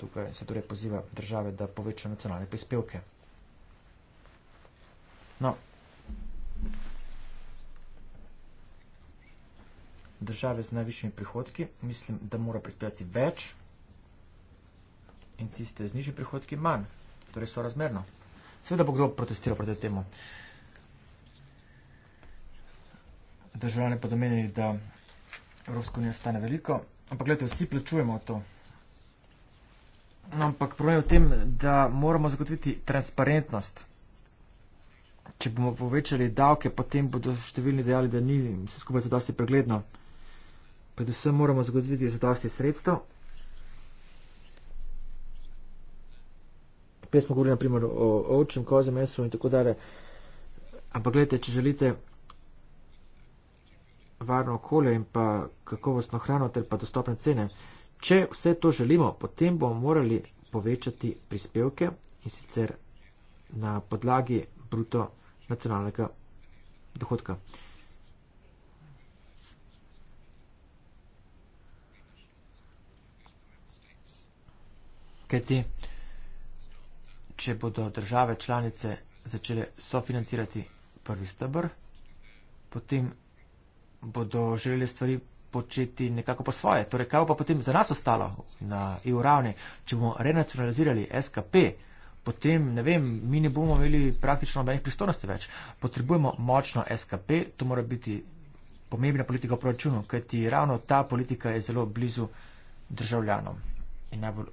A: Tukaj se torej poziva države, da poveča nacionalne prispevke. No, države z najvišjimi prihodki, mislim, da mora prispevati več in tiste z nižji prihodki manj. Torej, so razmerno. Seveda bo kdo protestiral proti temu. Državljani pa domenili, da Evropska unija stane veliko, ampak gledajte, vsi plačujemo to. No, ampak problem je v tem, da moramo zagotoviti transparentnost. Če bomo povečali davke, potem bodo številni dejali, da ni vse skupaj zadosti pregledno. Predvsem moramo zagotoviti zadosti sredstev. Prej smo govorili naprimer o ovčem, kozem, mesu in tako dalje. Ampak gledajte, če želite varno okolje in pa kakovostno hrano ter pa dostopne cene. Če vse to želimo, potem bomo morali povečati prispevke in sicer na podlagi bruto nacionalnega dohodka. Kajti, če bodo države članice začele sofinancirati prvi stebr, potem bodo želeli stvari početi nekako po svoje. Torej, kaj bo pa potem za nas ostalo na EU ravni, če bomo renacionalizirali SKP, potem, ne vem, mi ne bomo imeli praktično nobenih pristojnosti več. Potrebujemo močno SKP, to mora biti pomembna politika v proračunu, kajti ravno ta politika je zelo blizu državljanom in najbolj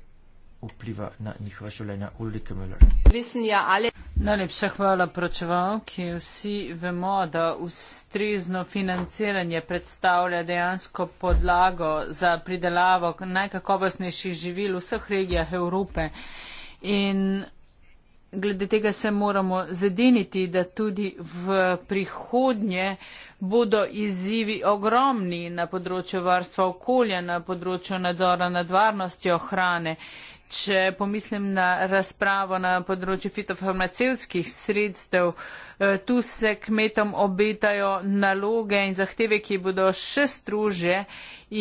A: vpliva na njihova življenja. Ulrike Müller.
C: Vesen, ja, ali... Najlepša hvala pročevalki. Vsi vemo, da ustrezno financiranje predstavlja dejansko podlago za pridelavo najkakovostnejših živil v vseh regijah Evrope. In glede tega se moramo zediniti, da tudi v prihodnje bodo izzivi ogromni na področju varstva okolja, na področju nadzora nad varnostjo hrane. Če pomislim na razpravo na področju fitofarmacevskih sredstev, eh, tu se kmetom obetajo naloge in zahteve, ki bodo še strože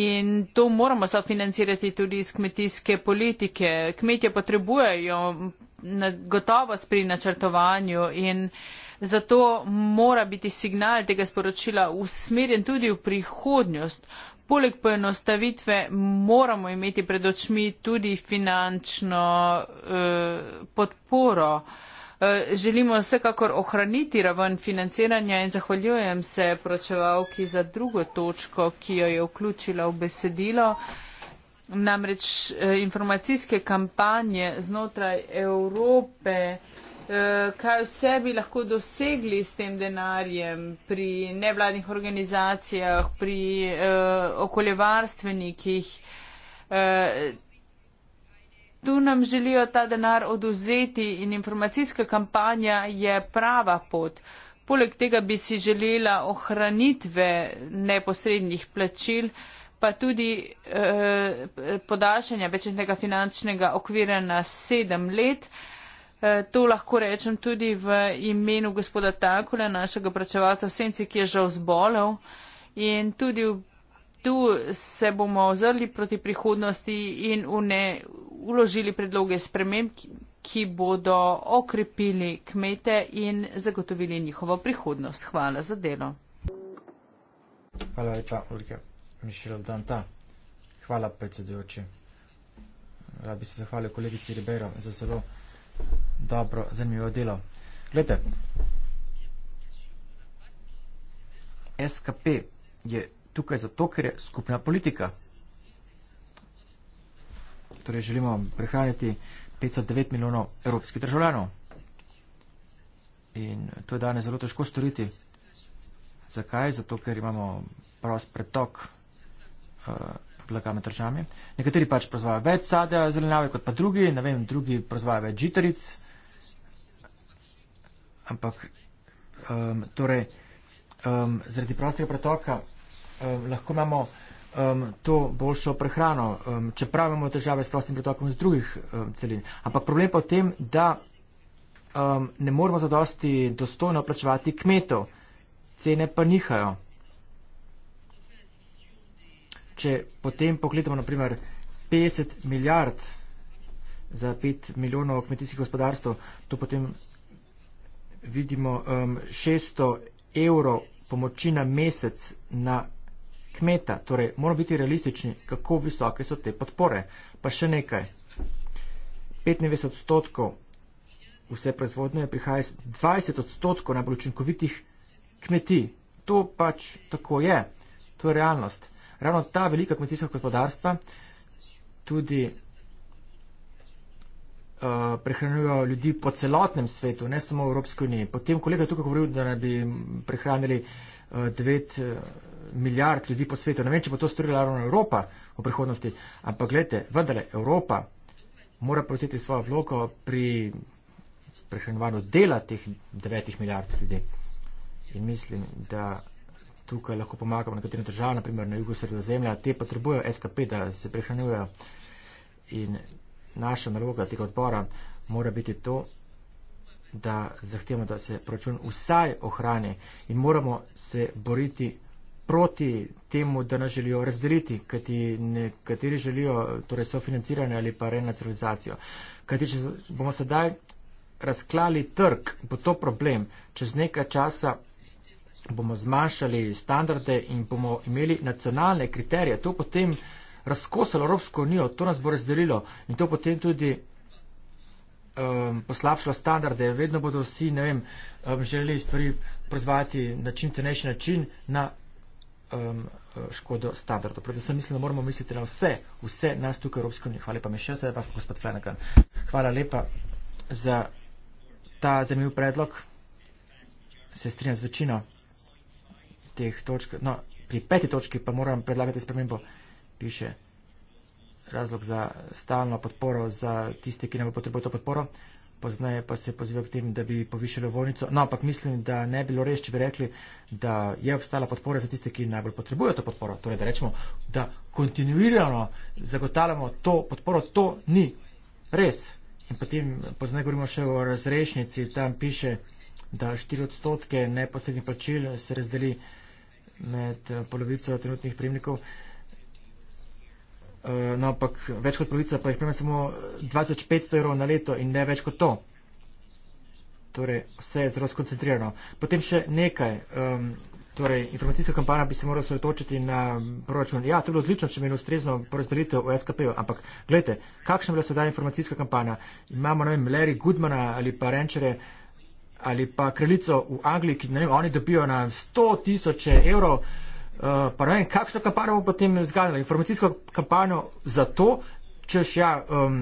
C: in to moramo sofinancirati tudi iz kmetijske politike. Kmetje potrebujejo gotovost pri načrtovanju in zato mora biti signal tega sporočila usmerjen tudi v prihodnost poleg poenostavitve moramo imeti pred očmi tudi finančno eh, podporo. Eh, želimo vsekakor ohraniti raven financiranja in zahvaljujem se pročevalki za drugo točko, ki jo je vključila v besedilo. Namreč eh, informacijske kampanje znotraj Evrope eh, Eh, kaj vse bi lahko dosegli s tem denarjem pri nevladnih organizacijah, pri uh, okoljevarstvenikih. Uh, tu nam želijo ta denar oduzeti in informacijska kampanja je prava pot. Poleg tega bi si želela ohranitve neposrednih plačil, pa tudi eh, podaljšanja večetnega finančnega okvira na sedem let. Eh, Eh, to lahko rečem tudi v imenu gospoda Takule, našega pračevalca v Senci, ki je žal zbolel. In tudi tu se bomo ozrli proti prihodnosti in une, uložili predloge sprememb, ki bodo okrepili kmete in zagotovili njihovo prihodnost. Hvala za delo.
A: Hvala lepa, Olga Mišel Danta. Hvala, predsedujoči. Rad bi se zahvalil kolegici Ribero za zelo dobro, zanimivo delo. Glejte, SKP je tukaj zato, ker je skupna politika. Torej želimo prehraniti 509 milijonov evropskih državljanov. In to je danes zelo težko storiti. Zakaj? Zato, ker imamo prost pretok eh, polega med državami. Nekateri pač proizvajajo več sadja zelenjave kot pa drugi, ne vem, drugi proizvajajo več žitaric. Ampak um, torej, um, zaradi prostega pretoka um, lahko imamo um, to boljšo prehrano, um, čeprav imamo težave s prostim pretokom iz drugih um, celin. Ampak problem pa v tem, da um, ne moramo zadosti dostojno plačevati kmetov, cene pa nihajo če potem pogledamo naprimer 50 milijard za 5 milijonov kmetijskih gospodarstv, to potem vidimo um, 600 evrov pomoči na mesec na kmeta. Torej, moramo biti realistični, kako visoke so te podpore. Pa še nekaj. 95 odstotkov vse proizvodnje prihaja iz 20 odstotkov najbolj učinkovitih kmetij. To pač tako je. To je realnost. Ravno ta velika kmetijska gospodarstva tudi uh, prehranjujo ljudi po celotnem svetu, ne samo v Evropski uniji. Potem, kolega je tukaj govoril, da ne bi prehranili uh, 9 uh, milijard ljudi po svetu. Ne vem, če bo to storila ravno Evropa v prihodnosti, ampak gledajte, vendarle Evropa mora prevzeti svojo vlogo pri prehranjevanju dela teh 9 milijard ljudi. In mislim, da tukaj lahko pomagamo nekaterim državam, naprimer na jugu sredozemlja, te potrebujejo SKP, da se prehranjujejo. In naša naloga tega odbora mora biti to, da zahtevamo, da se proračun vsaj ohrani in moramo se boriti proti temu, da nas želijo razdeliti, kajti nekateri želijo torej sofinanciranje ali pa renacionalizacijo. Kajti, če bomo sedaj razklali trg, bo to problem. Čez nekaj časa bomo zmanjšali standarde in bomo imeli nacionalne kriterije. To potem razkosalo Evropsko unijo, to nas bo razdelilo in to potem tudi um, poslabšalo standarde. Vedno bodo vsi, ne vem, um, želeli stvari proizvajati na čim tenejši način na um, škodo standardov. Predvsem mislim, da moramo misliti na vse, vse nas tukaj v Evropski uniji. Hvala lepa, Mišel, sedaj pa gospod Flanagan. Hvala lepa za ta zanimiv predlog. Se strinjam z večino teh točk, no, pri peti točki pa moram predlagati spremembo, piše razlog za stalno podporo za tiste, ki ne bo potrebujo to podporo, poznaje pa se poziva k tem, da bi povišali volnico. No, ampak mislim, da ne bilo reč, če bi rekli, da je obstala podpora za tiste, ki najbolj potrebujo to podporo. Torej, da rečemo, da kontinuirano zagotavljamo to podporo, to ni res. In potem poznaje govorimo še o razrešnici, tam piše, da 4 odstotke neposrednih plačil se razdeli med eh, polovico trenutnih prejemnikov. Eh, no, ampak več kot polovica pa jih prejme samo 2500 eh, evrov na leto in ne več kot to. Torej, vse je zelo skoncentrirano. Potem še nekaj. Um, torej, informacijska kampanja bi se morala soletočiti na mm, proračun. Ja, to je bilo odlično, če bi imeli ustrezno porazdelitev v SKP-ju, ampak gledajte, kakšna je bila sedaj informacijska kampanja. Imamo, ne vem, Larry Goodmana ali pa Renčere. Uh, ali pa kraljico v Angliji, ki ne vem, oni dobijo na 100 tisoče evrov, uh, pa ne vem, kakšno kampanjo bo potem izgledala, informacijsko kampanjo za to, češ ja, um,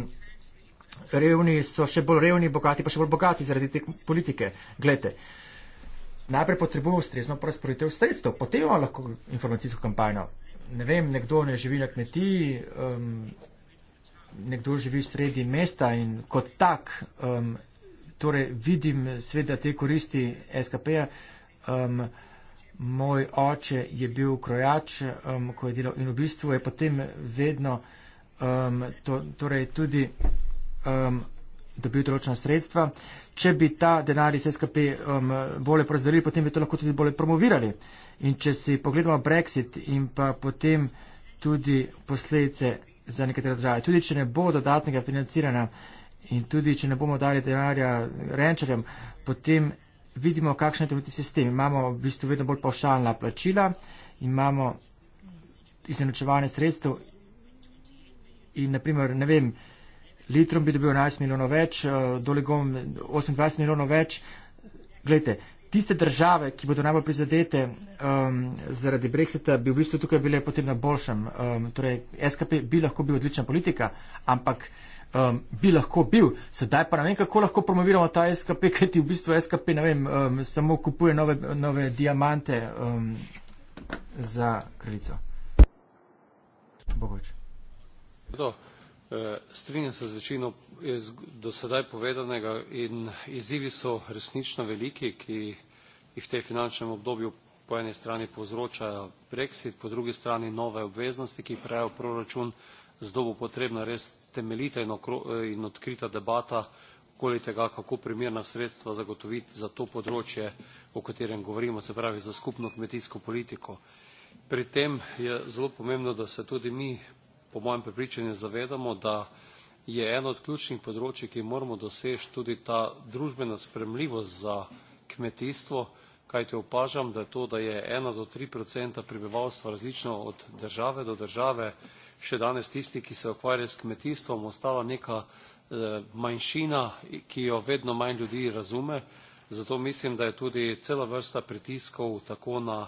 A: revni so še bolj revni, bogati pa še bolj bogati zaradi te politike. Glede. Najprej potrebujemo ustrezno razporeditev sredstev, potem imamo lahko informacijsko kampanjo. Ne vem, nekdo ne živi na kmetiji, um, nekdo živi sredi mesta in kot tak um, torej vidim eh, sveda te koristi SKP-ja. Um, moj oče je bil krojač, um, ko je delal in v bistvu je potem vedno um, to, torej tudi um, dobil določena sredstva. Če bi ta denar iz SKP um, bolje porazdelili, potem bi to lahko tudi bolje promovirali. In če si pogledamo Brexit in pa potem tudi posledice za nekatere države, tudi če ne bo dodatnega financiranja, In tudi, če ne bomo dali denarja renčarjem, potem vidimo, kakšen je trenutni sistem. Imamo v bistvu vedno bolj pavšalna plačila, imamo izenačevanje sredstev in, naprimer, ne vem, litrom bi dobil 11 milijonov več, eh, dolegom 28 milijonov več. Glejte, tiste države, ki bodo najbolj prizadete um, zaradi Brexita, bi v bistvu tukaj bile potem na boljšem. Um, torej, SKP bi lahko bil odlična politika, ampak um, bi lahko bil. Sedaj pa ne vem, kako lahko promoviramo ta SKP, ker ti v bistvu SKP vem, um, samo kupuje nove, nove diamante um, za kraljico. Bogoče.
B: Eh, strinjam se z večino do sedaj povedanega in izzivi so resnično veliki, ki jih v tej finančnem obdobju po eni strani povzroča Brexit, po drugi strani nove obveznosti, ki prejajo proračun, zato bo potrebna res temeljita eh, in odkrita debata okoli tega, kako primerna sredstva zagotoviti za to področje, o katerem govorimo, se pravi za skupno kmetijsko politiko. Pri tem je zelo pomembno, da se tudi mi, po mojem prepričanju, zavedamo, da je eno od ključnih področij, ki moramo doseči tudi ta družbena spremljivost za kmetijstvo, kajti opažam, da je to, da je ena do tri procenta prebivalstva različno od države do države, še danes tisti, ki se ukvarja s kmetijstvom, ostala neka eh, manjšina, ki jo vedno manj ljudi razume. Zato mislim, da je tudi cela vrsta pritiskov tako na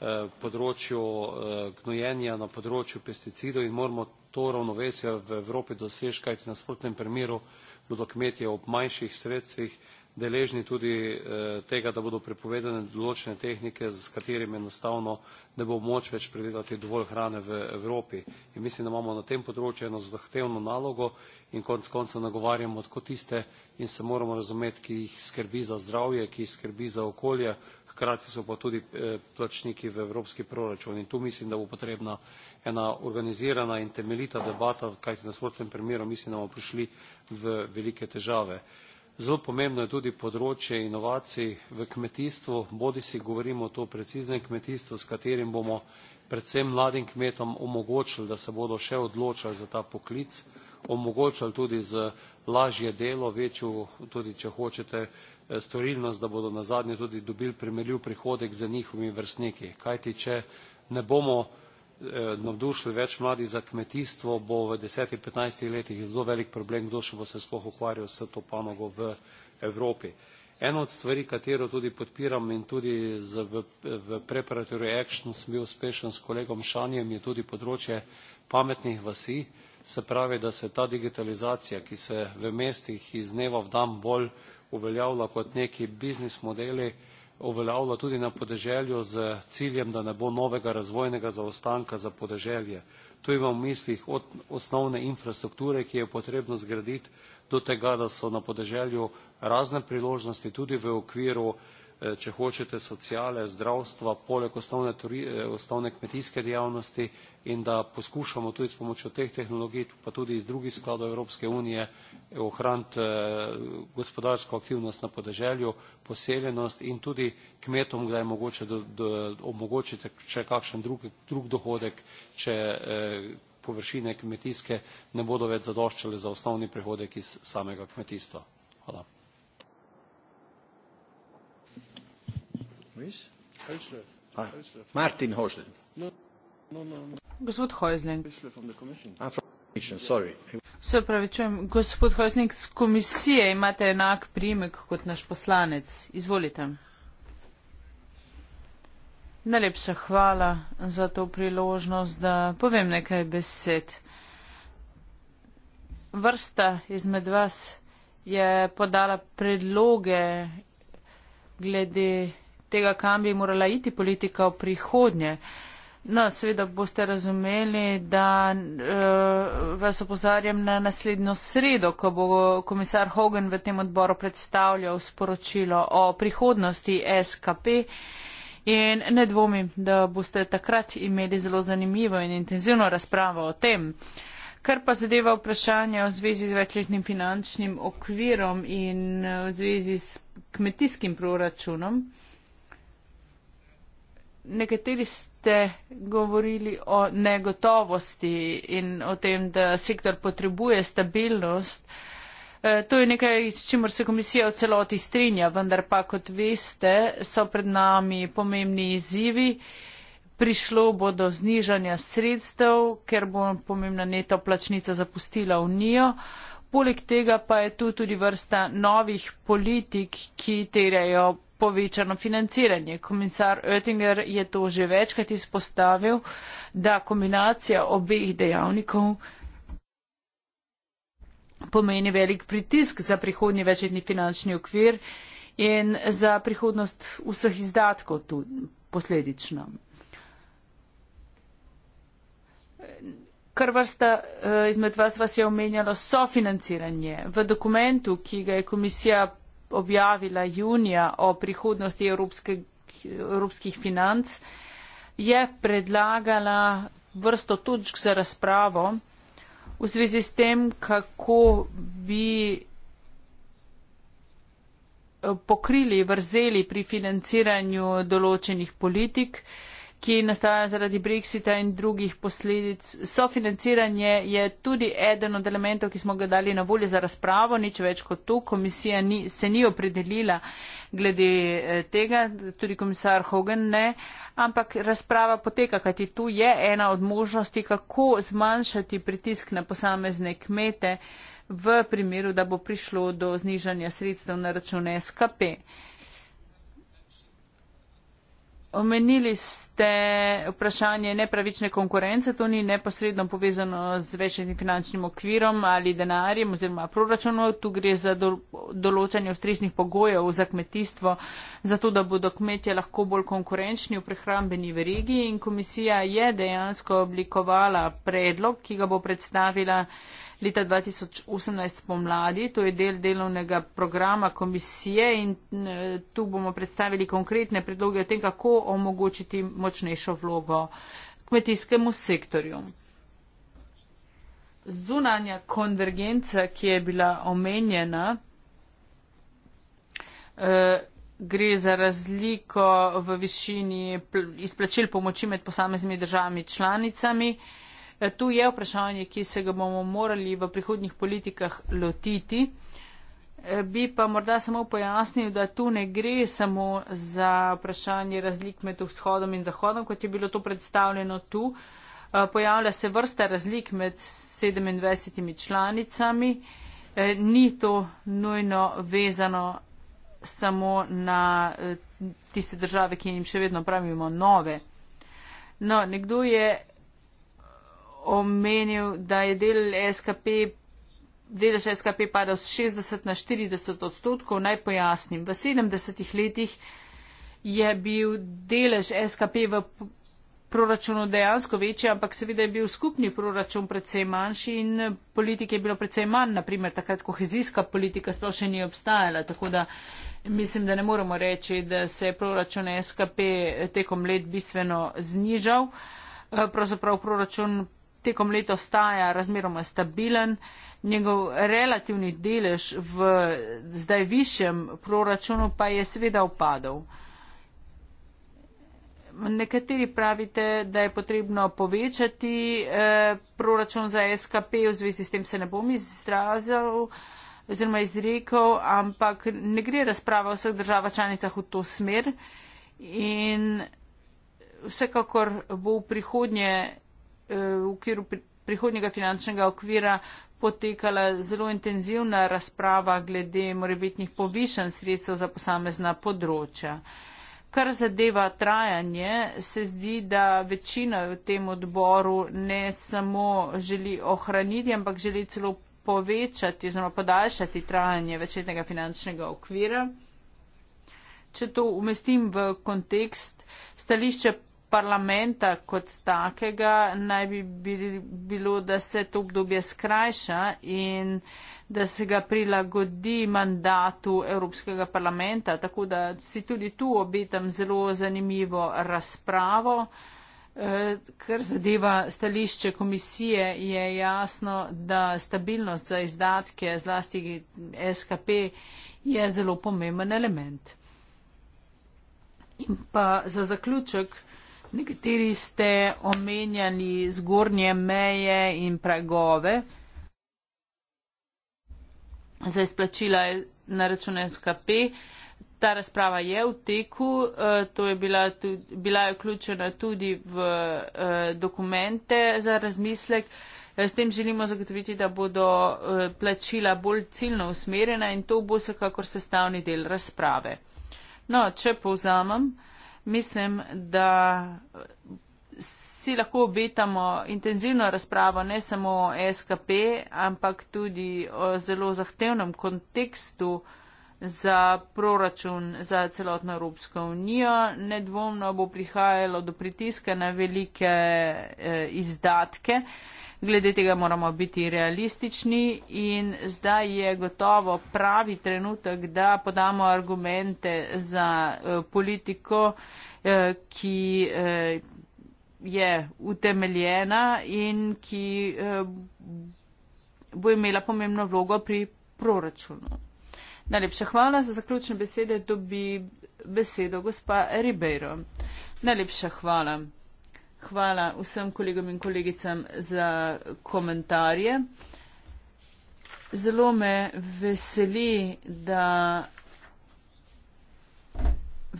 B: eh, področju eh, gnojenja, na področju pesticidov in moramo to ravnovesje v Evropi dosežkajti. Na sprotnem primeru bodo kmetje ob manjših sredstvih deležni tudi eh, tega, da bodo prepovedane določene tehnike, s katerimi enostavno ne bo moč več predelati dovolj hrane v Evropi. In mislim, da imamo na tem področju eno zahtevno nalogo in konc konca nagovarjamo tako tiste in se moramo razumeti, ki jih skrbi za zdravje, ki jih skrbi za okolje, hkrati so pa tudi eh, plačniki v evropski proračun. In tu mislim, da bo potrebna ena organizirana in temeljita debata, kajti na svojem primeru mislim, da bomo prišli v velike težave. Zelo pomembno je tudi področje inovacij v kmetijstvu, bodisi govorimo to o preciznem kmetijstvu, s katerim bomo predvsem mladim kmetom omogočili, da se bodo še odločali za ta poklic, omogočali tudi z lažje delo, večjo tudi, če hočete, eh, storilnost, da bodo nazadnje tudi dobili primerljiv prihodek z njihovimi vrstniki. Kajti če ne bomo Eh, navdušili več mladih za kmetijstvo, bo v 10-15 letih zelo velik problem, kdo še bo se sploh ukvarjal s to panogo v Evropi. Ena od stvari, katero tudi podpiram in tudi z, v, v preparatorju Action sem bil uspešen s kolegom Šanjem, je tudi področje pametnih vasi. Se pravi, da se ta digitalizacija, ki se v mestih iz dneva v dan bolj uveljavlja kot neki biznis modeli, eh, uveljavlja tudi na podeželju z ciljem, da ne bo novega razvojnega zaostanka za podeželje. Tu imam v mislih od osnovne infrastrukture, ki je potrebno zgraditi, do tega, da so na podeželju razne priložnosti tudi v okviru Eh, če hočete, sociale, zdravstva, poleg osnovne, turi, eh, osnovne kmetijske dejavnosti in da poskušamo tudi s pomočjo teh tehnologij, pa tudi iz drugih skladov Evropske unije, eh, ohraniti gospodarsko aktivnost na podeželju, poseljenost in tudi kmetom, da je mogoče do, do, omogočiti še kakšen drug, drug dohodek, če površine kmetijske ne bodo več zadoščale za osnovni prihodek iz samega kmetijstva. Hvala.
A: Ah, Martin Hosle.
C: No, no, no, no. Gospod Hosling. Ah, Se pravi, čujem, gospod Hosling, z komisije imate enak primek kot naš poslanec. Izvolite. Najlepša hvala za to priložnost, da povem nekaj besed. Vrsta izmed vas je podala predloge glede tega, kam bi morala iti politika v prihodnje. No, seveda boste razumeli, da uh, vas opozarjam na naslednjo sredo, ko bo komisar Hogan v tem odboru predstavljal sporočilo o prihodnosti SKP in ne dvomim, da boste takrat imeli zelo zanimivo in intenzivno razpravo o tem. Kar pa zadeva vprašanje v zvezi z večletnim finančnim okvirom in eh, v zvezi s kmetijskim proračunom. Nekateri ste govorili o negotovosti in o tem, da sektor potrebuje stabilnost. E, to je nekaj, s čimer se komisija v celoti strinja, vendar pa, kot veste, so pred nami pomembni izzivi. Prišlo bo do znižanja sredstev, ker bo pomembna neto plačnica zapustila Unijo. Poleg tega pa je tu tudi vrsta novih politik, ki terjajo povečano financiranje. Komisar Oettinger je to že večkrat izpostavil, da kombinacija obeh dejavnikov pomeni velik pritisk za prihodnji večletni finančni okvir in za prihodnost vseh izdatkov tudi posledično. Kar vrsta eh, izmed vas vas je omenjalo sofinanciranje. V dokumentu, ki ga je komisija objavila junija o prihodnosti evropske, evropskih financ, je predlagala vrsto točk za razpravo v zvezi s tem, kako bi eh, pokrili vrzeli pri financiranju določenih politik, ki nastajajo zaradi brexita in drugih posledic. Sofinanciranje je tudi eden od elementov, ki smo ga dali na voljo za razpravo, nič več kot to. Komisija ni, se ni opredelila glede eh, tega, tudi komisar Hogan ne, ampak razprava poteka, kajti tu je ena od možnosti, kako zmanjšati pritisk na posamezne kmete v primeru, da bo prišlo do znižanja sredstev na račun SKP. Omenili ste vprašanje nepravične konkurence, to ni neposredno povezano z večjim finančnim okvirom ali denarjem oziroma proračunom, tu gre za določanje ustreznih pogojev za kmetijstvo, zato da bodo kmetje lahko bolj konkurenčni v prehrambeni verigi in komisija je dejansko oblikovala predlog, ki ga bo predstavila leta 2018 pomladi. To je del delovnega programa komisije in e, tu bomo predstavili konkretne predloge o tem, kako omogočiti močnejšo vlogo kmetijskemu sektorju. Zunanja konvergenca, ki je bila omenjena, e, gre za razliko v višini izplačil pomoči med posameznimi državami članicami. Tu je vprašanje, ki se ga bomo morali v prihodnjih politikah lotiti. Eh, bi pa morda samo pojasnil, da tu ne gre samo za vprašanje razlik med vzhodom in zahodom, kot je bilo to predstavljeno tu. Eh, pojavlja se vrsta razlik med 27 članicami. Eh, ni to nujno vezano samo na tiste države, ki jim še vedno pravimo nove. No, nekdo je omenil, da je del SKP, delež SKP padal z 60 na 40 odstotkov. Naj pojasnim, v 70 letih je bil delež SKP v proračunu dejansko večji, ampak seveda je bil skupni proračun predvsej manjši in politike je bilo predvsej manj, naprimer takrat kohezijska politika sploh še ni obstajala, tako da mislim, da ne moremo reči, da se je proračun SKP tekom let bistveno znižal. Pravzaprav proračun tekom leta ostaja razmeroma stabilen. Njegov relativni delež v zdaj višjem proračunu pa je seveda upadal. Nekateri pravite, da je potrebno povečati eh, proračun za SKP, v zvezi s tem se ne bom izrazil oziroma izrekel, ampak ne gre razprava o vseh državah članicah v to smer in vsekakor bo v prihodnje Eh, v okviru prihodnjega finančnega okvira potekala zelo intenzivna razprava glede morebitnih povišanj sredstev za posamezna področja. Kar zadeva trajanje, se zdi, da večina v tem odboru ne samo želi ohraniti, ampak želi celo povečati oziroma podaljšati trajanje večletnega finančnega okvira. Če to umestim v kontekst stališča parlamenta kot takega naj bi bilo, da se to obdobje skrajša in da se ga prilagodi mandatu Evropskega parlamenta. Tako da si tudi tu obetam zelo zanimivo razpravo. Eh, Ker zadeva stališče komisije, je jasno, da stabilnost za izdatke, zlasti SKP, je zelo pomemben element. In pa za zaključek, Nekateri ste omenjali zgornje meje in pragove za izplačila na račun SKP. Ta razprava je v teku, eh, to je bila, tudi, bila je vključena tudi v eh, dokumente za razmislek. Eh, s tem želimo zagotoviti, da bodo plačila bolj ciljno usmerjena in to bo vsekakor sestavni del razprave. No, če povzamem, mislim, da si lahko obetamo intenzivno razpravo ne samo o SKP, ampak tudi o zelo zahtevnem kontekstu za proračun za celotno Evropsko unijo. Nedvomno bo prihajalo do pritiska na velike eh, izdatke. Eh, glede tega moramo biti realistični in zdaj je gotovo pravi trenutek, da podamo argumente za eh, politiko, eh, ki eh, je utemeljena in ki bo imela pomembno vlogo pri proračunu. Najlepša hvala za zaključne besede, dobi besedo gospa Ribeiro. Najlepša hvala. Hvala vsem kolegom in kolegicam za komentarje. Zelo me veseli, da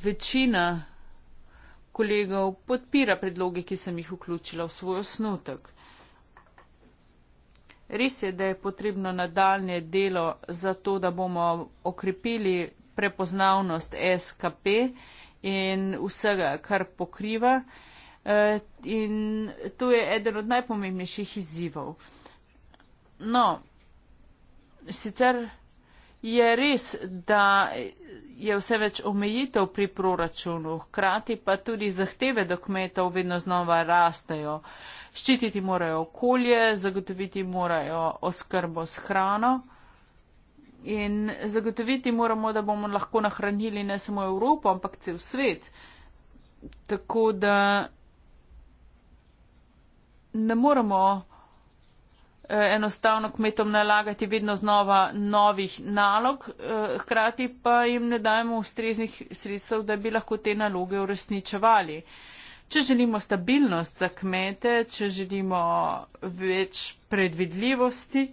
C: večina kolegov podpira predloge, ki sem jih vključila v svoj osnutek. Res je, da je potrebno nadaljne delo za to, da bomo okrepili prepoznavnost SKP in vsega, kar pokriva. Eh, in to je eden od najpomembnejših izzivov. No, sicer je res, da je vse več omejitev pri proračunu, hkrati pa tudi zahteve do kmetov vedno znova rastejo. Ščititi morajo okolje, zagotoviti morajo oskrbo s hrano. In zagotoviti moramo, da bomo lahko nahranili ne samo Evropo, ampak cel svet. Tako da ne moremo eh, enostavno kmetom nalagati vedno znova novih nalog, eh, hkrati pa jim ne dajemo ustreznih sredstev, da bi lahko te naloge uresničevali. Če želimo stabilnost za kmete, če želimo več predvidljivosti,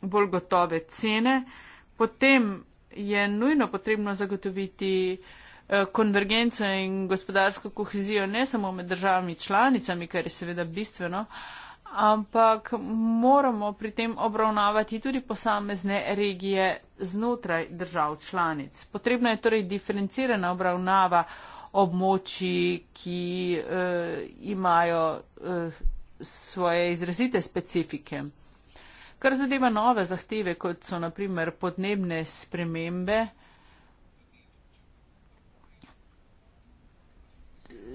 C: bolj gotove cene, potem je nujno potrebno zagotoviti uh, Eh, konvergenco in gospodarsko kohezijo ne samo med državami članicami, kar je seveda bistveno, ampak moramo pri tem obravnavati tudi posamezne regije znotraj držav članic. Potrebna je torej diferencirana obravnava območji, ki eh, imajo eh, svoje izrazite specifike. Kar zadeva nove zahteve, kot so naprimer podnebne spremembe, eh,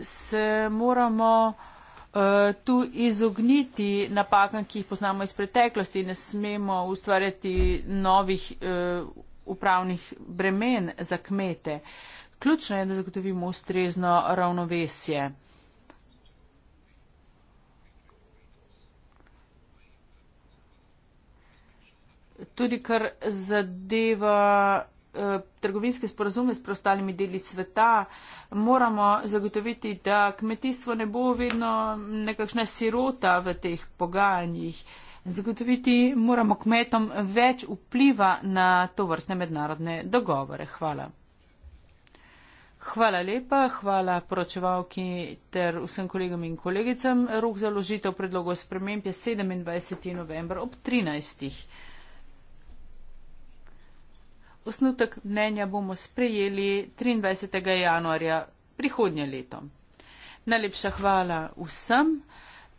C: se moramo uh, tu izogniti napakam, ki jih poznamo iz preteklosti. Ne smemo ustvarjati novih uh, upravnih bremen za kmete. Ključno je, da zagotovimo ustrezno ravnovesje. Tudi kar zadeva Eh, trgovinske sporazume s prostalimi deli sveta, moramo zagotoviti, da kmetijstvo ne bo vedno nekakšna sirota v teh pogajanjih. Zagotoviti moramo kmetom več vpliva na to vrstne mednarodne dogovore. Hvala. Hvala lepa, hvala poročevalki ter vsem kolegom in kolegicam. Rok za ložitev predlogov sprememb je 27. november ob 13. Osnutek mnenja bomo sprejeli 23. januarja prihodnje leto. Najlepša hvala vsem.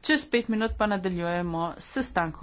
C: Čez pet minut pa nadaljujemo s sestankom.